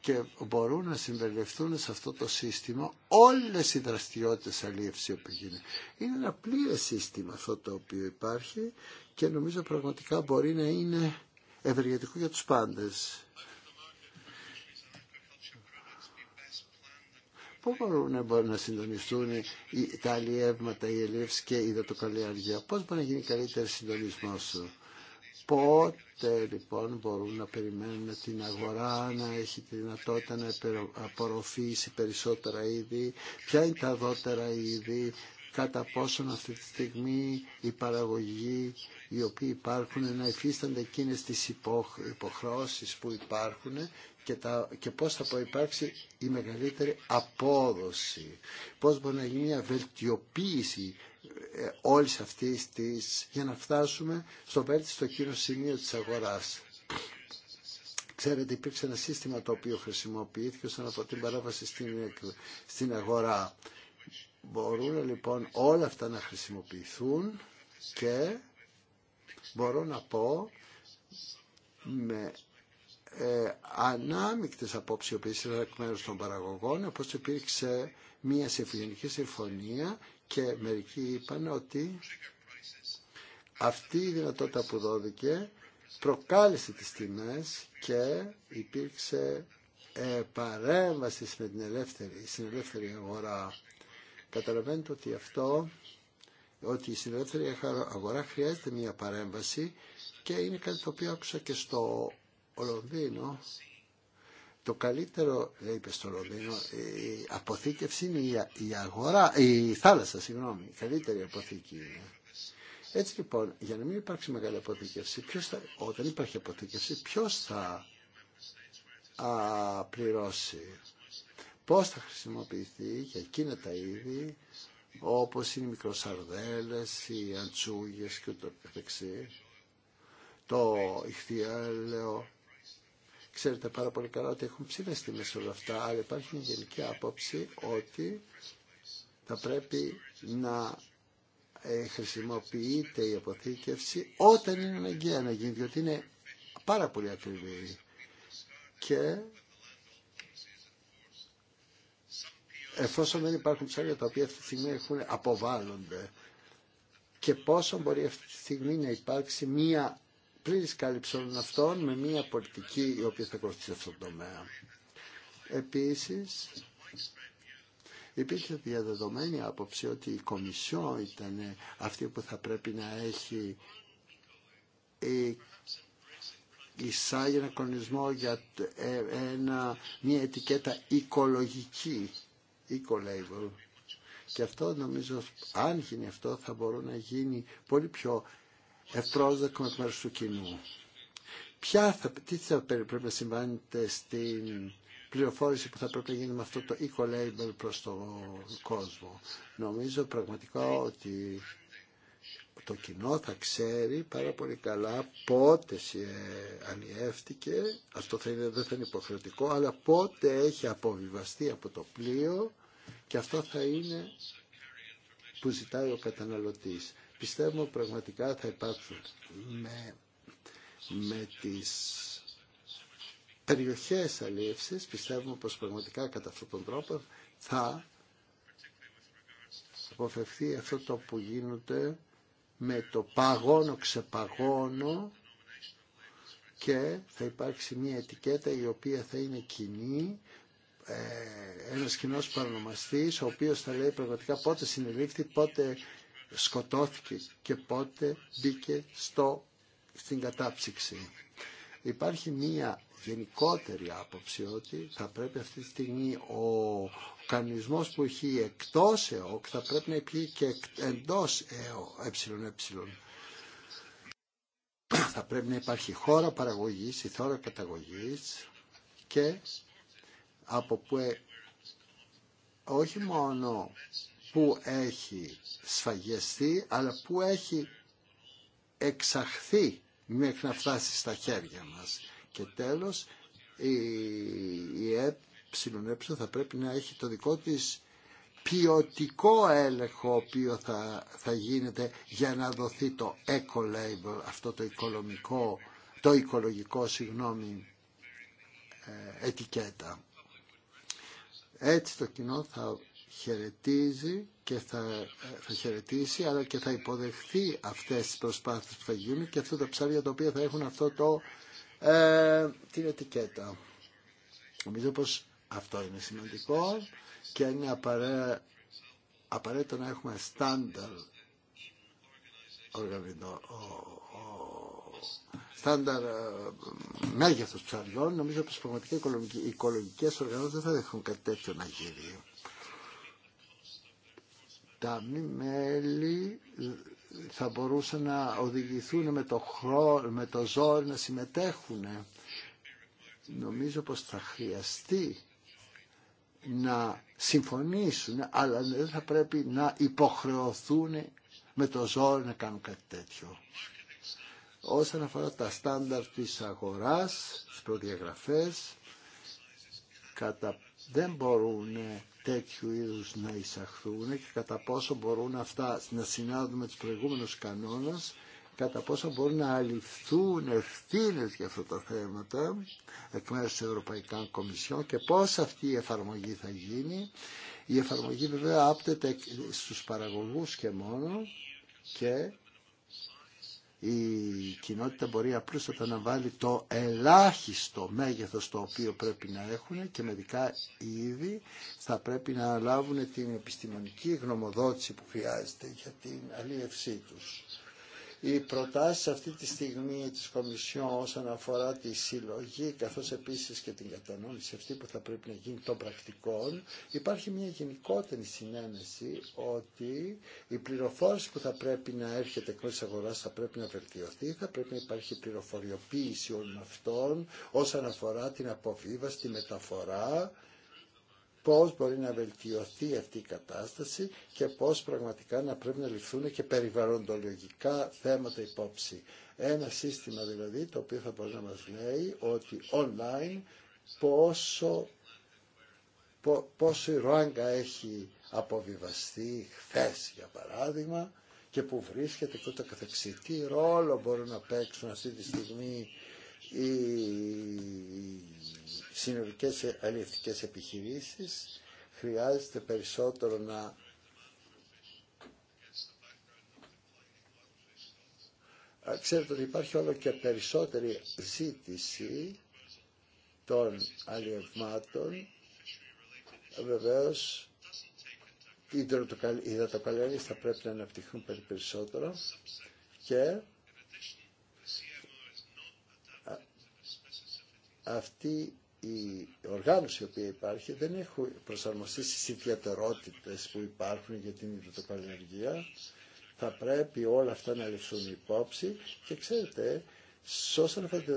και μπορούν να συμπεριληφθούν σε αυτό το σύστημα όλες οι δραστηριότητες αλίευσης που γίνεται. Είναι ένα πλήρες σύστημα αυτό το οποίο υπάρχει και νομίζω πραγματικά μπορεί να είναι ευεργετικό για τους πάντες. Πού μπορούν να συντονιστούν τα αλλιεύματα, οι ελεύσεις και η δατοκαλλιέργεια. Πώς μπορεί να γίνει καλύτερο συντονισμός. Πότε λοιπόν μπορούν να περιμένουν την αγορά να έχει τη δυνατότητα να απορροφήσει περισσότερα είδη, ποια είναι τα δότερα είδη, κατά πόσον αυτή τη στιγμή η παραγωγή οι οποίοι υπάρχουν να υφίστανται εκείνες τις υποχρεώσεις που υπάρχουν και, τα, και πώς θα υπάρξει η μεγαλύτερη απόδοση. Πώς μπορεί να γίνει μια βελτιοποίηση ε, όλης αυτής της για να φτάσουμε στο βέλτιστο κύριο σημείο της αγοράς. Ξέρετε, υπήρξε ένα σύστημα το οποίο χρησιμοποιήθηκε όσον από την παράβαση στην, στην αγορά. Μπορούν λοιπόν όλα αυτά να χρησιμοποιηθούν και μπορώ να πω με ε, ανάμεικτες απόψεις οι οποίες εκ μέρους των παραγωγών όπως υπήρξε μια συμφωνική συμφωνία και μερικοί είπαν ότι αυτή η δυνατότητα που δόθηκε προκάλεσε τις τιμές και υπήρξε ε, παρέμβαση με ελεύθερη, στην ελεύθερη αγορά. Καταλαβαίνετε ότι αυτό ότι στην ελεύθερη αγορά χρειάζεται μια παρέμβαση και είναι κάτι το οποίο άκουσα και στο Λονδίνο. Το καλύτερο, ε, είπε στο Λονδίνο, ε, η αποθήκευση είναι η, αγορά, η θάλασσα, συγγνώμη, η καλύτερη αποθήκη είναι. Έτσι λοιπόν, για να μην υπάρξει μεγάλη αποθήκευση, ποιος θα, όταν υπάρχει αποθήκευση, ποιος θα πληρώσει, πώς θα χρησιμοποιηθεί για εκείνα τα είδη όπως είναι οι μικροσαρδέλες, οι αντσούγες και ούτω καθεξή. Το ηχθιέλαιο. ξέρετε πάρα πολύ καλά ότι έχουν ψηλές τιμές όλα αυτά, αλλά υπάρχει μια γενική άποψη ότι θα πρέπει να ε, χρησιμοποιείται η αποθήκευση όταν είναι αναγκαία να γίνει, διότι είναι πάρα πολύ ακριβή και εφόσον δεν υπάρχουν ψάρια τα οποία αυτή τη στιγμή έχουν αποβάλλονται και πόσο μπορεί αυτή τη στιγμή να υπάρξει μία πλήρη κάλυψη όλων αυτών με μία πολιτική η οποία θα σε αυτό το τομέα. Επίσης, υπήρχε διαδεδομένη άποψη ότι η Κομισιό ήταν αυτή που θα πρέπει να έχει εισάγει ένα κονισμό για μια ε, ετικέτα οικολογική eco-label και αυτό νομίζω αν γίνει αυτό θα μπορώ να γίνει πολύ πιο ευπρόσδεκτο με μέρους του κοινού. Ποια θα, τι θα πρέπει να συμβάνεται στην πληροφόρηση που θα πρέπει να γίνει με αυτό το eco-label προς τον κόσμο. Νομίζω πραγματικά ότι το κοινό θα ξέρει πάρα πολύ καλά πότε αλλιεύτηκε, αυτό θα είναι, δεν θα είναι υποχρεωτικό, αλλά πότε έχει αποβιβαστεί από το πλοίο και αυτό θα είναι που ζητάει ο καταναλωτής. Πιστεύω πραγματικά θα υπάρξουν με, με τις περιοχές αλλιεύσεις, πιστεύουμε πως πραγματικά κατά αυτόν τον τρόπο θα αποφευθεί αυτό το που γίνονται με το παγόνο-ξεπαγόνο και θα υπάρξει μια ετικέτα η οποία θα είναι κοινή ε, ένας κοινό παρονομαστής ο οποίος θα λέει πραγματικά πότε συνελήφθη, πότε σκοτώθηκε και πότε μπήκε στο, στην κατάψυξη. Υπάρχει μία γενικότερη άποψη ότι θα πρέπει αυτή τη στιγμή ο κανονισμός που έχει εκτός ΕΟΚ θα πρέπει να υπήρχε και εντός ΕΕ. Θα πρέπει να υπάρχει χώρα παραγωγής, η χώρα καταγωγής και από που ε, όχι μόνο που έχει σφαγιαστεί, αλλά που έχει εξαχθεί μέχρι να φτάσει στα χέρια μας. Και τέλος, η, η ε, θα πρέπει να έχει το δικό της ποιοτικό έλεγχο ο οποίο θα, θα γίνεται για να δοθεί το eco-label, αυτό το οικολογικό, το οικολογικό συγγνώμη, ε, ετικέτα. Έτσι το κοινό θα χαιρετίζει και θα, ε, θα χαιρετήσει αλλά και θα υποδεχθεί αυτές τις προσπάθειες που θα γίνουν και αυτά τα ψάρια τα οποία θα έχουν αυτό το, ε, την ετικέτα. Νομίζω πως αυτό είναι σημαντικό και είναι απαραίτητο, να έχουμε στάνταρ οργανισμό, στάνταρ ε, μέγεθος ψαριών, νομίζω πως πραγματικά οι οικολογικές οργανώσεις δεν θα δεχθούν κάτι τέτοιο να γίνει. Τα μη μέλη ε, θα μπορούσαν να οδηγηθούν με το, χρόνο, με το ζόρι να συμμετέχουν. Νομίζω πως θα χρειαστεί να συμφωνήσουν, αλλά δεν θα πρέπει να υποχρεωθούν με το ζόρι να κάνουν κάτι τέτοιο. Όσον αφορά τα στάνταρ της αγοράς, τις προδιαγραφές, κατά δεν μπορούν τέτοιου είδους να εισαχθούν και κατά πόσο μπορούν αυτά να συνάδουν με τους προηγούμενους κανόνες κατά πόσο μπορούν να αληφθούν ευθύνε για αυτά τα θέματα εκ μέρου τη Ευρωπαϊκή Κομισιόν και πώς αυτή η εφαρμογή θα γίνει. Η εφαρμογή βέβαια άπτεται στους παραγωγούς και μόνο και η κοινότητα μπορεί απλούστατα να βάλει το ελάχιστο μέγεθος το οποίο πρέπει να έχουν και μερικά ήδη θα πρέπει να λάβουν την επιστημονική γνωμοδότηση που χρειάζεται για την αλίευσή τους. Οι προτάσεις αυτή τη στιγμή της Κομισιόν όσον αφορά τη συλλογή καθώς επίσης και την κατανόηση αυτή που θα πρέπει να γίνει των πρακτικών υπάρχει μια γενικότερη συνένεση ότι η πληροφόρηση που θα πρέπει να έρχεται εκτό της αγοράς θα πρέπει να βελτιωθεί, θα πρέπει να υπάρχει πληροφοριοποίηση όλων αυτών όσον αφορά την αποβίβαση, τη μεταφορά πώς μπορεί να βελτιωθεί αυτή η κατάσταση και πώς πραγματικά να πρέπει να ληφθούν και περιβαλλοντολογικά θέματα υπόψη. Ένα σύστημα δηλαδή το οποίο θα μπορεί να μας λέει ότι online πόσο, πόσο η ρόγκα έχει αποβιβαστεί χθε, για παράδειγμα και που βρίσκεται και ούτω καθεξή. Τι ρόλο μπορούν να παίξουν αυτή τη στιγμή οι συνολικές αλληλευτικές επιχειρήσεις χρειάζεται περισσότερο να Ξέρετε ότι υπάρχει όλο και περισσότερη ζήτηση των αλλιευμάτων. Βεβαίω, οι υδατοκαλλιέργειε θα πρέπει να αναπτυχθούν περισσότερο και αυτή η οργάνωση η οποία υπάρχει δεν έχουν προσαρμοστεί στις ιδιαιτερότητες που υπάρχουν για την υδατοκαλλιεργία. Θα πρέπει όλα αυτά να ληφθούν υπόψη και ξέρετε, σε όσον αφορά την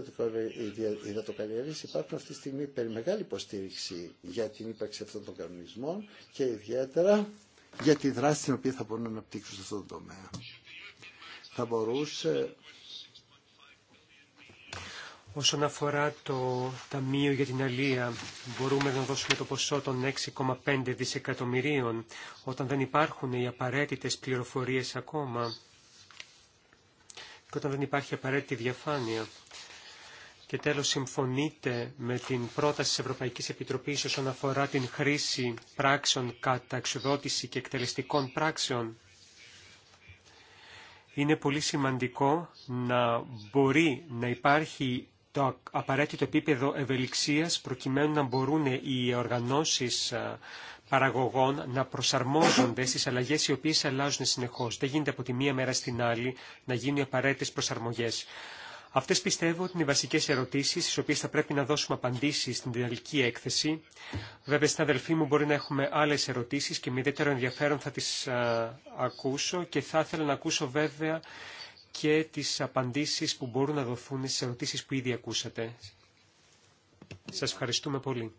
υδροτοπαλλεργία υπάρχουν αυτή τη στιγμή περί μεγάλη υποστήριξη για την ύπαρξη αυτών των κανονισμών και ιδιαίτερα για τη δράση την οποία θα μπορούν να αναπτύξουν σε αυτό το τομέα. Θα μπορούσε Όσον αφορά το Ταμείο για την Αλία, μπορούμε να δώσουμε το ποσό των 6,5 δισεκατομμυρίων όταν δεν υπάρχουν οι απαραίτητες πληροφορίες ακόμα και όταν δεν υπάρχει απαραίτητη διαφάνεια. Και τέλος, συμφωνείτε με την πρόταση της Ευρωπαϊκής Επιτροπής όσον αφορά την χρήση πράξεων κατά εξοδότηση και εκτελεστικών πράξεων. Είναι πολύ σημαντικό να μπορεί να υπάρχει το απαραίτητο επίπεδο ευελιξίας προκειμένου να μπορούν οι οργανώσεις παραγωγών να προσαρμόζονται στις αλλαγές οι οποίες αλλάζουν συνεχώς. Δεν γίνεται από τη μία μέρα στην άλλη να γίνουν οι απαραίτητες προσαρμογές. Αυτές πιστεύω ότι είναι οι βασικές ερωτήσεις, στις οποίες θα πρέπει να δώσουμε απαντήσεις στην τελική έκθεση. Βέβαια, στην αδελφή μου μπορεί να έχουμε άλλες ερωτήσεις και με ιδιαίτερο ενδιαφέρον θα τις ακούσω και θα ήθελα να ακούσω βέβαια και τις απαντήσεις που μπορούν να δοθούν στις ερωτήσεις που ήδη ακούσατε. Σας ευχαριστούμε πολύ.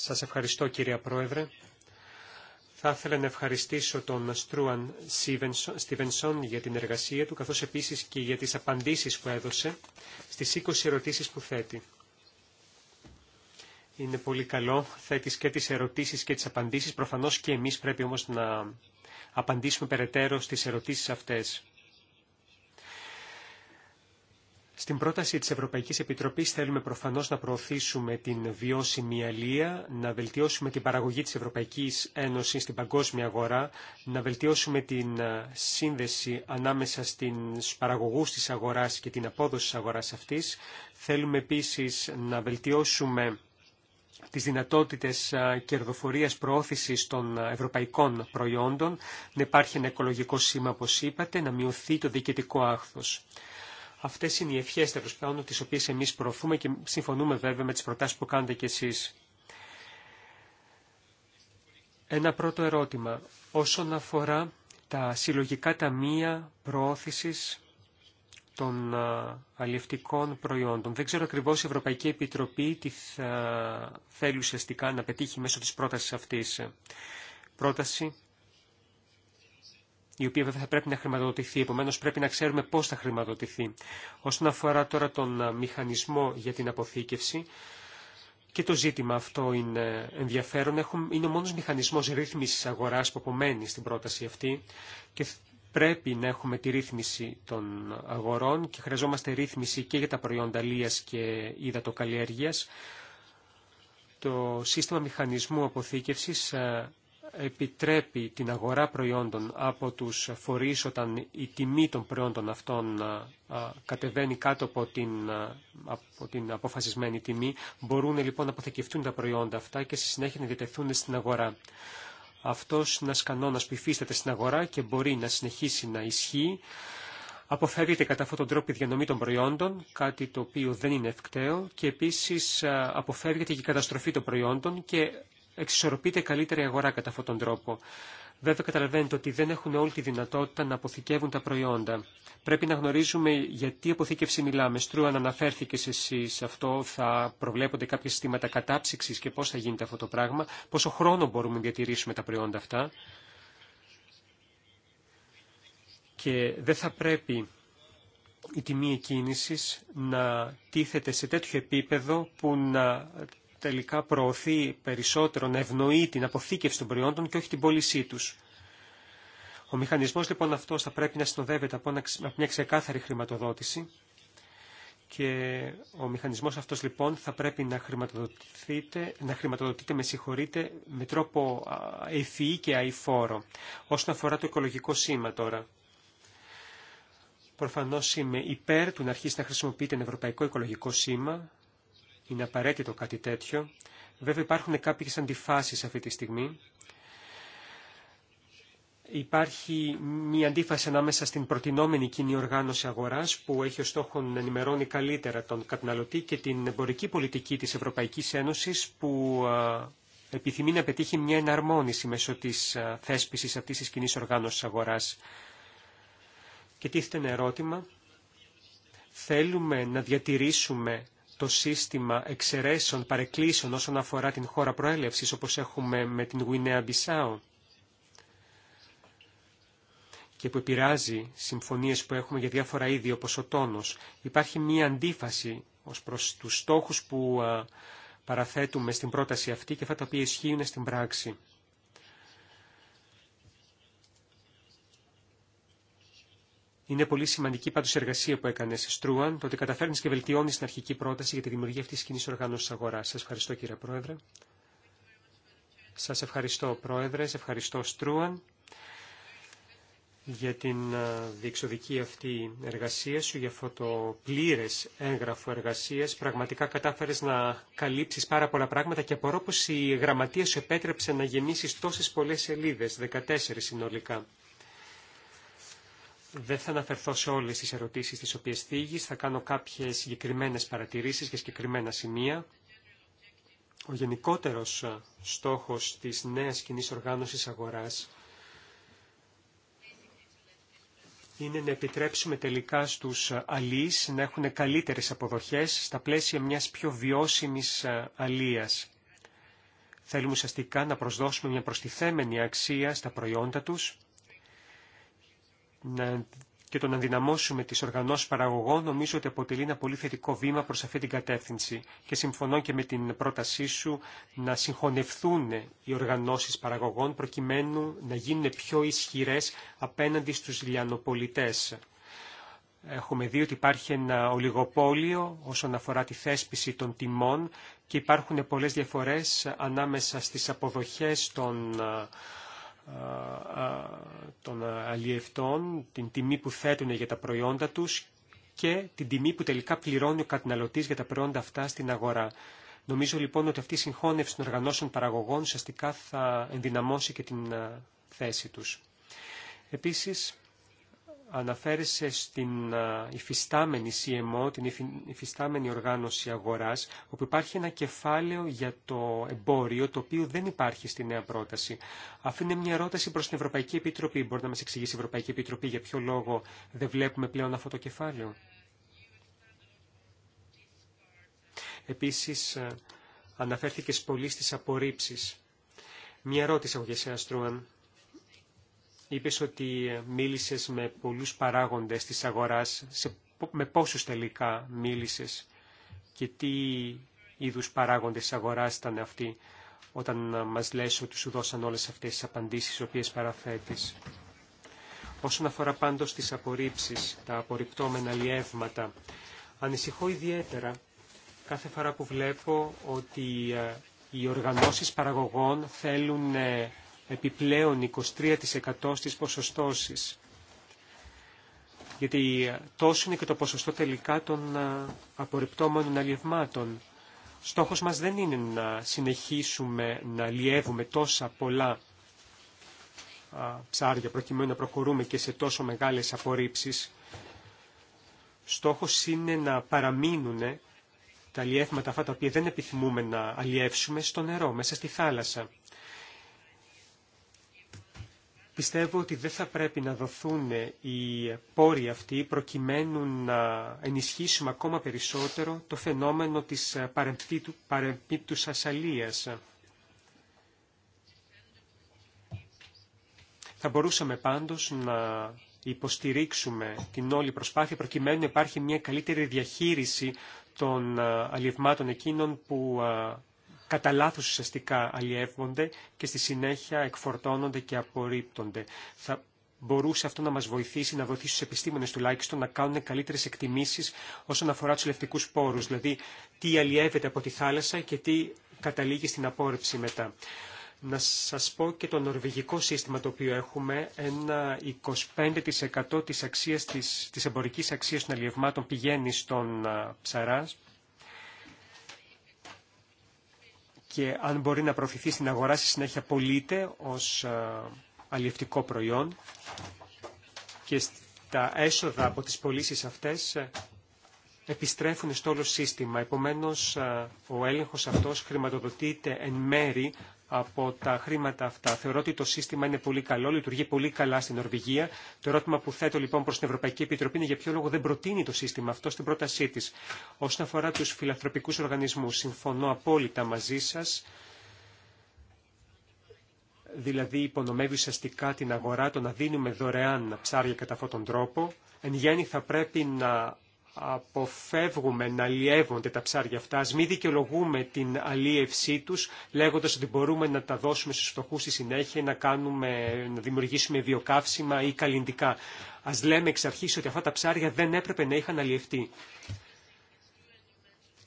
Σας ευχαριστώ κυρία Πρόεδρε. Θα ήθελα να ευχαριστήσω τον Στρούαν Στίβενσον για την εργασία του, καθώς επίσης και για τις απαντήσεις που έδωσε στις 20 ερωτήσεις που θέτει. Είναι πολύ καλό, θέτεις και τις ερωτήσεις και τις απαντήσεις, προφανώς και εμείς πρέπει όμως να απαντήσουμε περαιτέρω στις ερωτήσεις αυτές. Στην πρόταση της Ευρωπαϊκής Επιτροπής θέλουμε προφανώς να προωθήσουμε την βιώσιμη αλία, να βελτιώσουμε την παραγωγή της Ευρωπαϊκής Ένωσης στην παγκόσμια αγορά, να βελτιώσουμε την ε, σύνδεση ανάμεσα στους παραγωγούς της αγοράς και την απόδοση της αγοράς αυτής. Θέλουμε επίσης να βελτιώσουμε τις δυνατότητες κερδοφορίας προώθησης των ευρωπαϊκών προϊόντων, να υπάρχει ένα οικολογικό σήμα, όπως είπατε, να μειωθεί το διοικητικό άχθος. Αυτές είναι οι ευχές, τέλος πάντων, τις οποίες εμείς προωθούμε και συμφωνούμε βέβαια με τις προτάσεις που κάνετε κι εσείς. Ένα πρώτο ερώτημα. Όσον αφορά τα συλλογικά ταμεία προώθησης των αλληλευτικών προϊόντων. Δεν ξέρω ακριβώς η Ευρωπαϊκή Επιτροπή τι θα θέλει ουσιαστικά να πετύχει μέσω της πρότασης αυτής. Πρόταση η οποία βέβαια θα πρέπει να χρηματοδοτηθεί, επομένως πρέπει να ξέρουμε πώς θα χρηματοδοτηθεί. Όσον αφορά τώρα τον μηχανισμό για την αποθήκευση, και το ζήτημα αυτό είναι ενδιαφέρον. Έχουμε, είναι ο μόνος μηχανισμός ρύθμισης αγοράς που απομένει στην πρόταση αυτή και πρέπει να έχουμε τη ρύθμιση των αγορών και χρειαζόμαστε ρύθμιση και για τα προϊόντα λίας και υδατοκαλλιέργειας. Το σύστημα μηχανισμού αποθήκευσης ε, επιτρέπει την αγορά προϊόντων από τους φορείς όταν η τιμή των προϊόντων αυτών ε, ε, κατεβαίνει κάτω από την, αποφασισμένη τιμή. Μπορούν λοιπόν να αποθηκευτούν τα προϊόντα αυτά και στη συνέχεια να διατεθούν στην αγορά αυτός ένας κανόνας που υφίσταται στην αγορά και μπορεί να συνεχίσει να ισχύει. Αποφεύγεται κατά αυτόν τον τρόπο η διανομή των προϊόντων, κάτι το οποίο δεν είναι ευκταίο και επίσης αποφεύγεται και η καταστροφή των προϊόντων και εξισορροπείται καλύτερη αγορά κατά αυτόν τον τρόπο. Βέβαια καταλαβαίνετε ότι δεν έχουν όλη τη δυνατότητα να αποθηκεύουν τα προϊόντα. Πρέπει να γνωρίζουμε γιατί αποθήκευση μιλάμε. Στρού, αν αναφέρθηκε σε αυτό, θα προβλέπονται κάποια συστήματα κατάψυξη και πώ θα γίνεται αυτό το πράγμα. Πόσο χρόνο μπορούμε να διατηρήσουμε τα προϊόντα αυτά. Και δεν θα πρέπει η τιμή εκκίνησης να τίθεται σε τέτοιο επίπεδο που να τελικά προωθεί περισσότερο να ευνοεί την αποθήκευση των προϊόντων και όχι την πώλησή τους. Ο μηχανισμός λοιπόν αυτός θα πρέπει να συνοδεύεται από μια ξεκάθαρη χρηματοδότηση και ο μηχανισμός αυτός λοιπόν θα πρέπει να χρηματοδοτείται, να χρηματοδοτείται με συγχωρείτε, με τρόπο ευφυή και αηφόρο. Όσον αφορά το οικολογικό σήμα τώρα, προφανώς είμαι υπέρ του να αρχίσει να χρησιμοποιείται ένα ευρωπαϊκό οικολογικό σήμα, είναι απαραίτητο κάτι τέτοιο. Βέβαια υπάρχουν κάποιες αντιφάσεις αυτή τη στιγμή. Υπάρχει μια αντίφαση ανάμεσα στην προτινόμενη κοινή οργάνωση αγοράς που έχει ως στόχο να ενημερώνει καλύτερα τον καταναλωτή και την εμπορική πολιτική της Ευρωπαϊκής Ένωσης που επιθυμεί να πετύχει μια εναρμόνιση μέσω της θέσπισης αυτής της κοινή οργάνωσης αγοράς. Και τίθεται ένα ερώτημα. Θέλουμε να διατηρήσουμε το σύστημα εξαιρέσεων παρεκκλήσεων όσον αφορά την χώρα προέλευσης, όπως έχουμε με την Γουινέα Μπισάου και που επηρεάζει συμφωνίες που έχουμε για διάφορα είδη όπως ο τόνος. Υπάρχει μία αντίφαση ως προς τους στόχους που παραθέτουμε στην πρόταση αυτή και αυτά τα οποία ισχύουν στην πράξη. Είναι πολύ σημαντική πάντω η εργασία που έκανε Στρούαν, το ότι καταφέρνει και βελτιώνει την αρχική πρόταση για τη δημιουργία αυτή τη κοινή οργάνωση αγορά. Σα ευχαριστώ κύριε Πρόεδρε. Σα ευχαριστώ Πρόεδρε, Σα ευχαριστώ Στρούαν για την διεξοδική αυτή εργασία σου, για αυτό το πλήρε έγγραφο εργασία. Πραγματικά κατάφερε να καλύψει πάρα πολλά πράγματα και απορώ πως η γραμματεία σου επέτρεψε να γεμίσει τόσε πολλέ σελίδε, 14 συνολικά. Δεν θα αναφερθώ σε όλες τις ερωτήσεις τις οποίες θίγεις, θα κάνω κάποιες συγκεκριμένες παρατηρήσεις για συγκεκριμένα σημεία. Ο γενικότερος ε, στόχος της νέας κοινή οργάνωσης αγοράς είναι να επιτρέψουμε τελικά στους ε, αλείς να έχουν καλύτερες αποδοχές στα πλαίσια μιας πιο βιώσιμης ε, αλίας. Θέλουμε ουσιαστικά να προσδώσουμε μια προστιθέμενη αξία στα προϊόντα τους, να και το να δυναμώσουμε τις οργανώσεις παραγωγών νομίζω ότι αποτελεί ένα πολύ θετικό βήμα προς αυτή την κατεύθυνση και συμφωνώ και με την πρότασή σου να συγχωνευτούν οι οργανώσεις παραγωγών προκειμένου να γίνουν πιο ισχυρές απέναντι στους λιανοπολιτές. Έχουμε δει ότι υπάρχει ένα ολιγοπόλιο όσον αφορά τη θέσπιση των τιμών και υπάρχουν πολλές διαφορές ανάμεσα στις αποδοχές των των αλλιευτών, την τιμή που θέτουν για τα προϊόντα τους και την τιμή που τελικά πληρώνει ο καταναλωτής για τα προϊόντα αυτά στην αγορά. Νομίζω λοιπόν ότι αυτή η συγχώνευση των οργανώσεων παραγωγών ουσιαστικά θα ενδυναμώσει και την θέση τους. Επίσης, αναφέρεσαι στην υφιστάμενη CMO, την υφιστάμενη οργάνωση αγοράς, όπου υπάρχει ένα κεφάλαιο για το εμπόριο, το οποίο δεν υπάρχει στη νέα πρόταση. Αυτή είναι μια ερώτηση προς την Ευρωπαϊκή Επιτροπή. Μπορεί να μας εξηγήσει η Ευρωπαϊκή Επιτροπή για ποιο λόγο δεν βλέπουμε πλέον αυτό το κεφάλαιο. Επίσης, αναφέρθηκες πολύ στις απορρίψεις. Μια ερώτηση έχω για εσένα, Στρούαν. Είπες ότι μίλησες με πολλούς παράγοντες της αγοράς. με πόσους τελικά μίλησες και τι είδους παράγοντες της αγοράς ήταν αυτοί όταν μας λες ότι σου δώσαν όλες αυτές τις απαντήσεις τις οποίες παραθέτεις. Όσον αφορά πάντως τις απορρίψεις, τα απορριπτόμενα λιεύματα, ανησυχώ ιδιαίτερα κάθε φορά που βλέπω ότι ε, οι οργανώσεις παραγωγών θέλουν επιπλέον 23% στις ποσοστώσεις. Γιατί τόσο είναι και το ποσοστό τελικά των απορριπτώμενων αλλιευμάτων. Στόχος μας δεν είναι να συνεχίσουμε να αλλιεύουμε τόσα πολλά ψάρια προκειμένου να προχωρούμε και σε τόσο μεγάλες απορρίψεις. Στόχος είναι να παραμείνουν τα αλλιεύματα αυτά τα οποία δεν επιθυμούμε να αλλιεύσουμε στο νερό, μέσα στη θάλασσα. Πιστεύω ότι δεν θα πρέπει να δοθούν οι πόροι αυτοί προκειμένου να ενισχύσουμε ακόμα περισσότερο το φαινόμενο της παρεμπίπτους ασαλίας. Θα μπορούσαμε πάντως να υποστηρίξουμε την όλη προσπάθεια προκειμένου να υπάρχει μια καλύτερη διαχείριση των ε, αλλιευμάτων εκείνων που ε, κατά λάθο ουσιαστικά αλλιεύονται και στη συνέχεια εκφορτώνονται και απορρίπτονται. Θα μπορούσε αυτό να μα βοηθήσει, να βοηθήσει του επιστήμονε τουλάχιστον να κάνουν καλύτερε εκτιμήσει όσον αφορά του λευτικούς πόρου, δηλαδή τι αλλιεύεται από τη θάλασσα και τι καταλήγει στην απόρριψη μετά. Να σας πω και το νορβηγικό σύστημα το οποίο έχουμε, ένα 25% της, αξίας, της, της εμπορικής αξίας των αλλιευμάτων πηγαίνει στον ψαρά, και αν μπορεί να προωθηθεί στην αγορά στη συνέχεια πωλείται ως ε, αλλιευτικό προϊόν και τα έσοδα από τις πωλήσει αυτές ε, επιστρέφουν στο όλο σύστημα. Επομένως, ε, ο έλεγχος αυτός χρηματοδοτείται εν μέρη από τα χρήματα αυτά. Θεωρώ ότι το σύστημα είναι πολύ καλό, λειτουργεί πολύ καλά στην Νορβηγία. Το ερώτημα που θέτω λοιπόν προ την Ευρωπαϊκή Επιτροπή είναι για ποιο λόγο δεν προτείνει το σύστημα αυτό στην πρότασή τη. Όσον αφορά του φιλανθρωπικού οργανισμού, συμφωνώ απόλυτα μαζί σα. Δηλαδή υπονομεύει ουσιαστικά την αγορά το να δίνουμε δωρεάν ψάρια κατά αυτόν τον τρόπο. Εν γέννη θα πρέπει να αποφεύγουμε να αλλιεύονται τα ψάρια αυτά, ας μην δικαιολογούμε την αλλίευσή τους, λέγοντας ότι μπορούμε να τα δώσουμε στους φτωχούς στη συνέχεια, να, κάνουμε, να δημιουργήσουμε βιοκαύσιμα ή καλλιντικά. Ας λέμε εξ αρχής ότι αυτά τα ψάρια δεν έπρεπε να είχαν αλλιευτεί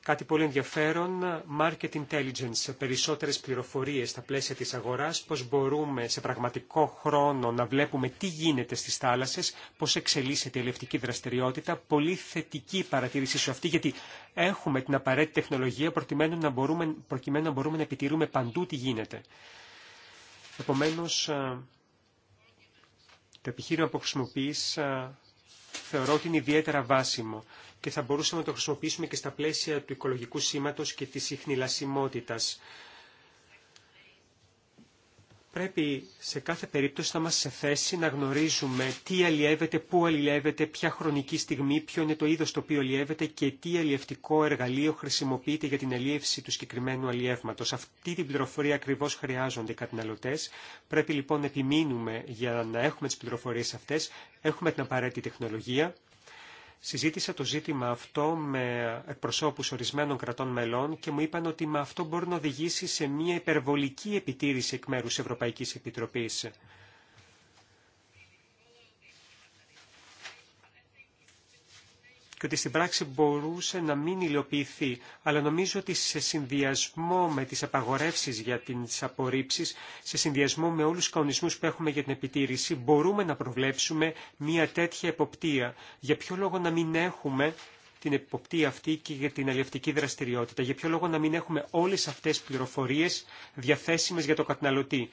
κάτι πολύ ενδιαφέρον, market intelligence, περισσότερες πληροφορίες στα πλαίσια της αγοράς, πώς μπορούμε σε πραγματικό χρόνο να βλέπουμε τι γίνεται στις θάλασσες, πώς εξελίσσεται η ελευτική δραστηριότητα, πολύ θετική παρατήρηση σου αυτή, γιατί έχουμε την απαραίτητη τεχνολογία προκειμένου να μπορούμε, προκειμένου να, μπορούμε να επιτηρούμε παντού τι γίνεται. Επομένως, το επιχείρημα που χρησιμοποιείς θεωρώ ότι είναι ιδιαίτερα βάσιμο και θα μπορούσαμε να το χρησιμοποιήσουμε και στα πλαίσια του οικολογικού σήματος και της ιχνηλασιμότητας. Πρέπει σε κάθε περίπτωση να είμαστε σε θέση να γνωρίζουμε τι αλλιεύεται, πού αλλιεύεται, ποια χρονική στιγμή, ποιο είναι το είδος το οποίο αλλιεύεται και τι αλλιευτικό εργαλείο χρησιμοποιείται για την αλλιεύση του συγκεκριμένου αλλιεύματος. Αυτή την πληροφορία ακριβώς χρειάζονται οι καταναλωτές. Πρέπει λοιπόν να επιμείνουμε για να έχουμε τις πληροφορίες αυτές. Έχουμε την απαραίτητη τεχνολογία. Συζήτησα το ζήτημα αυτό με εκπροσώπους ορισμένων κρατών μελών και μου είπαν ότι με αυτό μπορεί να οδηγήσει σε μια υπερβολική επιτήρηση εκ μέρους Ευρωπαϊκής Επιτροπής. και ότι στην πράξη μπορούσε να μην υλοποιηθεί. Αλλά νομίζω ότι σε συνδυασμό με τις απαγορεύσεις για τις απορρίψεις, σε συνδυασμό με όλους τους κανονισμούς που έχουμε για την επιτήρηση, μπορούμε να προβλέψουμε μια τέτοια εποπτεία. Για ποιο λόγο να μην έχουμε την εποπτεία αυτή και για την αλλιευτική δραστηριότητα. Για ποιο λόγο να μην έχουμε όλες αυτές τις πληροφορίες διαθέσιμες για το καταναλωτή.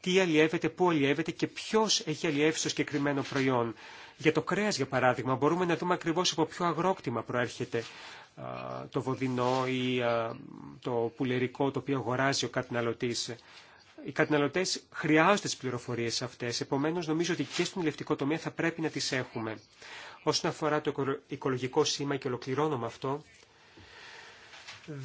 Τι αλλιεύεται, πού αλλιεύεται και ποιο έχει αλλιεύσει το συγκεκριμένο προϊόν. Για το κρέας, για παράδειγμα, μπορούμε να δούμε ακριβώς από ποιο αγρόκτημα προέρχεται το βοδινό ή το πουλερικό το οποίο αγοράζει ο καταναλωτής. Οι καταναλωτέ χρειάζονται τι πληροφορίε αυτέ, επομένω νομίζω ότι και στον ηλεκτρικό τομέα θα πρέπει να τι έχουμε. Όσον αφορά το οικολογικό σήμα και ολοκληρώνω με αυτό,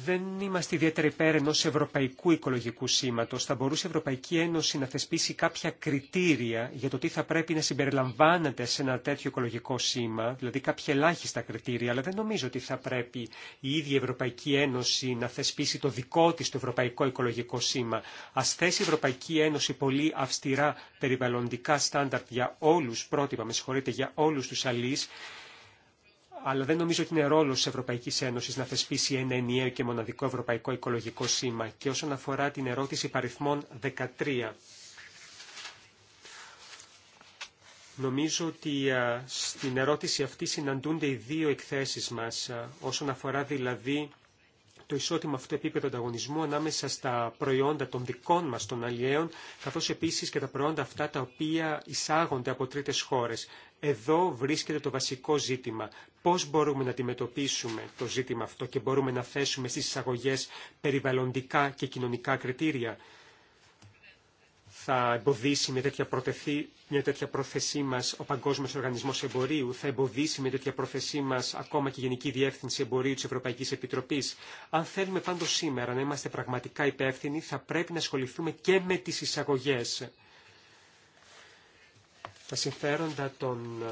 δεν είμαστε ιδιαίτερα υπέρ ενό ευρωπαϊκού οικολογικού σήματο. Θα μπορούσε η Ευρωπαϊκή Ένωση να θεσπίσει κάποια κριτήρια για το τι θα πρέπει να συμπεριλαμβάνεται σε ένα τέτοιο οικολογικό σήμα, δηλαδή κάποια ελάχιστα κριτήρια, αλλά δεν νομίζω ότι θα πρέπει η ίδια η Ευρωπαϊκή Ένωση να θεσπίσει το δικό τη το ευρωπαϊκό οικολογικό σήμα. Α θέσει η Ευρωπαϊκή Ένωση πολύ αυστηρά περιβαλλοντικά στάνταρτ για όλου, πρότυπα, με συγχωρείτε, για όλου του αλληλεί αλλά δεν νομίζω ότι είναι ρόλο τη Ευρωπαϊκή Ένωση να θεσπίσει ένα ενιαίο και μοναδικό ευρωπαϊκό οικολογικό σήμα. Και όσον αφορά την ερώτηση παριθμών 13, νομίζω ότι στην ερώτηση αυτή συναντούνται οι δύο εκθέσεις μας, όσον αφορά δηλαδή το ισότιμο αυτό επίπεδο ανταγωνισμού ανάμεσα στα προϊόντα των δικών μας των αλλιέων, καθώς επίσης και τα προϊόντα αυτά τα οποία εισάγονται από τρίτες χώρες. Εδώ βρίσκεται το βασικό ζήτημα. Πώς μπορούμε να αντιμετωπίσουμε το ζήτημα αυτό και μπορούμε να θέσουμε στις εισαγωγές περιβαλλοντικά και κοινωνικά κριτήρια. Θα εμποδίσει με τέτοια, προτεθή, μια τέτοια πρόθεσή μας ο Παγκόσμιος Οργανισμός Εμπορίου, θα εμποδίσει με τέτοια πρόθεσή μας ακόμα και η Γενική Διεύθυνση Εμπορίου της Ευρωπαϊκής Επιτροπής. Αν θέλουμε πάντως σήμερα να είμαστε πραγματικά υπεύθυνοι, θα πρέπει να ασχοληθούμε και με τις εισαγωγές τα συμφέροντα των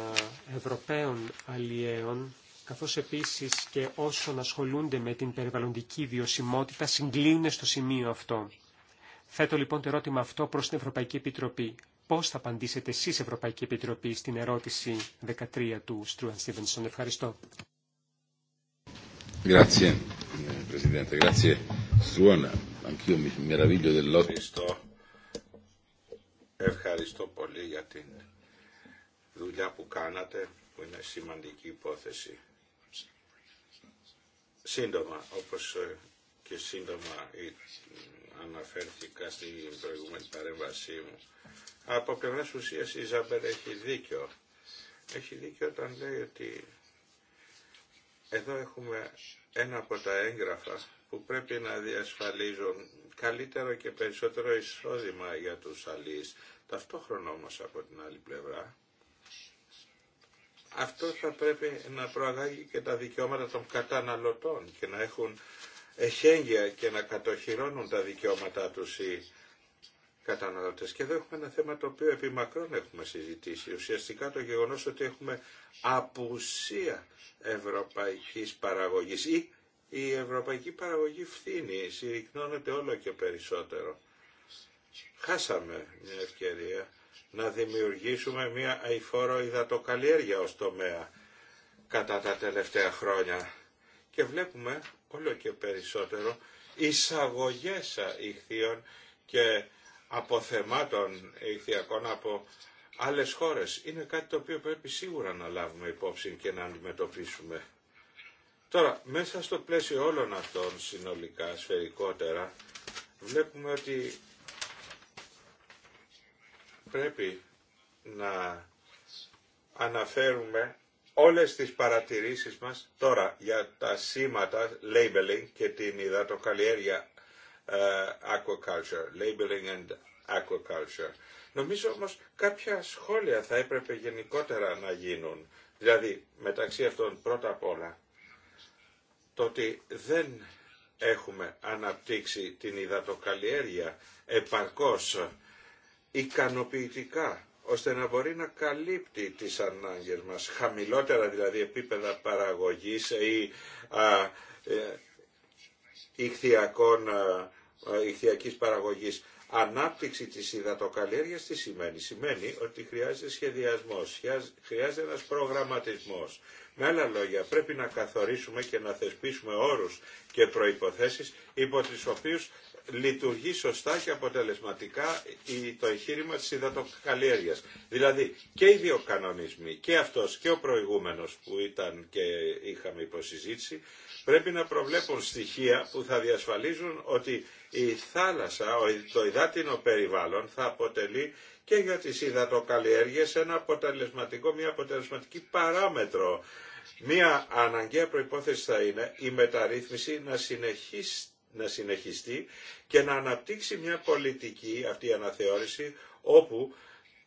ε, Ευρωπαίων αλλιέων, καθώς επίσης και όσων ασχολούνται με την περιβαλλοντική βιωσιμότητα, συγκλίνουν στο σημείο αυτό. Θέτω λοιπόν το ερώτημα αυτό προς την Ευρωπαϊκή Επιτροπή. Πώς θα απαντήσετε εσείς, Ευρωπαϊκή Επιτροπή, στην ερώτηση 13 του Στρούαν Στίβενσον. Ευχαριστώ. Ευχαριστώ πολύ για την δουλειά που κάνατε, που είναι σημαντική υπόθεση. Σύντομα, όπως ε, και σύντομα αναφέρθηκα στην προηγούμενη παρέμβασή μου, από πλευράς ουσίας η Ζάμπερ έχει δίκιο. Έχει δίκιο όταν λέει ότι εδώ έχουμε ένα από τα έγγραφα που πρέπει να διασφαλίζουν καλύτερο και περισσότερο εισόδημα για τους αλείς. Ταυτόχρονα όμως από την άλλη πλευρά αυτό θα πρέπει να προαγάγει και τα δικαιώματα των καταναλωτών και να έχουν εχέγγυα και να κατοχυρώνουν τα δικαιώματά τους οι καταναλωτές. Και εδώ έχουμε ένα θέμα το οποίο επί μακρόν έχουμε συζητήσει. Ουσιαστικά το γεγονός ότι έχουμε απουσία ευρωπαϊκής παραγωγής ή η ευρωπαϊκή παραγωγή φθήνει, συρρυκνώνεται όλο και περισσότερο. Χάσαμε μια ευκαιρία να δημιουργήσουμε μια αηφόρο υδατοκαλλιέργεια ως τομέα κατά τα τελευταία χρόνια. Και βλέπουμε όλο και περισσότερο εισαγωγές ηχθείων και αποθεμάτων ηχθιακών από άλλες χώρες. Είναι κάτι το οποίο πρέπει σίγουρα να λάβουμε υπόψη και να αντιμετωπίσουμε. Τώρα, μέσα στο πλαίσιο όλων αυτών συνολικά, σφαιρικότερα, βλέπουμε ότι πρέπει να αναφέρουμε όλες τις παρατηρήσεις μας τώρα για τα σήματα labeling και την υδατοκαλλιέργεια ε, aquaculture, labeling and aquaculture. Νομίζω όμως κάποια σχόλια θα έπρεπε γενικότερα να γίνουν. Δηλαδή, μεταξύ αυτών πρώτα απ' όλα, το ότι δεν έχουμε αναπτύξει την υδατοκαλλιέργεια επαρκώς ικανοποιητικά ώστε να μπορεί να καλύπτει τις ανάγκες μας. Χαμηλότερα δηλαδή επίπεδα παραγωγής ή α, ε, ηχθιακής παραγωγής. Ανάπτυξη της υδατοκαλλιέργειας τι σημαίνει. Σημαίνει ότι χρειάζεται σχεδιασμός, χρειάζεται ένας προγραμματισμός. Με άλλα λόγια, πρέπει να καθορίσουμε και να θεσπίσουμε όρους και προϋποθέσεις υπό τις οποίους λειτουργεί σωστά και αποτελεσματικά το εγχείρημα της υδατοκαλλιέργειας. Δηλαδή και οι δύο κανονισμοί, και αυτός και ο προηγούμενος που ήταν και είχαμε υποσυζήτηση, πρέπει να προβλέπουν στοιχεία που θα διασφαλίζουν ότι η θάλασσα, το υδάτινο περιβάλλον θα αποτελεί και για τις υδατοκαλλιέργειες ένα αποτελεσματικό, μια αποτελεσματική παράμετρο. Μία αναγκαία προϋπόθεση θα είναι η μεταρρύθμιση να συνεχίσει να συνεχιστεί και να αναπτύξει μια πολιτική αυτή η αναθεώρηση όπου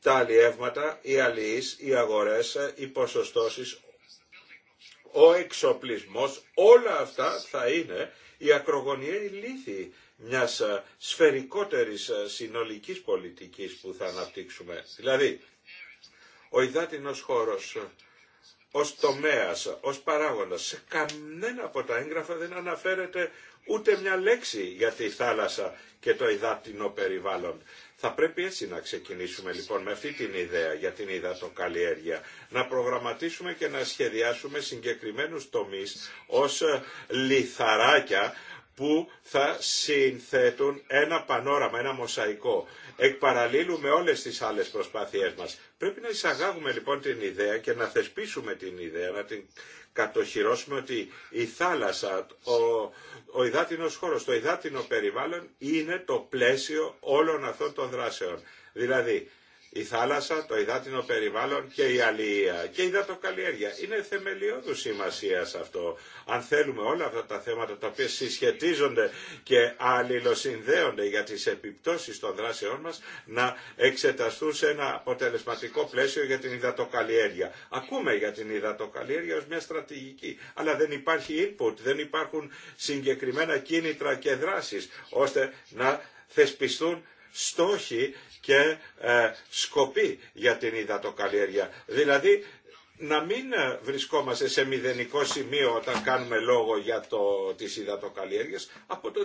τα αλλιεύματα, οι αλλιείς, οι αγορές, οι ποσοστώσεις, ο εξοπλισμός, όλα αυτά θα είναι η ή λύθη μιας ε, σφαιρικότερης ε, συνολικής πολιτικής που θα αναπτύξουμε. Δηλαδή, ο υδάτινος χώρος ε, ως τομέας, ως παράγοντας, σε κανένα από τα έγγραφα δεν αναφέρεται ούτε μια λέξη για τη θάλασσα και το υδάτινο περιβάλλον. Θα πρέπει έτσι να ξεκινήσουμε λοιπόν με αυτή την ιδέα για την υδατοκαλλιέργεια. Να προγραμματίσουμε και να σχεδιάσουμε συγκεκριμένους τομείς ως ε, λιθαράκια που θα συνθέτουν ένα πανόραμα, ένα μοσαϊκό. Εκ με όλες τις άλλες προσπάθειές μας. Πρέπει να εισαγάγουμε λοιπόν την ιδέα και να θεσπίσουμε την ιδέα, να την κατοχυρώσουμε ότι η θάλασσα, ο, ο υδάτινος χώρος, το υδάτινο περιβάλλον είναι το πλαίσιο όλων αυτών των δράσεων. Δηλαδή, η θάλασσα, το υδάτινο περιβάλλον και η αλληλεία και η υδατοκαλλιέργεια. Είναι θεμελιώδου σημασία αυτό. Αν θέλουμε όλα αυτά τα θέματα τα οποία συσχετίζονται και αλληλοσυνδέονται για τις επιπτώσεις των δράσεών μας να εξεταστούν σε ένα αποτελεσματικό πλαίσιο για την υδατοκαλλιέργεια. Ακούμε για την υδατοκαλλιέργεια ως μια στρατηγική, αλλά δεν υπάρχει input, δεν υπάρχουν συγκεκριμένα κίνητρα και δράσεις ώστε να θεσπιστούν στόχοι και ε, σκοπή για την υδατοκαλλιέργεια. Δηλαδή να μην ε, βρισκόμαστε σε μηδενικό σημείο όταν κάνουμε λόγο για το, τις υδατοκαλλιέργειες. Από το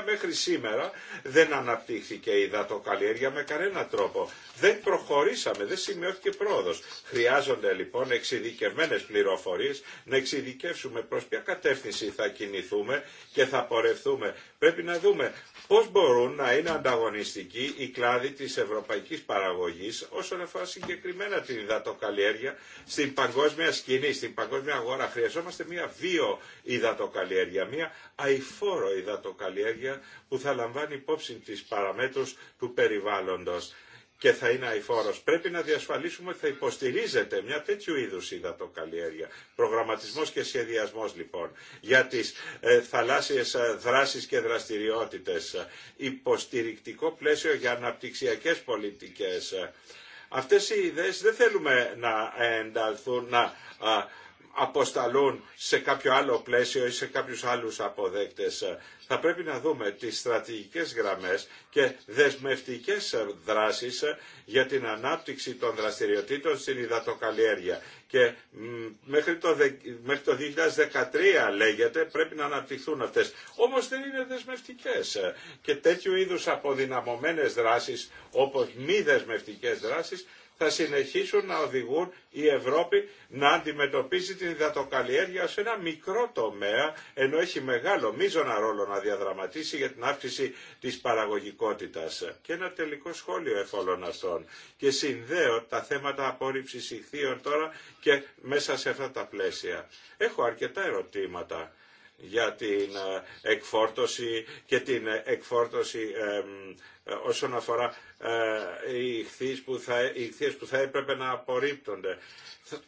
2009 μέχρι σήμερα δεν αναπτύχθηκε η υδατοκαλλιέργεια με κανένα τρόπο. Δεν προχωρήσαμε, δεν σημειώθηκε πρόοδος. Χρειάζονται λοιπόν εξειδικευμένες πληροφορίες να εξειδικεύσουμε προς ποια κατεύθυνση θα κινηθούμε και θα πορευθούμε. Πρέπει να δούμε πώς μπορούν να είναι ανταγωνιστικοί οι κλάδοι της ευρωπαϊκής παραγωγής όσον αφορά συγκεκριμένα την υδατοκαλλιέργεια στην παγκόσμια σκηνή, στην παγκόσμια αγορά. Χρειαζόμαστε μια βίο υδατοκαλλιέργεια, μια αηφόρο υδατοκαλλιέργεια που θα λαμβάνει υπόψη τις παραμέτρους του περιβάλλοντος και θα είναι αηφόρο. Πρέπει να διασφαλίσουμε ότι θα υποστηρίζεται μια τέτοιου είδου υδατοκαλλιέργεια. Προγραμματισμό και σχεδιασμό λοιπόν για τι ε, θαλάσσιε ε, δράσει και δραστηριότητε. Υποστηρικτικό πλαίσιο για αναπτυξιακέ πολιτικέ Αυτές οι ιδέες δεν θέλουμε να ενταλθούν, να αποσταλούν σε κάποιο άλλο πλαίσιο ή σε κάποιους άλλους αποδέκτες. Θα πρέπει να δούμε τις στρατηγικές γραμμές και δεσμευτικές δράσεις για την ανάπτυξη των δραστηριοτήτων στην υδατοκαλλιέργεια. Και μέχρι το, μέχρι το 2013 λέγεται πρέπει να αναπτυχθούν αυτές. Όμως δεν είναι δεσμευτικές. Και τέτοιου είδους αποδυναμωμένες δράσεις όπως μη δεσμευτικές δράσεις θα συνεχίσουν να οδηγούν η Ευρώπη να αντιμετωπίσει την υδατοκαλλιέργεια σε ένα μικρό τομέα, ενώ έχει μεγάλο μείζωνα ρόλο να διαδραματίσει για την αύξηση της παραγωγικότητας. Και ένα τελικό σχόλιο εφόλων αυτών. Και συνδέω τα θέματα απόρριψης ηχθείων τώρα και μέσα σε αυτά τα πλαίσια. Έχω αρκετά ερωτήματα για την ε, εκφόρτωση και την ε, εκφόρτωση ε, όσον αφορά ε, οι ηχθείες που, που θα έπρεπε να απορρίπτονται.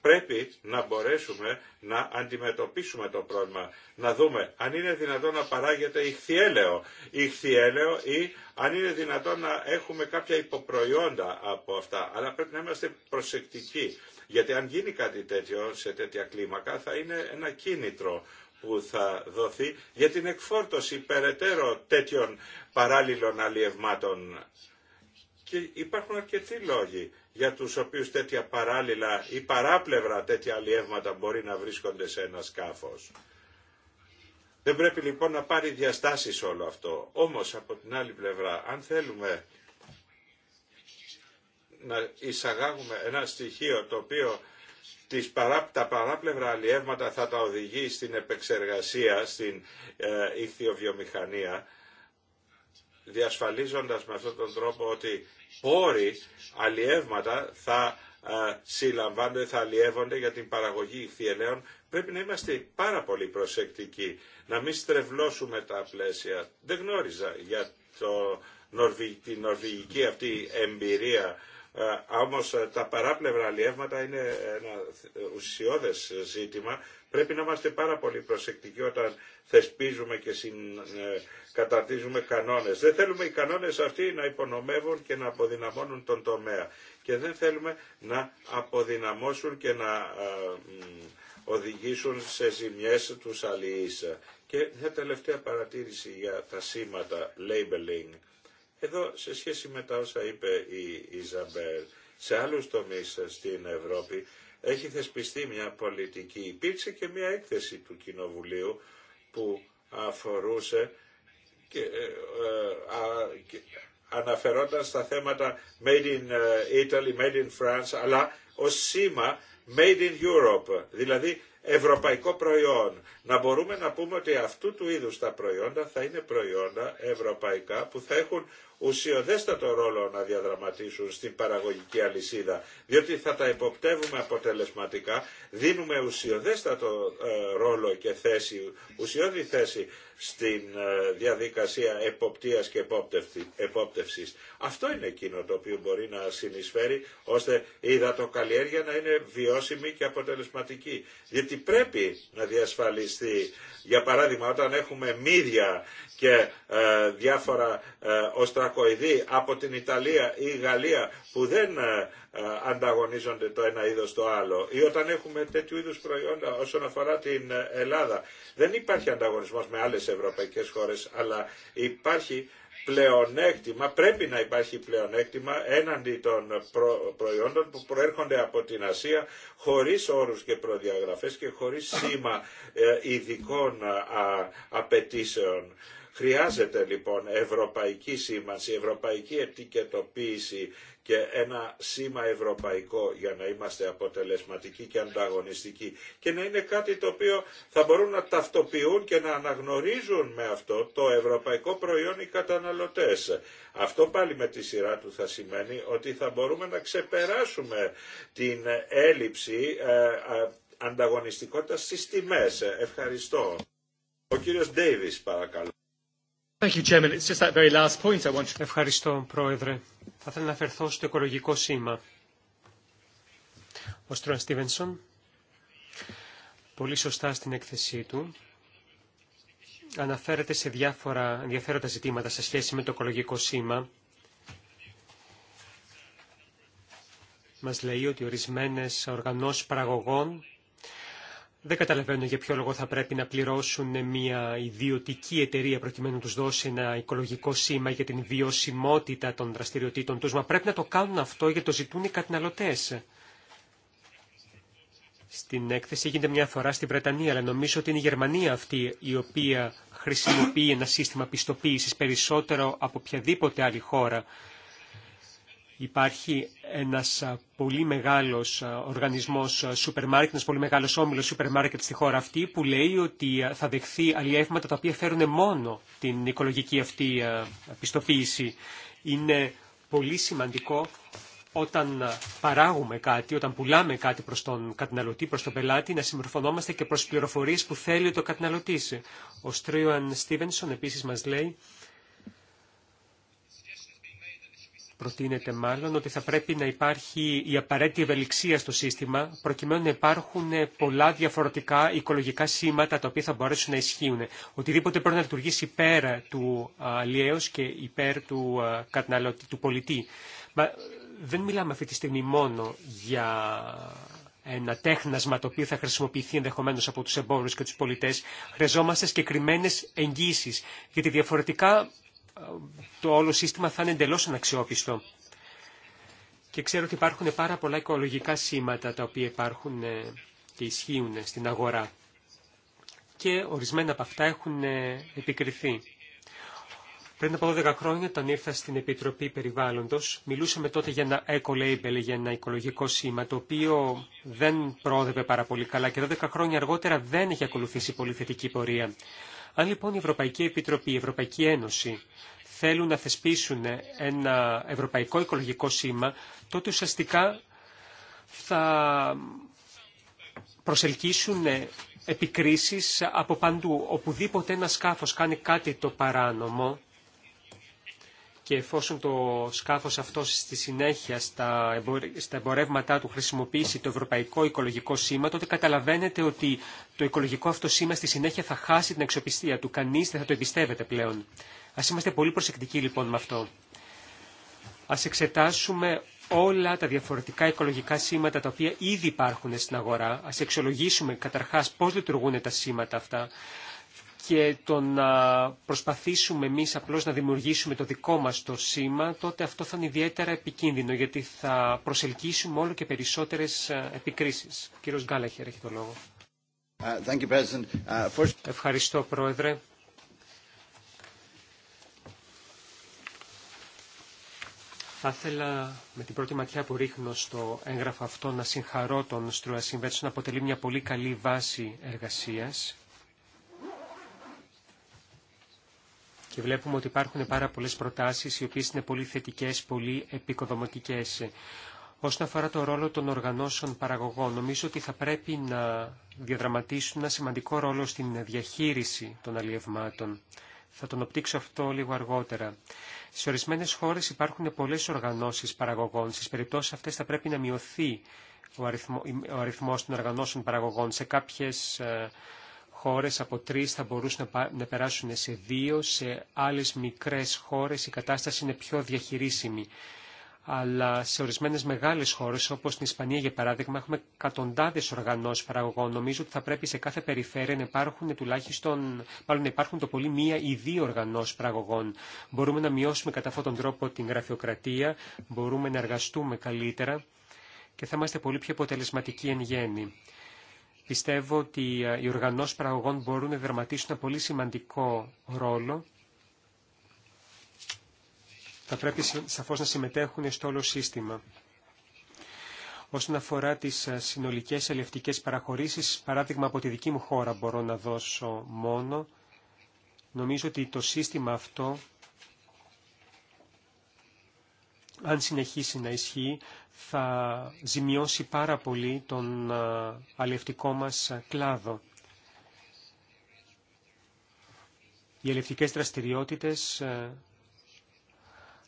Πρέπει να μπορέσουμε να αντιμετωπίσουμε το πρόβλημα, να δούμε αν είναι δυνατόν να παράγεται ηχθιέλαιο, ηχθιέλαιο ή αν είναι δυνατόν να έχουμε κάποια υποπροϊόντα από αυτά. Αλλά πρέπει να είμαστε προσεκτικοί, γιατί αν γίνει κάτι τέτοιο σε τέτοια κλίμακα θα είναι ένα κίνητρο που θα δοθεί για την εκφόρτωση περαιτέρω τέτοιων παράλληλων αλλιευμάτων. Και υπάρχουν αρκετοί λόγοι για τους οποίους τέτοια παράλληλα ή παράπλευρα τέτοια αλλιεύματα μπορεί να βρίσκονται σε ένα σκάφος. Δεν πρέπει λοιπόν να πάρει διαστάσεις όλο αυτό. Όμως από την άλλη πλευρά, αν θέλουμε να εισαγάγουμε ένα στοιχείο το οποίο τα παράπλευρα αλλιεύματα θα τα οδηγεί στην επεξεργασία, στην ε, ηχθειοβιομηχανία, διασφαλίζοντας με αυτόν τον τρόπο ότι πόροι αλλιεύματα θα ε, συλλαμβάνονται, θα αλλιεύονται για την παραγωγή ηχθιελαίων, πρέπει να είμαστε πάρα πολύ προσεκτικοί, να μην στρεβλώσουμε τα πλαίσια. Δεν γνώριζα για το, την νορβηγική αυτή εμπειρία ε, όμως ε, τα παράπλευρα αλλιεύματα είναι ένα ουσιώδες ζήτημα. Πρέπει να είμαστε πάρα πολύ προσεκτικοί όταν θεσπίζουμε και συν, ε, καταρτίζουμε κανόνες. Δεν θέλουμε οι κανόνες αυτοί να υπονομεύουν και να αποδυναμώνουν τον τομέα. Και δεν θέλουμε να αποδυναμώσουν και να οδηγήσουν σε ζημιές τους αλληλείς. Και μια τελευταία παρατήρηση για τα σήματα, labeling. Εδώ σε σχέση με τα όσα είπε η Ιζαμπέλ, σε άλλους τομείς στην Ευρώπη έχει θεσπιστεί μια πολιτική. Υπήρξε και μια έκθεση του Κοινοβουλίου που αφορούσε και, ε, ε, αναφερόταν στα θέματα made in ε, Italy, made in France, αλλά ως σήμα made in Europe, δηλαδή ευρωπαϊκό προϊόν. Να μπορούμε να πούμε ότι αυτού του είδους τα προϊόντα θα είναι προϊόντα ευρωπαϊκά που θα έχουν ουσιοδέστατο ρόλο να διαδραματίσουν στην παραγωγική αλυσίδα, διότι θα τα υποπτεύουμε αποτελεσματικά, δίνουμε ουσιοδέστατο ε, ρόλο και θέση, ουσιώδη θέση στην ε, διαδικασία εποπτείας και επόπτευσης. Αυτό είναι εκείνο το οποίο μπορεί να συνεισφέρει ώστε η υδατοκαλλιέργεια να είναι βιώσιμη και αποτελεσματική. Διότι πρέπει να διασφαλιστεί, για παράδειγμα όταν έχουμε μύδια και ε, διάφορα από την Ιταλία ή η Γαλλία που δεν ε, ε, ανταγωνίζονται το ένα είδος το άλλο ή όταν έχουμε τέτοιου είδους προϊόντα όσον αφορά την ε, Ελλάδα. Δεν υπάρχει ανταγωνισμός με άλλες ευρωπαϊκές χώρες αλλά υπάρχει πλεονέκτημα, πρέπει να υπάρχει πλεονέκτημα έναντι των προϊόντων που προέρχονται από την Ασία χωρίς όρους και προδιαγραφές και χωρίς σήμα ειδικών απαιτήσεων. Χρειάζεται λοιπόν ευρωπαϊκή σήμανση, ευρωπαϊκή ετικετοποίηση και ένα σήμα ευρωπαϊκό για να είμαστε αποτελεσματικοί και ανταγωνιστικοί και να είναι κάτι το οποίο θα μπορούν να ταυτοποιούν και να αναγνωρίζουν με αυτό το ευρωπαϊκό προϊόν οι καταναλωτές. Αυτό πάλι με τη σειρά του θα σημαίνει ότι θα μπορούμε να ξεπεράσουμε την έλλειψη ε, ανταγωνιστικότητας στις τιμές. Ευχαριστώ. Ο κύριος Ντέιβις παρακαλώ. Ευχαριστώ, Πρόεδρε. Θα ήθελα να αφαιρθώ στο οικολογικό σήμα. Ο Στρον Στίβενσον, πολύ σωστά στην έκθεσή του, αναφέρεται σε διάφορα ενδιαφέροντα ζητήματα σε σχέση με το οικολογικό σήμα. Μας λέει ότι ορισμένες οργανώσεις παραγωγών δεν καταλαβαίνω για ποιο λόγο θα πρέπει να πληρώσουν μια ιδιωτική εταιρεία προκειμένου να τους δώσει ένα οικολογικό σήμα για την βιωσιμότητα των δραστηριοτήτων τους, μα πρέπει να το κάνουν αυτό γιατί το ζητούν οι καταναλωτές. Στην έκθεση γίνεται μια φορά στην Βρετανία, αλλά νομίζω ότι είναι η Γερμανία αυτή η οποία χρησιμοποιεί ένα σύστημα πιστοποίησης περισσότερο από οποιαδήποτε άλλη χώρα Υπάρχει ένας πολύ μεγάλος οργανισμός σούπερ μάρκετ, ένας πολύ μεγάλος όμιλος σούπερ μάρκετ στη χώρα αυτή που λέει ότι θα δεχθεί αλλιεύματα τα οποία φέρουν μόνο την οικολογική αυτή πιστοποίηση. Είναι πολύ σημαντικό όταν παράγουμε κάτι, όταν πουλάμε κάτι προς τον καταναλωτή, προς τον πελάτη, να συμμορφωνόμαστε και προς πληροφορίες που θέλει το καταναλωτή. Ο Στρίουαν Στίβενσον επίσης μας λέει Προτείνεται μάλλον ότι θα πρέπει να υπάρχει η απαραίτητη ευελιξία στο σύστημα, προκειμένου να υπάρχουν πολλά διαφορετικά οικολογικά σήματα τα οποία θα μπορέσουν να ισχύουν. Οτιδήποτε πρέπει να λειτουργήσει υπέρ του αλλιέως και υπέρ του, καταναλωτή, του πολιτή. Μα δεν μιλάμε αυτή τη στιγμή μόνο για ένα τέχνασμα το οποίο θα χρησιμοποιηθεί ενδεχομένω από του εμπόρους και του πολιτέ. Χρειαζόμαστε συγκεκριμένε εγγύσει, γιατί διαφορετικά το όλο σύστημα θα είναι εντελώς αναξιόπιστο. Και ξέρω ότι υπάρχουν πάρα πολλά οικολογικά σήματα τα οποία υπάρχουν ε, και ισχύουν στην αγορά. Και ορισμένα από αυτά έχουν ε, επικριθεί. Πριν από 12 χρόνια, όταν ήρθα στην Επιτροπή Περιβάλλοντος, μιλούσαμε τότε για ένα eco-label, για ένα οικολογικό σήμα, το οποίο δεν πρόοδευε πάρα πολύ καλά και 12 χρόνια αργότερα δεν έχει ακολουθήσει πολύ θετική πορεία. Αν λοιπόν η Ευρωπαϊκή Επιτροπή, η Ευρωπαϊκή Ένωση θέλουν να θεσπίσουν ένα ευρωπαϊκό οικολογικό σήμα, τότε ουσιαστικά θα προσελκύσουν επικρίσεις από παντού. Οπουδήποτε ένα σκάφος κάνει κάτι το παράνομο, και εφόσον το σκάφος αυτό στη συνέχεια στα εμπορεύματά του χρησιμοποιήσει το Ευρωπαϊκό Οικολογικό Σήμα, τότε καταλαβαίνετε ότι το οικολογικό αυτό σήμα στη συνέχεια θα χάσει την αξιοπιστία του. κανεί, δεν θα το εμπιστεύεται πλέον. Α είμαστε πολύ προσεκτικοί λοιπόν με αυτό. Α εξετάσουμε όλα τα διαφορετικά οικολογικά σήματα τα οποία ήδη υπάρχουν στην αγορά. α εξολογήσουμε καταρχά πώ λειτουργούν τα σήματα αυτά και το να προσπαθήσουμε εμείς απλώς να δημιουργήσουμε το δικό μας το σήμα, τότε αυτό θα είναι ιδιαίτερα επικίνδυνο, γιατί θα προσελκύσουμε όλο και περισσότερες ε, επικρίσεις. Ο κύριος Γκάλαχερ έχει το λόγο. Uh, you, uh, First... Ευχαριστώ, Πρόεδρε. Θα ήθελα με την πρώτη ματιά που ρίχνω στο έγγραφο αυτό να συγχαρώ τον Στρουασιμβέτσο να αποτελεί μια πολύ καλή βάση εργασίας και βλέπουμε ότι υπάρχουν πάρα πολλές προτάσεις οι οποίες είναι πολύ θετικές, πολύ επικοδομητικές. Όσον αφορά το ρόλο των οργανώσεων παραγωγών, νομίζω ότι θα πρέπει να διαδραματίσουν ένα σημαντικό ρόλο στην διαχείριση των αλλιευμάτων. Θα τον οπτύξω αυτό λίγο αργότερα. Σε ορισμένε χώρε υπάρχουν πολλέ οργανώσει παραγωγών. Στι περιπτώσει αυτέ θα πρέπει να μειωθεί ο αριθμό των οργανώσεων παραγωγών. Σε κάποιε ε, χώρες από τρεις θα μπορούσαν να περάσουν σε δύο, σε άλλες μικρές χώρες η κατάσταση είναι πιο διαχειρίσιμη. Αλλά σε ορισμένες μεγάλες χώρες, όπως στην Ισπανία για παράδειγμα, έχουμε εκατοντάδες οργανώσεις παραγωγών. Νομίζω ότι θα πρέπει σε κάθε περιφέρεια να υπάρχουν τουλάχιστον, μάλλον να υπάρχουν το πολύ μία ή δύο οργανώσεις παραγωγών. Μπορούμε να μειώσουμε κατά αυτόν τον τρόπο την γραφειοκρατία, μπορούμε να εργαστούμε καλύτερα και θα είμαστε πολύ πιο αποτελεσματικοί εν γέννη. Πιστεύω ότι ε, οι οργανώσεις παραγωγών μπορούν να δραματίσουν ένα πολύ σημαντικό ρόλο. Θα πρέπει σαφώς να συμμετέχουν στο όλο σύστημα. Όσον αφορά τις ε, συνολικές ελευτικές παραχωρήσεις, παράδειγμα από τη δική μου χώρα μπορώ να δώσω μόνο, νομίζω ότι το σύστημα αυτό αν συνεχίσει να ισχύει, θα ζημιώσει πάρα πολύ τον αλληλευτικό μας κλάδο. Οι αλληλευτικές δραστηριότητες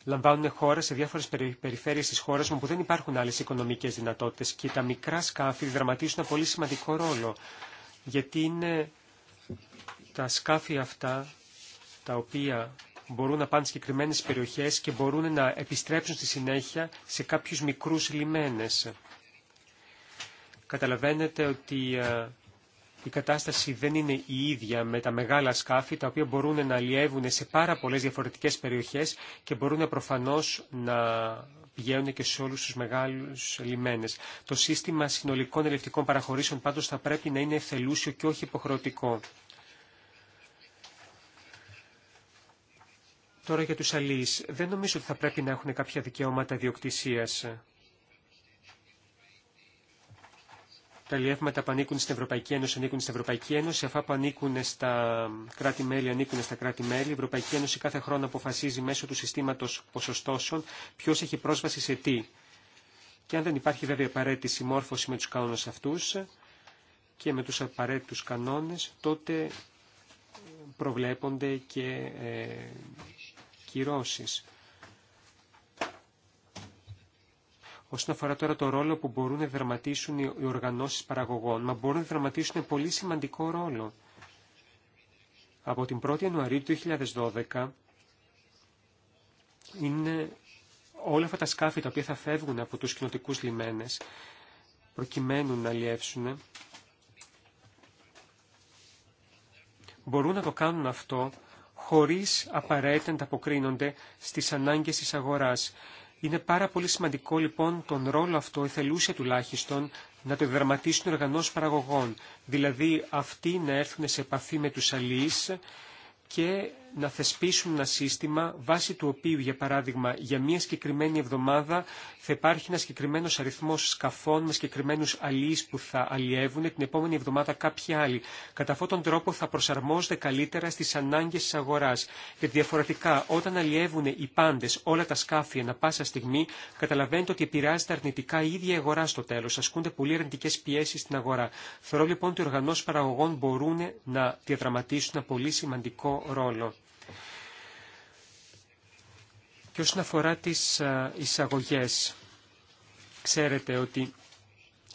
λαμβάνουν χώρα σε διάφορες περιφέρειες της χώρας μου που δεν υπάρχουν άλλες οικονομικές δυνατότητες και τα μικρά σκάφη δραματίζουν ένα πολύ σημαντικό ρόλο, γιατί είναι τα σκάφη αυτά τα οποία μπορούν να πάνε συγκεκριμένε περιοχές και μπορούν να επιστρέψουν στη συνέχεια σε κάποιους μικρούς λιμένες. Καταλαβαίνετε ότι ε, η κατάσταση δεν είναι η ίδια με τα μεγάλα σκάφη, τα οποία μπορούν να αλλιεύουν σε πάρα πολλές διαφορετικές περιοχές και μπορούν προφανώς να πηγαίνουν και σε όλους τους μεγάλους λιμένες. Το σύστημα συνολικών ελευτικών παραχωρήσεων πάντως θα πρέπει να είναι εθελούσιο και όχι υποχρεωτικό. Τώρα για τους αλείς. Δεν νομίζω ότι θα πρέπει να έχουν κάποια δικαιώματα διοκτησίας. Τα λιεύματα που ανήκουν στην Ευρωπαϊκή Ένωση ανήκουν στην Ευρωπαϊκή Ένωση. Αφά που ανήκουν στα κράτη-μέλη ανήκουν στα κράτη-μέλη. Η Ευρωπαϊκή Ένωση κάθε χρόνο αποφασίζει μέσω του συστήματος ποσοστώσεων ποιο έχει πρόσβαση σε τι. Και αν δεν υπάρχει βέβαια απαραίτητη συμμόρφωση με τους κανόνες αυτούς και με του απαραίτητου κανόνε, τότε προβλέπονται και ε, κυρώσεις. Όσον αφορά τώρα το ρόλο που μπορούν να δραματίσουν οι οργανώσεις παραγωγών, μα μπορούν να δραματίσουν πολύ σημαντικό ρόλο. Από την 1η Ιανουαρίου του 2012 είναι όλα αυτά τα σκάφη τα οποία θα φεύγουν από τους κοινοτικούς λιμένες προκειμένου να λιεύσουν μπορούν να το κάνουν αυτό χωρίς απαραίτητα να αποκρίνονται στις ανάγκες της αγοράς. Είναι πάρα πολύ σημαντικό λοιπόν τον ρόλο αυτό, θελούσια τουλάχιστον, να το δραματίσουν οργανώσεις παραγωγών. Δηλαδή αυτοί να έρθουν σε επαφή με τους αλείς και να θεσπίσουν ένα σύστημα βάσει του οποίου, για παράδειγμα, για μια συγκεκριμένη εβδομάδα θα υπάρχει ένα συγκεκριμένο αριθμό σκαφών με συγκεκριμένου αλληλεί που θα αλλιεύουν, την επόμενη εβδομάδα κάποιοι άλλοι. Κατά αυτόν τον τρόπο θα προσαρμόζονται καλύτερα στι ανάγκε τη αγορά. Γιατί διαφορετικά, όταν αλλιεύουν οι πάντε όλα τα σκάφη ανα πάσα στιγμή, καταλαβαίνετε ότι επηρεάζεται αρνητικά η ίδια αγορά στο τέλο. Ασκούνται πολύ αρνητικέ πιέσει στην αγορά. Θεωρώ λοιπόν ότι οργανώσει παραγωγών μπορούν να διαδραματίσουν ένα πολύ σημαντικό ρόλο. Και όσον αφορά τις ε, εισαγωγές, ξέρετε ότι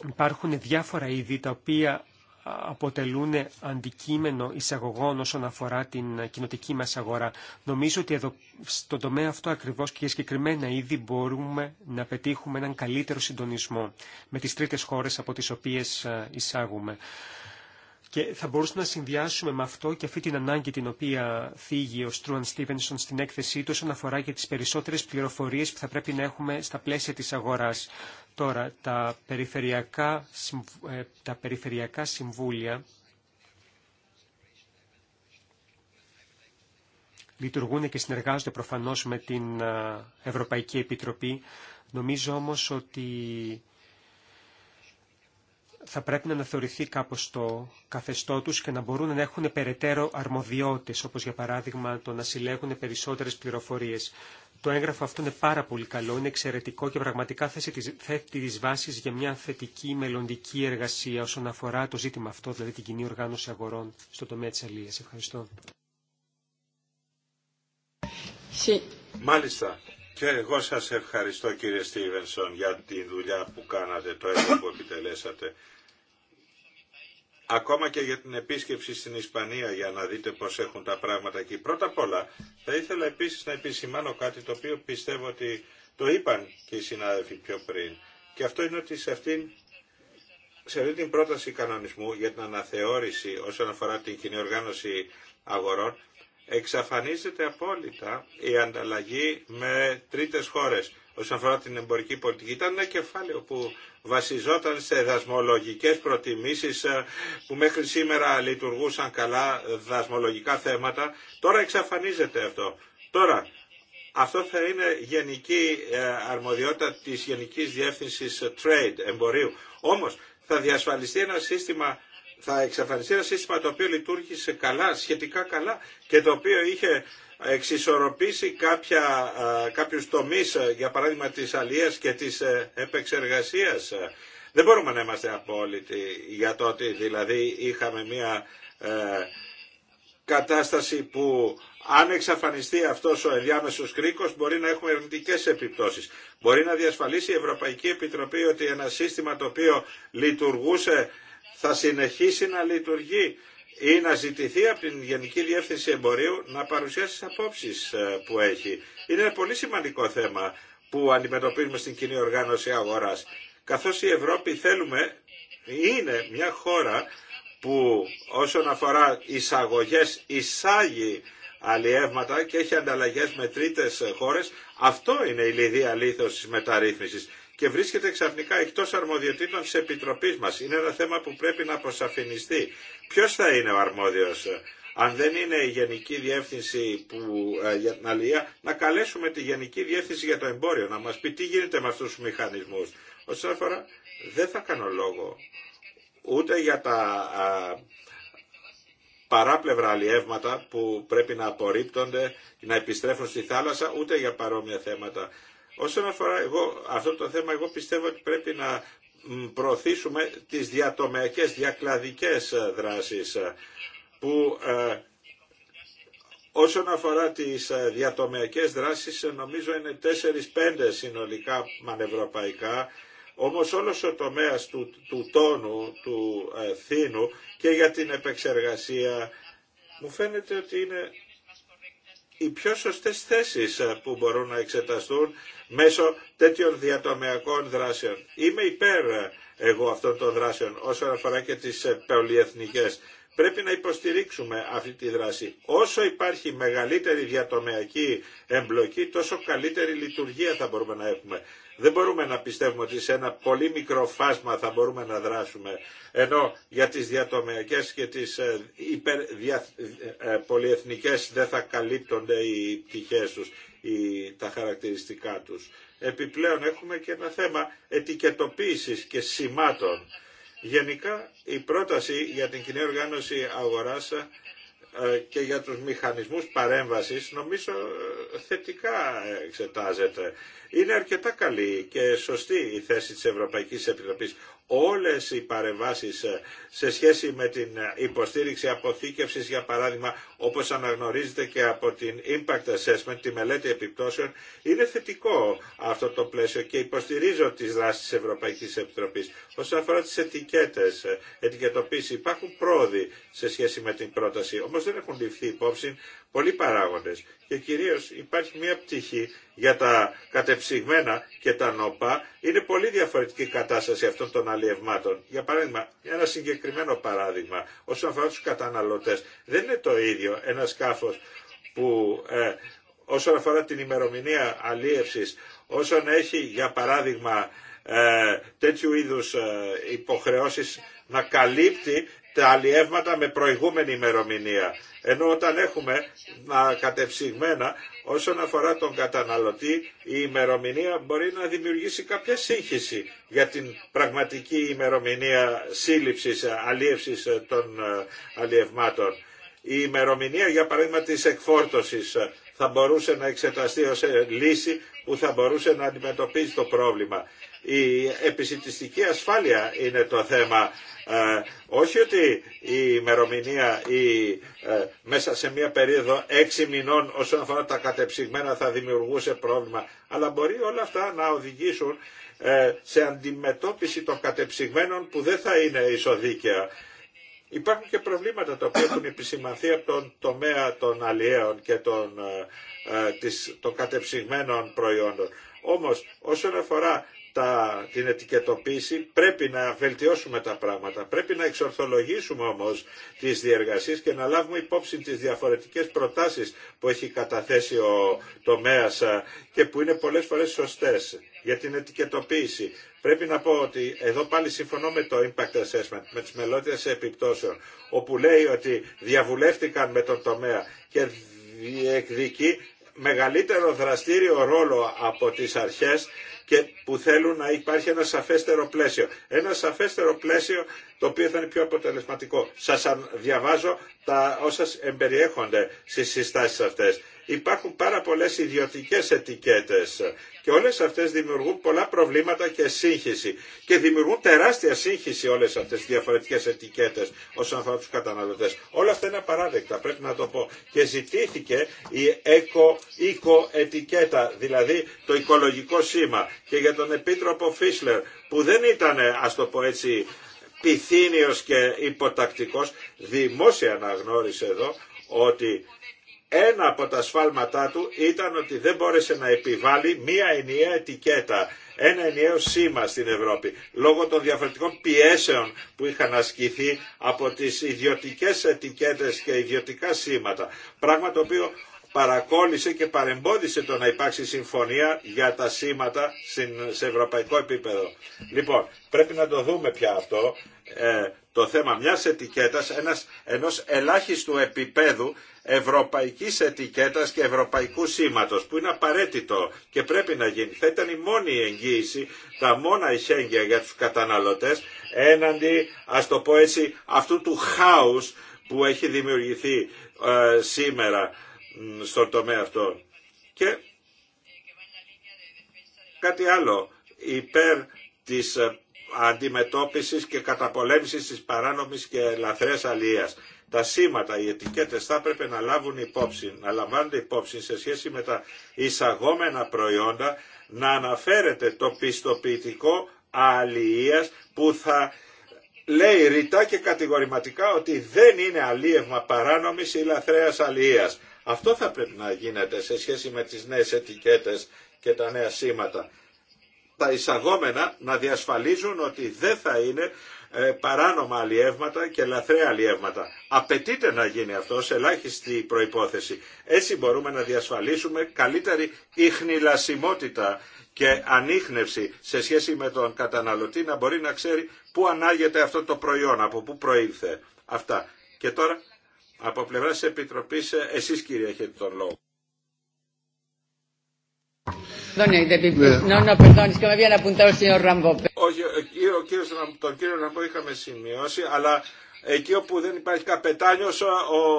υπάρχουν διάφορα είδη τα οποία αποτελούν αντικείμενο εισαγωγών όσον αφορά την κοινοτική μας αγορά. Νομίζω ότι εδώ, στον τομέα αυτό ακριβώς και για συγκεκριμένα είδη μπορούμε να πετύχουμε έναν καλύτερο συντονισμό με τις τρίτες χώρες από τις οποίες ε, εισάγουμε. Και θα μπορούσαμε να συνδυάσουμε με αυτό και αυτή την ανάγκη την οποία θίγει ο Στρούαν Στίβενσον στην έκθεσή του όσον αφορά και τις περισσότερες πληροφορίες που θα πρέπει να έχουμε στα πλαίσια της αγοράς. Τώρα, τα περιφερειακά, ε, τα περιφερειακά συμβούλια λειτουργούν και συνεργάζονται προφανώς με την ε, Ευρωπαϊκή Επιτροπή. Νομίζω όμως ότι θα πρέπει να αναθεωρηθεί κάπως το καθεστώ τους και να μπορούν να έχουν περαιτέρω αρμοδιότητες, όπως για παράδειγμα το να συλλέγουν περισσότερες πληροφορίες. Το έγγραφο αυτό είναι πάρα πολύ καλό, είναι εξαιρετικό και πραγματικά θέτει τις βάσεις για μια θετική μελλοντική εργασία όσον αφορά το ζήτημα αυτό, δηλαδή την κοινή οργάνωση αγορών στο τομέα της αλίας. Ευχαριστώ. Μάλιστα. Και εγώ σας ευχαριστώ κύριε Στίβενσον για τη δουλειά που κάνατε, το έργο που επιτελέσατε ακόμα και για την επίσκεψη στην Ισπανία για να δείτε πώς έχουν τα πράγματα εκεί. Πρώτα απ' όλα θα ήθελα επίσης να επισημάνω κάτι το οποίο πιστεύω ότι το είπαν και οι συνάδελφοι πιο πριν. Και αυτό είναι ότι σε αυτήν σε αυτή την πρόταση κανονισμού για την αναθεώρηση όσον αφορά την κοινή οργάνωση αγορών εξαφανίζεται απόλυτα η ανταλλαγή με τρίτες χώρες όσον αφορά την εμπορική πολιτική. Ήταν ένα κεφάλαιο που βασιζόταν σε δασμολογικές προτιμήσεις ε, που μέχρι σήμερα λειτουργούσαν καλά ε, δασμολογικά θέματα. Τώρα εξαφανίζεται αυτό. Τώρα, αυτό θα είναι γενική ε, αρμοδιότητα της Γενικής Διεύθυνσης Trade, εμπορίου. Όμως, θα διασφαλιστεί ένα σύστημα θα εξαφανιστεί ένα σύστημα το οποίο λειτουργήσε καλά, σχετικά καλά και το οποίο είχε εξισορροπήσει κάποια, κάποιους τομείς, για παράδειγμα της αλίας και της ε, επεξεργασίας. Δεν μπορούμε να είμαστε απόλυτοι για το ότι δηλαδή είχαμε μια ε, κατάσταση που αν εξαφανιστεί αυτός ο ενδιάμεσος κρίκος μπορεί να έχουμε αρνητικέ επιπτώσεις. Μπορεί να διασφαλίσει η Ευρωπαϊκή Επιτροπή ότι ένα σύστημα το οποίο λειτουργούσε θα συνεχίσει να λειτουργεί ή να ζητηθεί από την Γενική Διεύθυνση Εμπορίου να παρουσιάσει τις απόψεις ε, που έχει. Είναι ένα πολύ σημαντικό θέμα που αντιμετωπίζουμε στην κοινή οργάνωση αγοράς. Καθώς η Ευρώπη θέλουμε, είναι μια χώρα που όσον αφορά εισαγωγές εισάγει αλλιεύματα και έχει ανταλλαγές με τρίτες χώρες, αυτό αυτό είναι η ευρωπη θελουμε ειναι μια χωρα που οσον αφορα εισαγωγε εισαγει αλλιευματα και εχει ανταλλαγες με τριτες χωρες αυτο ειναι η λιδια λιθο τη μεταρρύθμισης και βρίσκεται ξαφνικά εκτό αρμοδιοτήτων τη επιτροπή μα. Είναι ένα θέμα που πρέπει να αποσαφινιστεί. Ποιο θα είναι ο αρμόδιο αν δεν είναι η Γενική Διεύθυνση που, ε, για την Αλία, να καλέσουμε τη Γενική Διεύθυνση για το Εμπόριο, να μα πει τι γίνεται με αυτού του μηχανισμού. Όσον αφορά, δεν θα κάνω λόγο ούτε για τα α, παράπλευρα αλλιεύματα που πρέπει να απορρίπτονται και να επιστρέφουν στη θάλασσα, ούτε για παρόμοια θέματα. Όσον αφορά εγώ, αυτό το θέμα, εγώ πιστεύω ότι πρέπει να προωθήσουμε τις διατομεακές, διακλαδικές ε, δράσεις ε, που ε, Όσον αφορά τις διατομεακές δράσεις, νομίζω είναι 4-5 συνολικά μανευρωπαϊκά. όμως όλος ο τομέας του, του τόνου, του ε, θήνου και για την επεξεργασία, μου φαίνεται ότι είναι οι πιο σωστές θέσεις ε, που μπορούν να εξεταστούν μέσω τέτοιων διατομεακών δράσεων. Είμαι υπέρ ε, εγώ αυτών των δράσεων όσον αφορά και τις ε, πολυεθνικές. Πρέπει να υποστηρίξουμε αυτή τη δράση. Όσο υπάρχει μεγαλύτερη διατομιακή εμπλοκή, τόσο καλύτερη λειτουργία θα μπορούμε να έχουμε. Δεν μπορούμε να πιστεύουμε ότι σε ένα πολύ μικρό φάσμα θα μπορούμε να δράσουμε. Ενώ για τις διατομιακές και τις ε, υπερδια... Ε, πολυεθνικές δεν θα καλύπτονται οι πτυχές τους, τα χαρακτηριστικά τους. Επιπλέον έχουμε και ένα θέμα ετικετοποίησης και σημάτων. Γενικά η πρόταση για την κοινή οργάνωση αγοράς ε, και για τους μηχανισμούς παρέμβασης νομίζω ε, θετικά εξετάζεται. Είναι αρκετά καλή και σωστή η θέση της Ευρωπαϊκής Επιτροπής όλες οι παρεμβάσεις ε, σε σχέση με την ε, υποστήριξη αποθήκευσης για παράδειγμα όπως αναγνωρίζεται και από την Impact Assessment, τη μελέτη επιπτώσεων είναι θετικό αυτό το πλαίσιο και υποστηρίζω τις δράσεις της Ευρωπαϊκής Επιτροπής. Όσον αφορά τις ετικέτες, ε, ετικετοποίηση υπάρχουν πρόοδοι σε σχέση με την πρόταση όμως δεν έχουν ληφθεί υπόψη πολλοί παράγοντες και κυρίως υπάρχει μια πτυχή για τα κατεψυγμένα και τα νόπα, είναι πολύ διαφορετική η κατάσταση αυτών των αλλιευμάτων. Για παράδειγμα, ένα συγκεκριμένο παράδειγμα, όσον αφορά τους καταναλωτές, δεν είναι το ίδιο ένα σκάφος που ε, όσον αφορά την ημερομηνία αλίευσης, όσον έχει για παράδειγμα ε, τέτοιου είδους ε, υποχρεώσεις να καλύπτει τα αλλιεύματα με προηγούμενη ημερομηνία. Ενώ όταν έχουμε κατευσυγμένα όσον αφορά τον καταναλωτή η ημερομηνία μπορεί να δημιουργήσει κάποια σύγχυση για την πραγματική ημερομηνία σύλληψης, αλλίευσης των ε, αλλιευμάτων. Η ημερομηνία για παράδειγμα της εκφόρτωσης θα μπορούσε να εξεταστεί ως ε, λύση που θα μπορούσε να αντιμετωπίζει το πρόβλημα. Η επισητιστική ασφάλεια είναι το θέμα. Ε, όχι ότι η ημερομηνία ή ε, μέσα σε μία περίοδο έξι μηνών όσον αφορά τα κατεψυγμένα θα δημιουργούσε πρόβλημα, αλλά μπορεί όλα αυτά να οδηγήσουν ε, σε αντιμετώπιση των κατεψυγμένων που δεν θα είναι ισοδίκαια. Υπάρχουν και προβλήματα τα οποία έχουν επισημανθεί από τον τομέα των αλλιέων και των, της, των κατεψυγμένων προϊόντων. Όμως όσον αφορά τα, την ετικετοποίηση πρέπει να βελτιώσουμε τα πράγματα. Πρέπει να εξορθολογήσουμε όμως τις διεργασίες και να λάβουμε υπόψη τις διαφορετικές προτάσεις που έχει καταθέσει ο τομέας και που είναι πολλές φορές σωστές για την ετικετοποίηση. Πρέπει να πω ότι εδώ πάλι συμφωνώ με το impact assessment, με τις μελότητες επιπτώσεων, όπου λέει ότι διαβουλεύτηκαν με τον τομέα και διεκδικεί μεγαλύτερο δραστήριο ρόλο από τις αρχές και που θέλουν να υπάρχει ένα σαφέστερο πλαίσιο. Ένα σαφέστερο πλαίσιο το οποίο θα είναι πιο αποτελεσματικό. Σας διαβάζω τα όσα εμπεριέχονται στις συστάσεις αυτές υπάρχουν πάρα πολλές ιδιωτικές ετικέτες και όλες αυτές δημιουργούν πολλά προβλήματα και σύγχυση και δημιουργούν τεράστια σύγχυση όλες αυτές τις διαφορετικές ετικέτες ως αφορά τους καταναλωτές. Όλα αυτά είναι απαράδεκτα, πρέπει να το πω. Και ζητήθηκε η οικοετικέτα, δηλαδή το οικολογικό σήμα και για τον Επίτροπο Φίσλερ που δεν ήταν, ας το πω έτσι, πυθύνιος και υποτακτικός, δημόσια αναγνώρισε εδώ ότι ένα από τα σφάλματά του ήταν ότι δεν μπόρεσε να επιβάλλει μία ενιαία ετικέτα, ένα ενιαίο σήμα στην Ευρώπη, λόγω των διαφορετικών πιέσεων που είχαν ασκηθεί από τις ιδιωτικές ετικέτες και ιδιωτικά σήματα. Πράγμα το οποίο παρακόλλησε και παρεμπόδισε το να υπάρξει συμφωνία για τα σήματα σε ευρωπαϊκό επίπεδο. Λοιπόν, πρέπει να το δούμε πια αυτό. Ε, το θέμα μιας ετικέτας, ένας, ενός ελάχιστου επίπεδου ευρωπαϊκής ετικέτας και ευρωπαϊκού σήματος που είναι απαραίτητο και πρέπει να γίνει. Θα ήταν η μόνη εγγύηση, τα μόνα ειχέγγυα για τους καταναλωτές έναντι, ας το πω έτσι, αυτού του χάους που έχει δημιουργηθεί ε, σήμερα στον τομέα αυτό. Και κάτι άλλο υπέρ της ε, αντιμετώπισης και καταπολέμησης της παράνομης και λαθρέας αλίας. Τα σήματα, οι ετικέτες θα έπρεπε να λάβουν υπόψη, να λαμβάνονται υπόψη σε σχέση με τα εισαγόμενα προϊόντα, να αναφέρεται το πιστοποιητικό αλίας που θα λέει ρητά και κατηγορηματικά ότι δεν είναι αλίευμα παράνομης ή λαθρέας αλίας. Αυτό θα πρέπει να γίνεται σε σχέση με τις νέες ετικέτες και τα νέα σήματα τα εισαγόμενα να διασφαλίζουν ότι δεν θα είναι ε, παράνομα αλλιεύματα και λαθρέα αλλιεύματα. Απαιτείται να γίνει αυτό σε ελάχιστη προϋπόθεση. Έτσι μπορούμε να διασφαλίσουμε καλύτερη ιχνηλασιμότητα και ανείχνευση σε σχέση με τον καταναλωτή να μπορεί να ξέρει πού ανάγεται αυτό το προϊόν, από πού προήλθε. Αυτά. Και τώρα από πλευρά τη Επιτροπή εσεί κύριε έχετε τον λόγο. Όχι, ο κύριο, τον κύριο Ραμπό είχαμε σημειώσει, αλλά εκεί όπου δεν υπάρχει καπετάνιο, ο, ο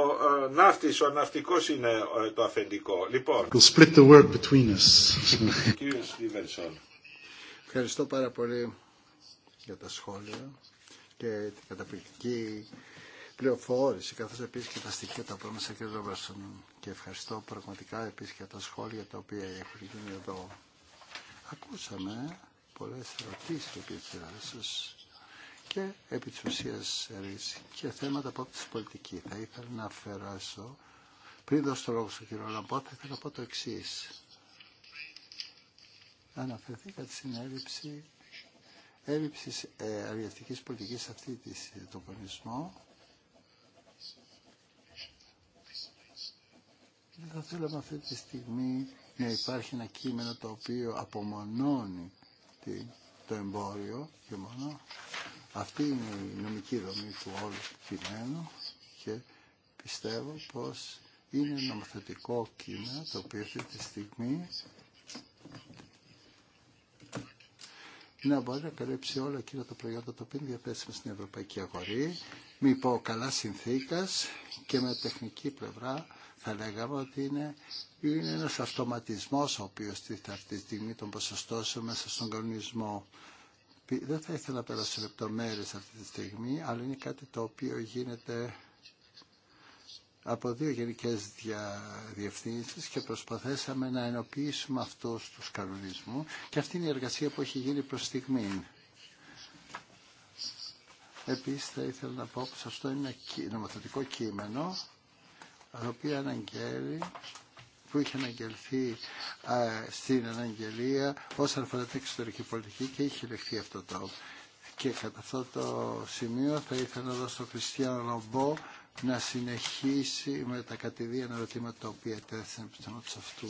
ναύτη, ο ναυτικό είναι το αφεντικό. Λοιπόν, we'll split the work between us. κύριο Στίβενσον. Ευχαριστώ πάρα πολύ για τα σχόλια και την καταπληκτική πληροφόρηση καθώ επίση και τα στοιχεία τα οποία μας εκδόβασαν και ευχαριστώ πραγματικά επίση και τα σχόλια τα οποία έχουν γίνει εδώ. Ακούσαμε πολλέ ερωτήσει και σας και επί τη ουσία και θέματα από τη πολιτική. Θα ήθελα να αφαιράσω, πριν δώσω το λόγο στον κύριο Λαμπό, θα ήθελα να πω το εξή. Αναφερθήκατε στην έλλειψη έλλειψη ε, πολιτικής σε αυτή τη, τον Δεν θα θέλαμε αυτή τη στιγμή να υπάρχει ένα κείμενο το οποίο απομονώνει το εμπόριο και μόνο. Αυτή είναι η νομική δομή του όλου κειμένου και πιστεύω πως είναι νομοθετικό κείμενο το οποίο αυτή τη στιγμή να μπορεί να καλύψει όλα εκείνα τα προϊόντα τα οποία είναι διαθέσιμα στην ευρωπαϊκή αγορή, μη πω καλά συνθήκας και με τεχνική πλευρά θα λέγαμε ότι είναι, είναι ένας αυτοματισμός ο οποίος τίθεται αυτή τη στιγμή των ποσοστώσεων μέσα στον κανονισμό. Δεν θα ήθελα να περάσω λεπτομέρειες αυτή τη στιγμή, αλλά είναι κάτι το οποίο γίνεται από δύο γενικές διευθύνσεις και προσπαθήσαμε να ενοποιήσουμε αυτούς τους κανονισμούς και αυτή είναι η εργασία που έχει γίνει προς στιγμή. Επίσης θα ήθελα να πω πως αυτό είναι ένα νομοθετικό κείμενο οποία αναγγέλει που είχε αναγγελθεί στην αναγγελία όσον αφορά την εξωτερική πολιτική και είχε λεχθεί αυτό το. Και κατά αυτό το σημείο θα ήθελα να δώσω στον Χριστιανό Λομπό να συνεχίσει με τα κατηδίαν ερωτήματα τα οποία τέθηκαν πιθανότητας αυτού.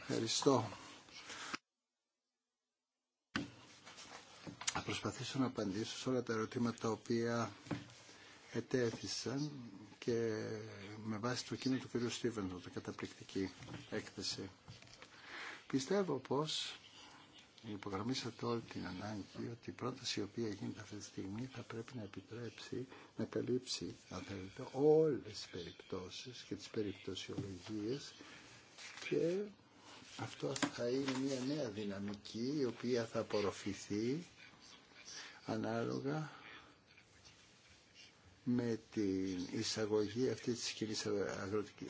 Ευχαριστώ. Θα προσπαθήσω να απαντήσω σε όλα τα ερωτήματα τα οποία ετέθησαν και με βάση το κείμενο του κ. Στίβεντο το καταπληκτική έκθεση. Πιστεύω πως υπογραμμίσατε όλη την ανάγκη ότι η πρόταση η οποία γίνεται αυτή τη στιγμή θα πρέπει να επιτρέψει να καλύψει, αν θέλετε, όλες τις περιπτώσεις και τις περιπτωσιολογίες και αυτό θα είναι μια νέα δυναμική η οποία θα απορροφηθεί ανάλογα με την εισαγωγή αυτή τη κοινή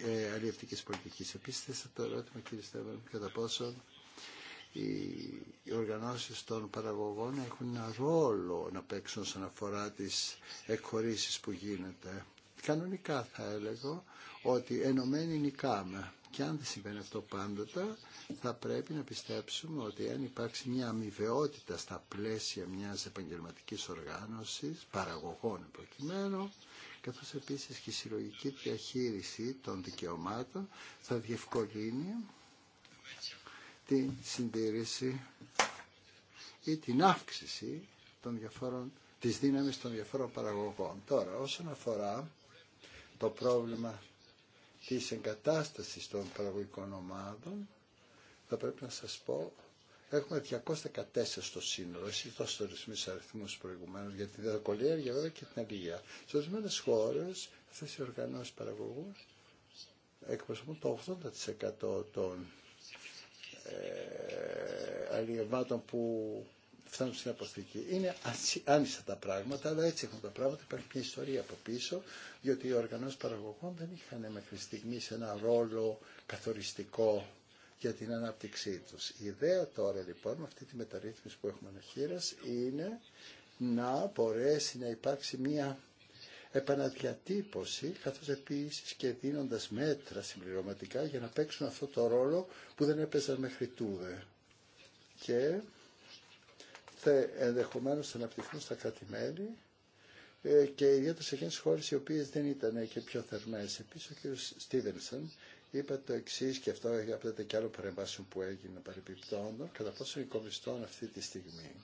ε, πολιτική πολιτικής. Επίσης το ερώτημα κύριε Στέβεν, κατά πόσο οι, οργανώσεις των παραγωγών έχουν ένα ρόλο να παίξουν όσον αφορά τι εκχωρήσει που γίνεται. Κανονικά θα έλεγα ότι ενωμένοι νικάμε. Και αν δεν συμβαίνει αυτό πάντοτε, θα πρέπει να πιστέψουμε ότι αν υπάρξει μια αμοιβαιότητα στα πλαίσια μιας επαγγελματικής οργάνωσης, παραγωγών προκειμένου, καθώς επίσης και η συλλογική διαχείριση των δικαιωμάτων θα διευκολύνει την συντήρηση ή την αύξηση των διαφόρων, της δύναμης των διαφόρων παραγωγών. Τώρα, όσον αφορά το πρόβλημα της εγκατάστασης των παραγωγικών ομάδων, θα πρέπει να σας πω, έχουμε 214 στο σύνολο. Εσείς δώσατε ορισμένους αριθμούς προηγουμένως για την διδακολία, και την αλληλεία. Σε ορισμένε χώρε, αυτέ οι οργανώσει παραγωγού εκπροσωπούν το 80% των ε, αλληλευμάτων που φτάνουν στην αποθήκη. Είναι άνισα τα πράγματα, αλλά έτσι έχουν τα πράγματα. Υπάρχει μια ιστορία από πίσω, διότι οι οργανώσει παραγωγών δεν είχαν μέχρι στιγμή ένα ρόλο καθοριστικό για την ανάπτυξή του. Η ιδέα τώρα λοιπόν με αυτή τη μεταρρύθμιση που έχουμε αναχείρα είναι να μπορέσει να υπάρξει μια επαναδιατύπωση καθώς επίσης και δίνοντας μέτρα συμπληρωματικά για να παίξουν αυτό το ρόλο που δεν έπαιζαν μέχρι τούδε θα ενδεχομένως αναπτυχθούν στα κράτη-μέλη ε, και ιδιαίτερα σε εκείνες χώρες οι οποίες δεν ήταν και πιο θερμές. Επίσης ο κ. Στίβενσον είπε το εξή και αυτό απαιτείται και άλλο παρεμβάσιο που έγινε παρεμπιπτόντων, κατά πόσο η αυτή τη στιγμή,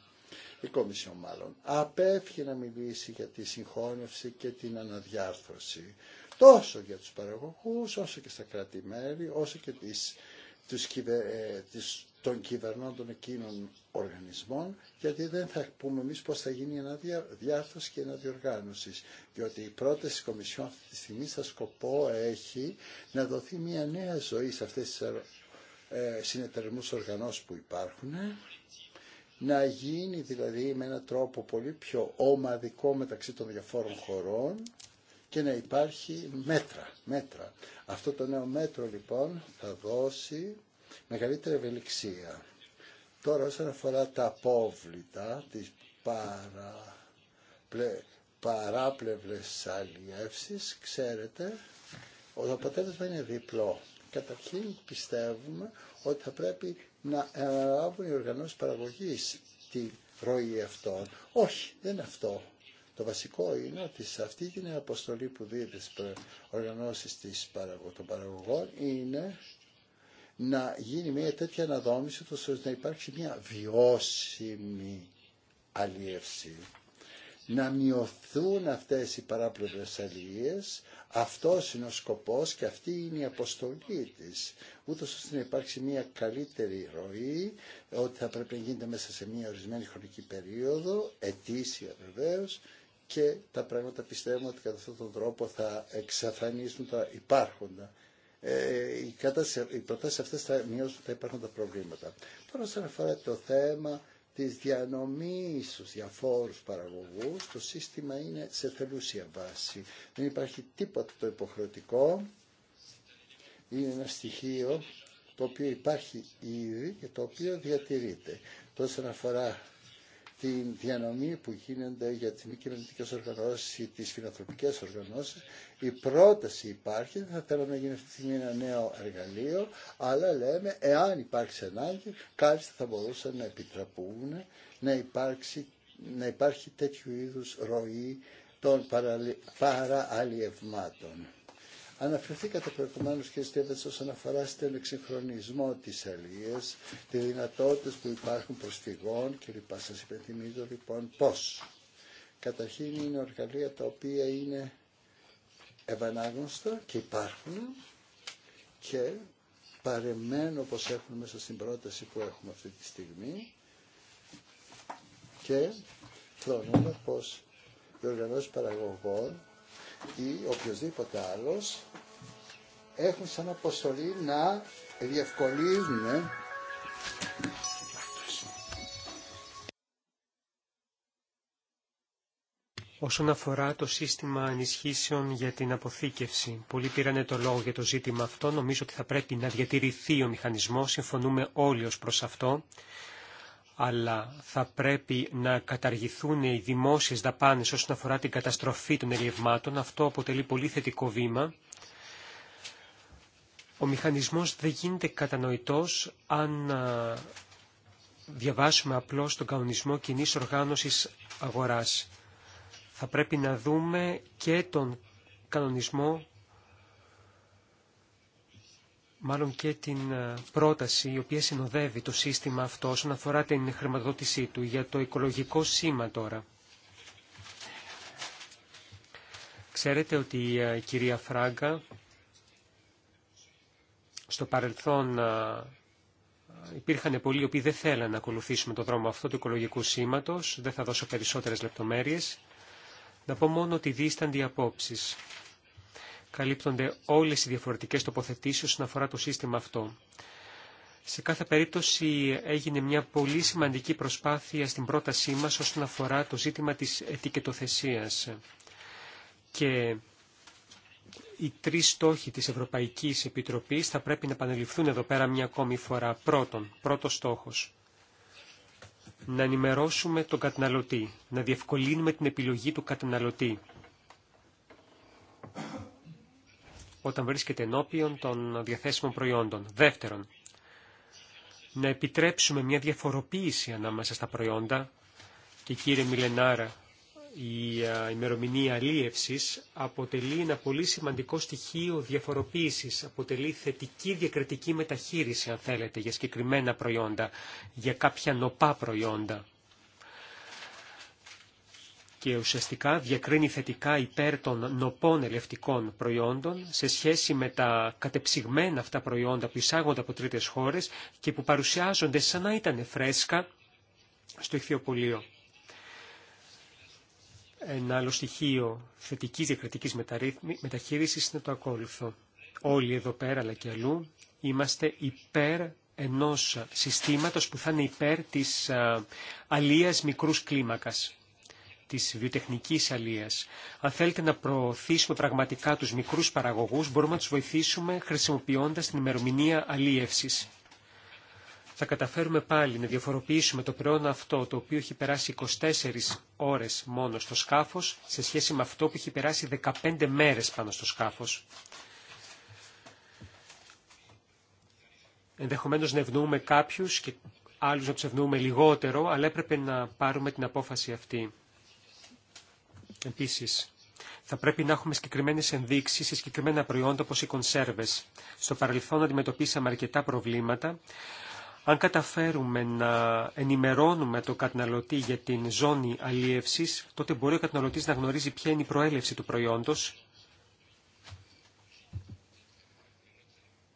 η Κομισιόν μάλλον, απέφυγε να μιλήσει για τη συγχώνευση και την αναδιάρθρωση τόσο για τους παραγωγούς όσο και στα κράτη-μέλη, όσο και τις, τους, ε, των κυβερνών των εκείνων οργανισμών, γιατί δεν θα πούμε εμεί πώ θα γίνει ένα αναδιάρθρωση και ένα αναδιοργάνωση. Διότι η πρόταση τη Κομισιόν αυτή τη στιγμή, σαν σκοπό, έχει να δοθεί μια νέα ζωή σε αυτέ τι ε, συνεταιρισμού οργανώσει που υπάρχουν, να γίνει δηλαδή με έναν τρόπο πολύ πιο ομαδικό μεταξύ των διαφόρων χωρών και να υπάρχει μέτρα. μέτρα. Αυτό το νέο μέτρο λοιπόν θα δώσει μεγαλύτερη ευελιξία. Τώρα όσον αφορά τα απόβλητα, τις παρα... πλε... παράπλευρες αλλιεύσεις, ξέρετε, ο αποτέλεσμα είναι διπλό. Καταρχήν πιστεύουμε ότι θα πρέπει να αναλάβουν οι οργανώσεις παραγωγής τη ροή αυτών. Όχι, δεν είναι αυτό. Το βασικό είναι ότι σε αυτή την αποστολή που δίδει στις οργανώσεις των παραγωγών είναι να γίνει μια τέτοια αναδόμηση ώστε να υπάρξει μια βιώσιμη αλλιεύση. Να μειωθούν αυτές οι παράπλευρες αλλίες, αυτός είναι ο σκοπός και αυτή είναι η αποστολή της, ούτως ώστε να υπάρξει μια καλύτερη ροή, ότι θα πρέπει να γίνεται μέσα σε μια ορισμένη χρονική περίοδο, ετήσια βεβαίω, και τα πράγματα πιστεύουμε ότι κατά αυτόν τον τρόπο θα εξαφανίσουν τα υπάρχοντα οι, ε, οι προτάσεις αυτές θα μειώσουν τα υπάρχοντα προβλήματα. Τώρα όσον αφορά το θέμα της διανομής στους διαφόρους παραγωγούς, το σύστημα είναι σε θελούσια βάση. Δεν υπάρχει τίποτα το υποχρεωτικό, είναι ένα στοιχείο το οποίο υπάρχει ήδη και το οποίο διατηρείται. Τόσο αφορά την διανομή που γίνεται για τις μη κυβερνητικέ οργανώσεις ή τις φιλανθρωπικές οργανώσεις. Η τις οργανωσεις υπάρχει, δεν θα θέλαμε να γίνει αυτή τη στιγμή ένα νέο εργαλείο, αλλά λέμε εάν υπάρξει ανάγκη, κάλλιστα θα μπορούσαν να επιτραπούν να, υπάρξει, να υπάρχει τέτοιου είδους ροή των παρααλλιευμάτων. Αναφερθήκατε προηγουμένω και στέβες όσον αφορά στον εξυγχρονισμό τη αλληλείας, τη δυνατότητε που υπάρχουν προσφυγών κλπ. Σα υπενθυμίζω λοιπόν πώ. Καταρχήν είναι εργαλεία τα οποία είναι ευανάγνωστα και υπάρχουν και παρεμένω όπως έχουν μέσα στην πρόταση που έχουμε αυτή τη στιγμή και θεωρούμε πως οι οργανώσεις παραγωγών ή οποιοδήποτε άλλος έχουν σαν αποστολή να διευκολύνουν ε. Όσον αφορά το σύστημα ενισχύσεων για την αποθήκευση, πολλοί πήρανε το λόγο για το ζήτημα αυτό. Νομίζω ότι θα πρέπει να διατηρηθεί ο μηχανισμός. Συμφωνούμε όλοι ως προς αυτό αλλά θα πρέπει να καταργηθούν οι δημόσιες δαπάνες όσον αφορά την καταστροφή των ελευμάτων. Αυτό αποτελεί πολύ θετικό βήμα. Ο μηχανισμός δεν γίνεται κατανοητός αν διαβάσουμε απλώς τον κανονισμό κοινή οργάνωσης αγοράς. Θα πρέπει να δούμε και τον κανονισμό μάλλον και την ε, πρόταση η οποία συνοδεύει το σύστημα αυτό όσον αφορά την χρηματοδότησή του για το οικολογικό σήμα τώρα. Ξέρετε ότι η ε, κυρία Φράγκα στο παρελθόν ε, υπήρχαν πολλοί οι οποίοι δεν θέλαν να ακολουθήσουμε το δρόμο αυτό του οικολογικού σήματος. Δεν θα δώσω περισσότερες λεπτομέρειες. Να πω μόνο ότι δίστανται οι απόψεις καλύπτονται όλες οι διαφορετικές τοποθετήσεις όσον αφορά το σύστημα αυτό. Σε κάθε περίπτωση έγινε μια πολύ σημαντική προσπάθεια στην πρότασή μας όσον αφορά το ζήτημα της ετικετοθεσίας. Και οι τρεις στόχοι της Ευρωπαϊκής Επιτροπής θα πρέπει να επανεληφθούν εδώ πέρα μια ακόμη φορά. Πρώτον, πρώτος στόχος, να ενημερώσουμε τον καταναλωτή, να διευκολύνουμε την επιλογή του καταναλωτή όταν βρίσκεται ενώπιον των διαθέσιμων προϊόντων. Δεύτερον, να επιτρέψουμε μια διαφοροποίηση ανάμεσα στα προϊόντα και κύριε Μιλενάρα, η ημερομηνία αλίευσης αποτελεί ένα πολύ σημαντικό στοιχείο διαφοροποίησης, αποτελεί θετική διακριτική μεταχείριση, αν θέλετε, για συγκεκριμένα προϊόντα, για κάποια νοπά προϊόντα και ουσιαστικά διακρίνει θετικά υπέρ των νοπών ελευτικών προϊόντων σε σχέση με τα κατεψυγμένα αυτά προϊόντα που εισάγονται από τρίτες χώρες και που παρουσιάζονται σαν να ήταν φρέσκα στο ηχθειοπολείο. Ένα άλλο στοιχείο θετικής διακριτικής μεταχείρισης είναι το ακόλουθο. Όλοι εδώ πέρα αλλά και αλλού είμαστε υπέρ ενός συστήματος που θα είναι υπέρ της αλίας μικρούς κλίμακας της βιοτεχνικής αλίας. Αν θέλετε να προωθήσουμε πραγματικά τους μικρούς παραγωγούς, μπορούμε να τους βοηθήσουμε χρησιμοποιώντας την ημερομηνία αλίευσης. Θα καταφέρουμε πάλι να διαφοροποιήσουμε το προϊόν αυτό, το οποίο έχει περάσει 24 ώρες μόνο στο σκάφος, σε σχέση με αυτό που έχει περάσει 15 μέρες πάνω στο σκάφος. Ενδεχομένως να ευνοούμε κάποιους και άλλους να τους λιγότερο, αλλά έπρεπε να πάρουμε την απόφαση αυτή. Επίση, θα πρέπει να έχουμε συγκεκριμένε ενδείξει σε συγκεκριμένα προϊόντα όπω οι κονσέρβε. Στο παρελθόν αντιμετωπίσαμε αρκετά προβλήματα. Αν καταφέρουμε να ενημερώνουμε τον καταναλωτή για την ζώνη αλίευση, τότε μπορεί ο καταναλωτή να γνωρίζει ποια είναι η προέλευση του προϊόντο.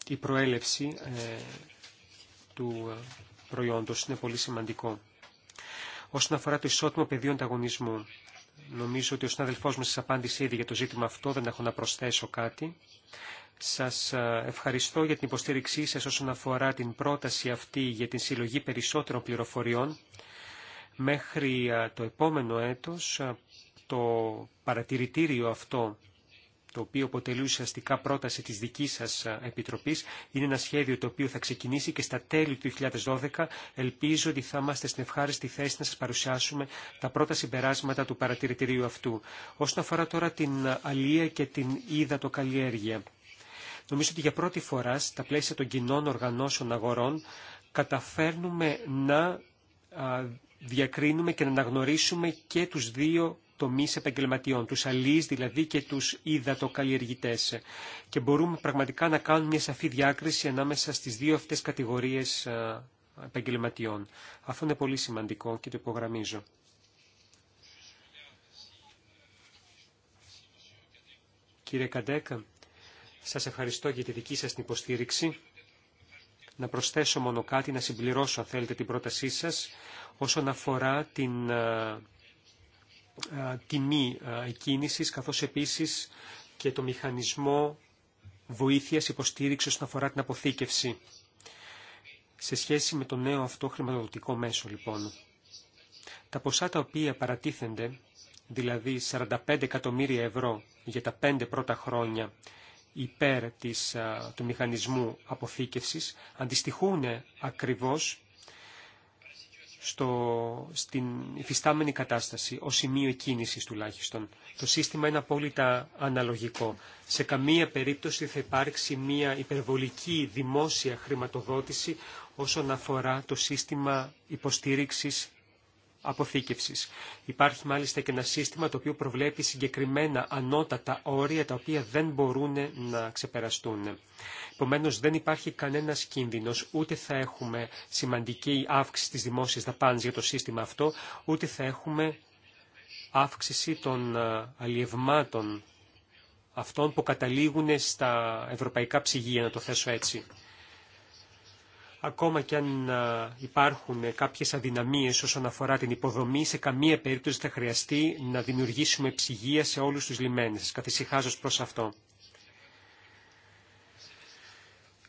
Η προέλευση ε, του ε, προϊόντος είναι πολύ σημαντικό. Όσον αφορά το ισότιμο πεδίο ανταγωνισμού, Νομίζω ότι ο συνάδελφός μου σας απάντησε ήδη για το ζήτημα αυτό, δεν έχω να προσθέσω κάτι. Σας ε, ευχαριστώ για την υποστήριξή σας όσον αφορά την πρόταση αυτή για την συλλογή περισσότερων πληροφοριών. Μέχρι ε, το επόμενο έτος ε, το παρατηρητήριο αυτό το οποίο αποτελεί ουσιαστικά πρόταση της δικής σας Επιτροπής. Είναι ένα σχέδιο το οποίο θα ξεκινήσει και στα τέλη του 2012 ελπίζω ότι θα είμαστε στην ευχάριστη θέση να σας παρουσιάσουμε τα πρώτα συμπεράσματα του παρατηρητηρίου αυτού. Όσον αφορά τώρα την αλία και την καλλιέργεια, Νομίζω ότι για πρώτη φορά στα πλαίσια των κοινών οργανώσεων αγορών καταφέρνουμε να διακρίνουμε και να αναγνωρίσουμε και τους δύο τομεί επαγγελματιών, τους αλείς δηλαδή και τους υδατοκαλλιεργητέ. Και μπορούμε πραγματικά να κάνουμε μια σαφή διάκριση ανάμεσα στι δύο αυτέ κατηγορίε επαγγελματιών. Αυτό είναι πολύ σημαντικό και το υπογραμμίζω. Κύριε Καντέκα, σας ευχαριστώ για τη δική σας την υποστήριξη. Να προσθέσω μόνο κάτι, να συμπληρώσω αν θέλετε την πρότασή σας όσον αφορά την ε, τιμή ε, εκκίνησης καθώς επίσης και το μηχανισμό βοήθειας υποστήριξης όσον αφορά την αποθήκευση. Σε σχέση με το νέο αυτό χρηματοδοτικό μέσο, λοιπόν, τα ποσά τα οποία παρατίθενται, δηλαδή 45 εκατομμύρια ευρώ για τα πέντε πρώτα χρόνια υπέρ της, ε, του μηχανισμού αποθήκευσης, αντιστοιχούν ακριβώς στο, στην υφιστάμενη κατάσταση, ως σημείο κίνησης τουλάχιστον. Το σύστημα είναι απόλυτα αναλογικό. Σε καμία περίπτωση θα υπάρξει μια υπερβολική δημόσια χρηματοδότηση όσον αφορά το σύστημα υποστήριξης αποθήκευσης. Υπάρχει μάλιστα και ένα σύστημα το οποίο προβλέπει συγκεκριμένα ανώτατα όρια τα οποία δεν μπορούν να ξεπεραστούν. Επομένω, δεν υπάρχει κανένα κίνδυνο, ούτε θα έχουμε σημαντική αύξηση τη δημόσια δαπάνη για το σύστημα αυτό, ούτε θα έχουμε αύξηση των ε, αλλιευμάτων αυτών που καταλήγουν στα ευρωπαϊκά ψυγεία, να το θέσω έτσι ακόμα και αν υπάρχουν κάποιες αδυναμίες όσον αφορά την υποδομή, σε καμία περίπτωση θα χρειαστεί να δημιουργήσουμε ψυγεία σε όλους τους λιμένες. Καθησυχάζω προς αυτό.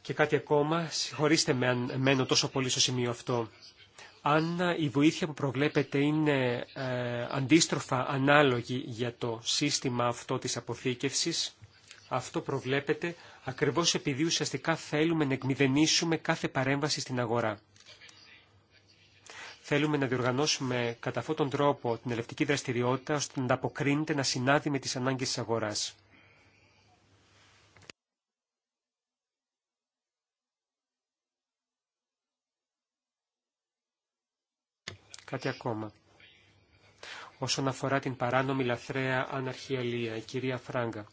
Και κάτι ακόμα, συγχωρήστε με αν μένω τόσο πολύ στο σημείο αυτό. Αν η βοήθεια που προβλέπετε είναι ε, αντίστροφα ανάλογη για το σύστημα αυτό της αποθήκευσης, αυτό προβλέπεται ακριβώς επειδή ουσιαστικά θέλουμε να εκμηδενήσουμε κάθε παρέμβαση στην αγορά. Θέλουμε να διοργανώσουμε κατά αυτόν τον τρόπο την ελευτική δραστηριότητα ώστε να ανταποκρίνεται, να συνάδει με τις ανάγκες της αγοράς. Κάτι ακόμα όσον αφορά την παράνομη λαθρέα αναρχιαλία, η κυρία Φράγκα.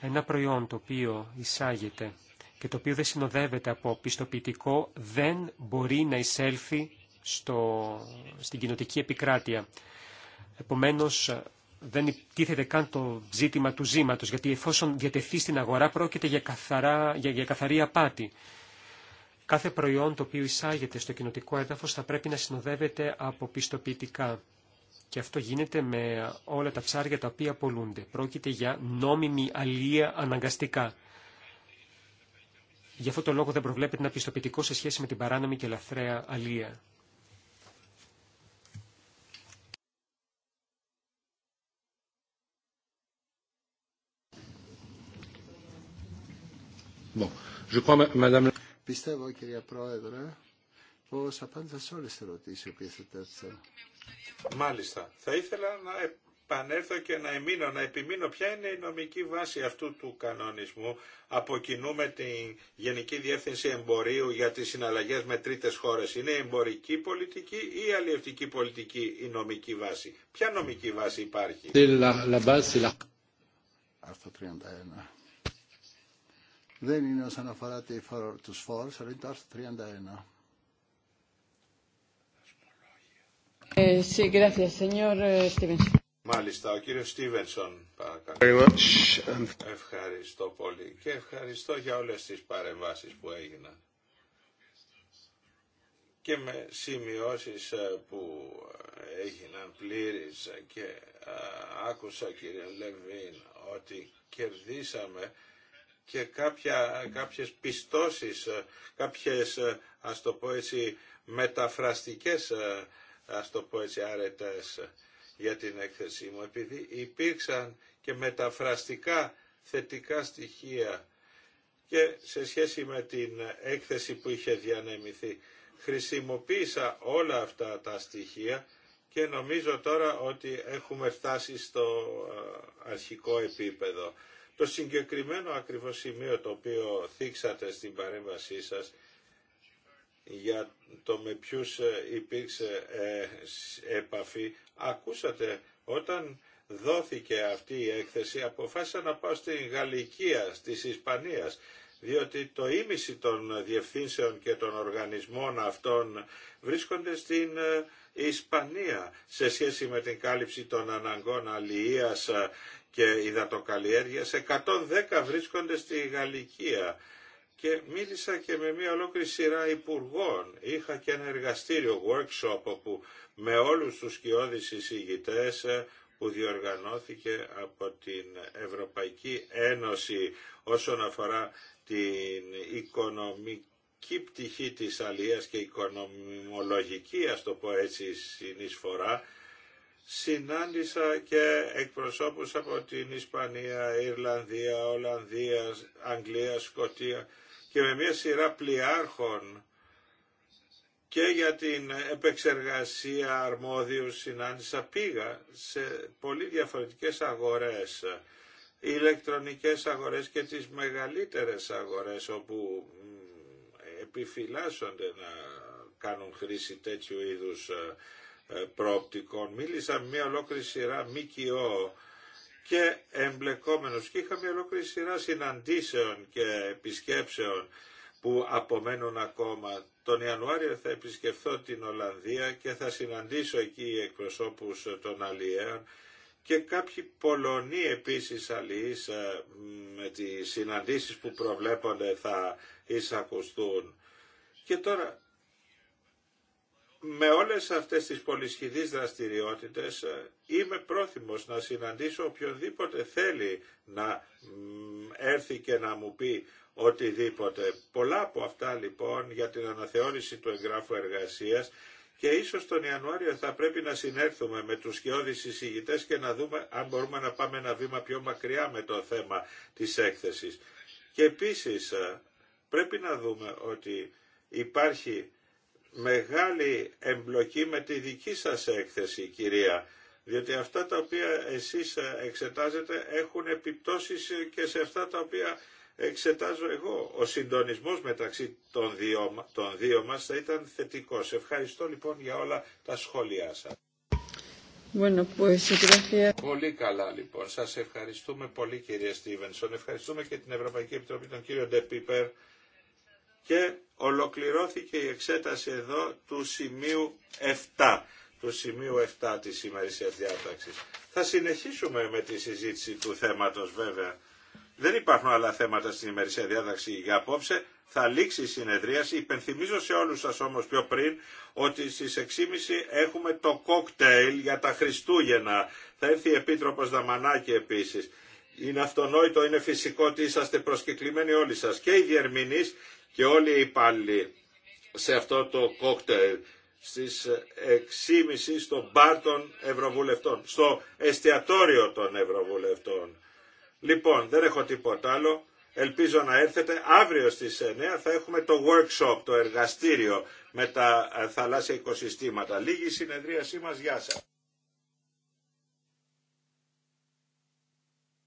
Ένα προϊόν το οποίο εισάγεται και το οποίο δεν συνοδεύεται από πιστοποιητικό δεν μπορεί να εισέλθει στο, στην κοινοτική επικράτεια. Επομένως, δεν τίθεται καν το ζήτημα του ζήματος, γιατί εφόσον διατεθεί στην αγορά πρόκειται για, καθαρά, για, για καθαρή απάτη. Κάθε προϊόν το οποίο εισάγεται στο κοινοτικό έδαφος θα πρέπει να συνοδεύεται από πιστοποιητικά. Και αυτό γίνεται με όλα τα ψάρια τα οποία πολλούνται. Πρόκειται για νόμιμη αλία αναγκαστικά. Γι' αυτό το λόγο δεν προβλέπεται ένα πιστοποιητικό σε σχέση με την παράνομη και ελαφραία αλία. Πιστεύω, κυρία Πρόεδρε, πως απάντησα σε όλες τις ερωτήσεις που θέτησα. Μάλιστα. Θα ήθελα να επανέλθω και να εμείνω, να επιμείνω ποια είναι η νομική βάση αυτού του κανονισμού. Αποκινούμε την Γενική Διεύθυνση Εμπορίου για τις συναλλαγές με τρίτες χώρες. Είναι εμπορική πολιτική ή αλλιευτική πολιτική η νομική βάση. Ποια νομική βάση υπάρχει. Άρθρο 31. Δεν είναι όσον αφορά τους φόρους, αλλά είναι το άρθρο 31 Ε, eh, Μάλιστα, ο κύριος Στίβενσον, Ευχαριστώ πολύ και ευχαριστώ για όλες τις παρεμβάσεις που έγιναν και με σημειώσεις ε, που έγιναν πλήρης και ε, άκουσα κύριε Λεβίν ότι κερδίσαμε και κάποια, κάποιες πιστώσεις, κάποιες ας το πω έτσι μεταφραστικές ας το πω έτσι άρετες για την έκθεσή μου, επειδή υπήρξαν και μεταφραστικά θετικά στοιχεία και σε σχέση με την έκθεση που είχε διανεμηθεί. Χρησιμοποίησα όλα αυτά τα στοιχεία και νομίζω τώρα ότι έχουμε φτάσει στο ε, αρχικό επίπεδο. Το συγκεκριμένο ακριβώς σημείο το οποίο θίξατε στην παρέμβασή σας για το με ποιους ε, υπήρξε επαφή. Ακούσατε, όταν δόθηκε αυτή η έκθεση αποφάσισα να πάω στην Γαλλικία, της Ισπανίας, διότι το ίμιση των διευθύνσεων και των οργανισμών αυτών βρίσκονται στην ε, Ισπανία σε σχέση με την κάλυψη των αναγκών αλληλείας ε, και υδατοκαλλιέργειας. 110 βρίσκονται στη Γαλλικία και μίλησα και με μια ολόκληρη σειρά υπουργών. Είχα και ένα εργαστήριο, workshop, όπου με όλους τους κοιόδης εισηγητές ε, που διοργανώθηκε από την Ευρωπαϊκή Ένωση όσον αφορά την οικονομική πτυχή της αλίας και οικονομολογική, ας το πω έτσι, συνεισφορά, συνάντησα και εκπροσώπους από την Ισπανία, Ιρλανδία, Ολλανδία, Αγγλία, Σκοτία και με μια σειρά πλοιάρχων και για την επεξεργασία αρμόδιου συνάντησα πήγα σε πολύ διαφορετικές αγορές ηλεκτρονικές αγορές και τις μεγαλύτερες αγορές όπου επιφυλάσσονται να κάνουν χρήση τέτοιου είδους ε, προοπτικών. Μίλησα με μια ολόκληρη σειρά ΜΚΟ και εμπλεκόμενος. Και είχα μια ολόκληρη σειρά συναντήσεων και επισκέψεων που απομένουν ακόμα. Τον Ιανουάριο θα επισκεφθώ την Ολλανδία και θα συναντήσω εκεί εκπροσώπους των αλλιέων και κάποιοι Πολωνοί επίσης αλληλείς ε, με τις συναντήσεις που προβλέπονται θα εισακουστούν. Και τώρα με όλες αυτές τις πολυσχηδείς δραστηριότητες ε, είμαι πρόθυμος να συναντήσω οποιονδήποτε θέλει να έρθει και να μου πει οτιδήποτε. Πολλά από αυτά λοιπόν για την αναθεώρηση του εγγράφου εργασίας και ίσως τον Ιανουάριο θα πρέπει να συνέρθουμε με τους σκιώδεις συζητητές και να δούμε αν μπορούμε να πάμε ένα βήμα πιο μακριά με το θέμα της έκθεσης. Και επίσης ε, πρέπει να δούμε ότι υπάρχει μεγάλη εμπλοκή με τη δική σας έκθεση, κυρία, διότι αυτά τα οποία εσείς εξετάζετε έχουν επιπτώσεις και σε αυτά τα οποία εξετάζω εγώ. Ο συντονισμός μεταξύ των δύο, των δύο μας θα ήταν θετικός. Ευχαριστώ λοιπόν για όλα τα σχόλιά σας. Bueno, pues, πολύ καλά λοιπόν. Σας ευχαριστούμε πολύ κυρία Στίβενσον. Ευχαριστούμε και την Ευρωπαϊκή Επιτροπή, τον κύριο Ντεπίπερ και ολοκληρώθηκε η εξέταση εδώ του σημείου 7 του σημείου 7 της σημερισίας διάταξης. Θα συνεχίσουμε με τη συζήτηση του θέματος βέβαια. Δεν υπάρχουν άλλα θέματα στην ημερησία διάταξη για απόψε. Θα λήξει η συνεδρίαση. Υπενθυμίζω σε όλους σας όμως πιο πριν ότι στις 6.30 έχουμε το κόκτέιλ για τα Χριστούγεννα. Θα έρθει η Επίτροπος Δαμανάκη επίσης. Είναι αυτονόητο, είναι φυσικό ότι είσαστε προσκεκλημένοι όλοι σας και οι διερμηνείς και όλοι οι υπάλληλοι σε αυτό το κόκτελ στις 6.30 στο μπαρ των Ευρωβουλευτών, στο εστιατόριο των Ευρωβουλευτών. Λοιπόν, δεν έχω τίποτα άλλο. Ελπίζω να έρθετε. Αύριο στις 9 θα έχουμε το workshop, το εργαστήριο με τα ε, θαλάσσια οικοσυστήματα. Λίγη συνεδρίασή μας. Γεια σας.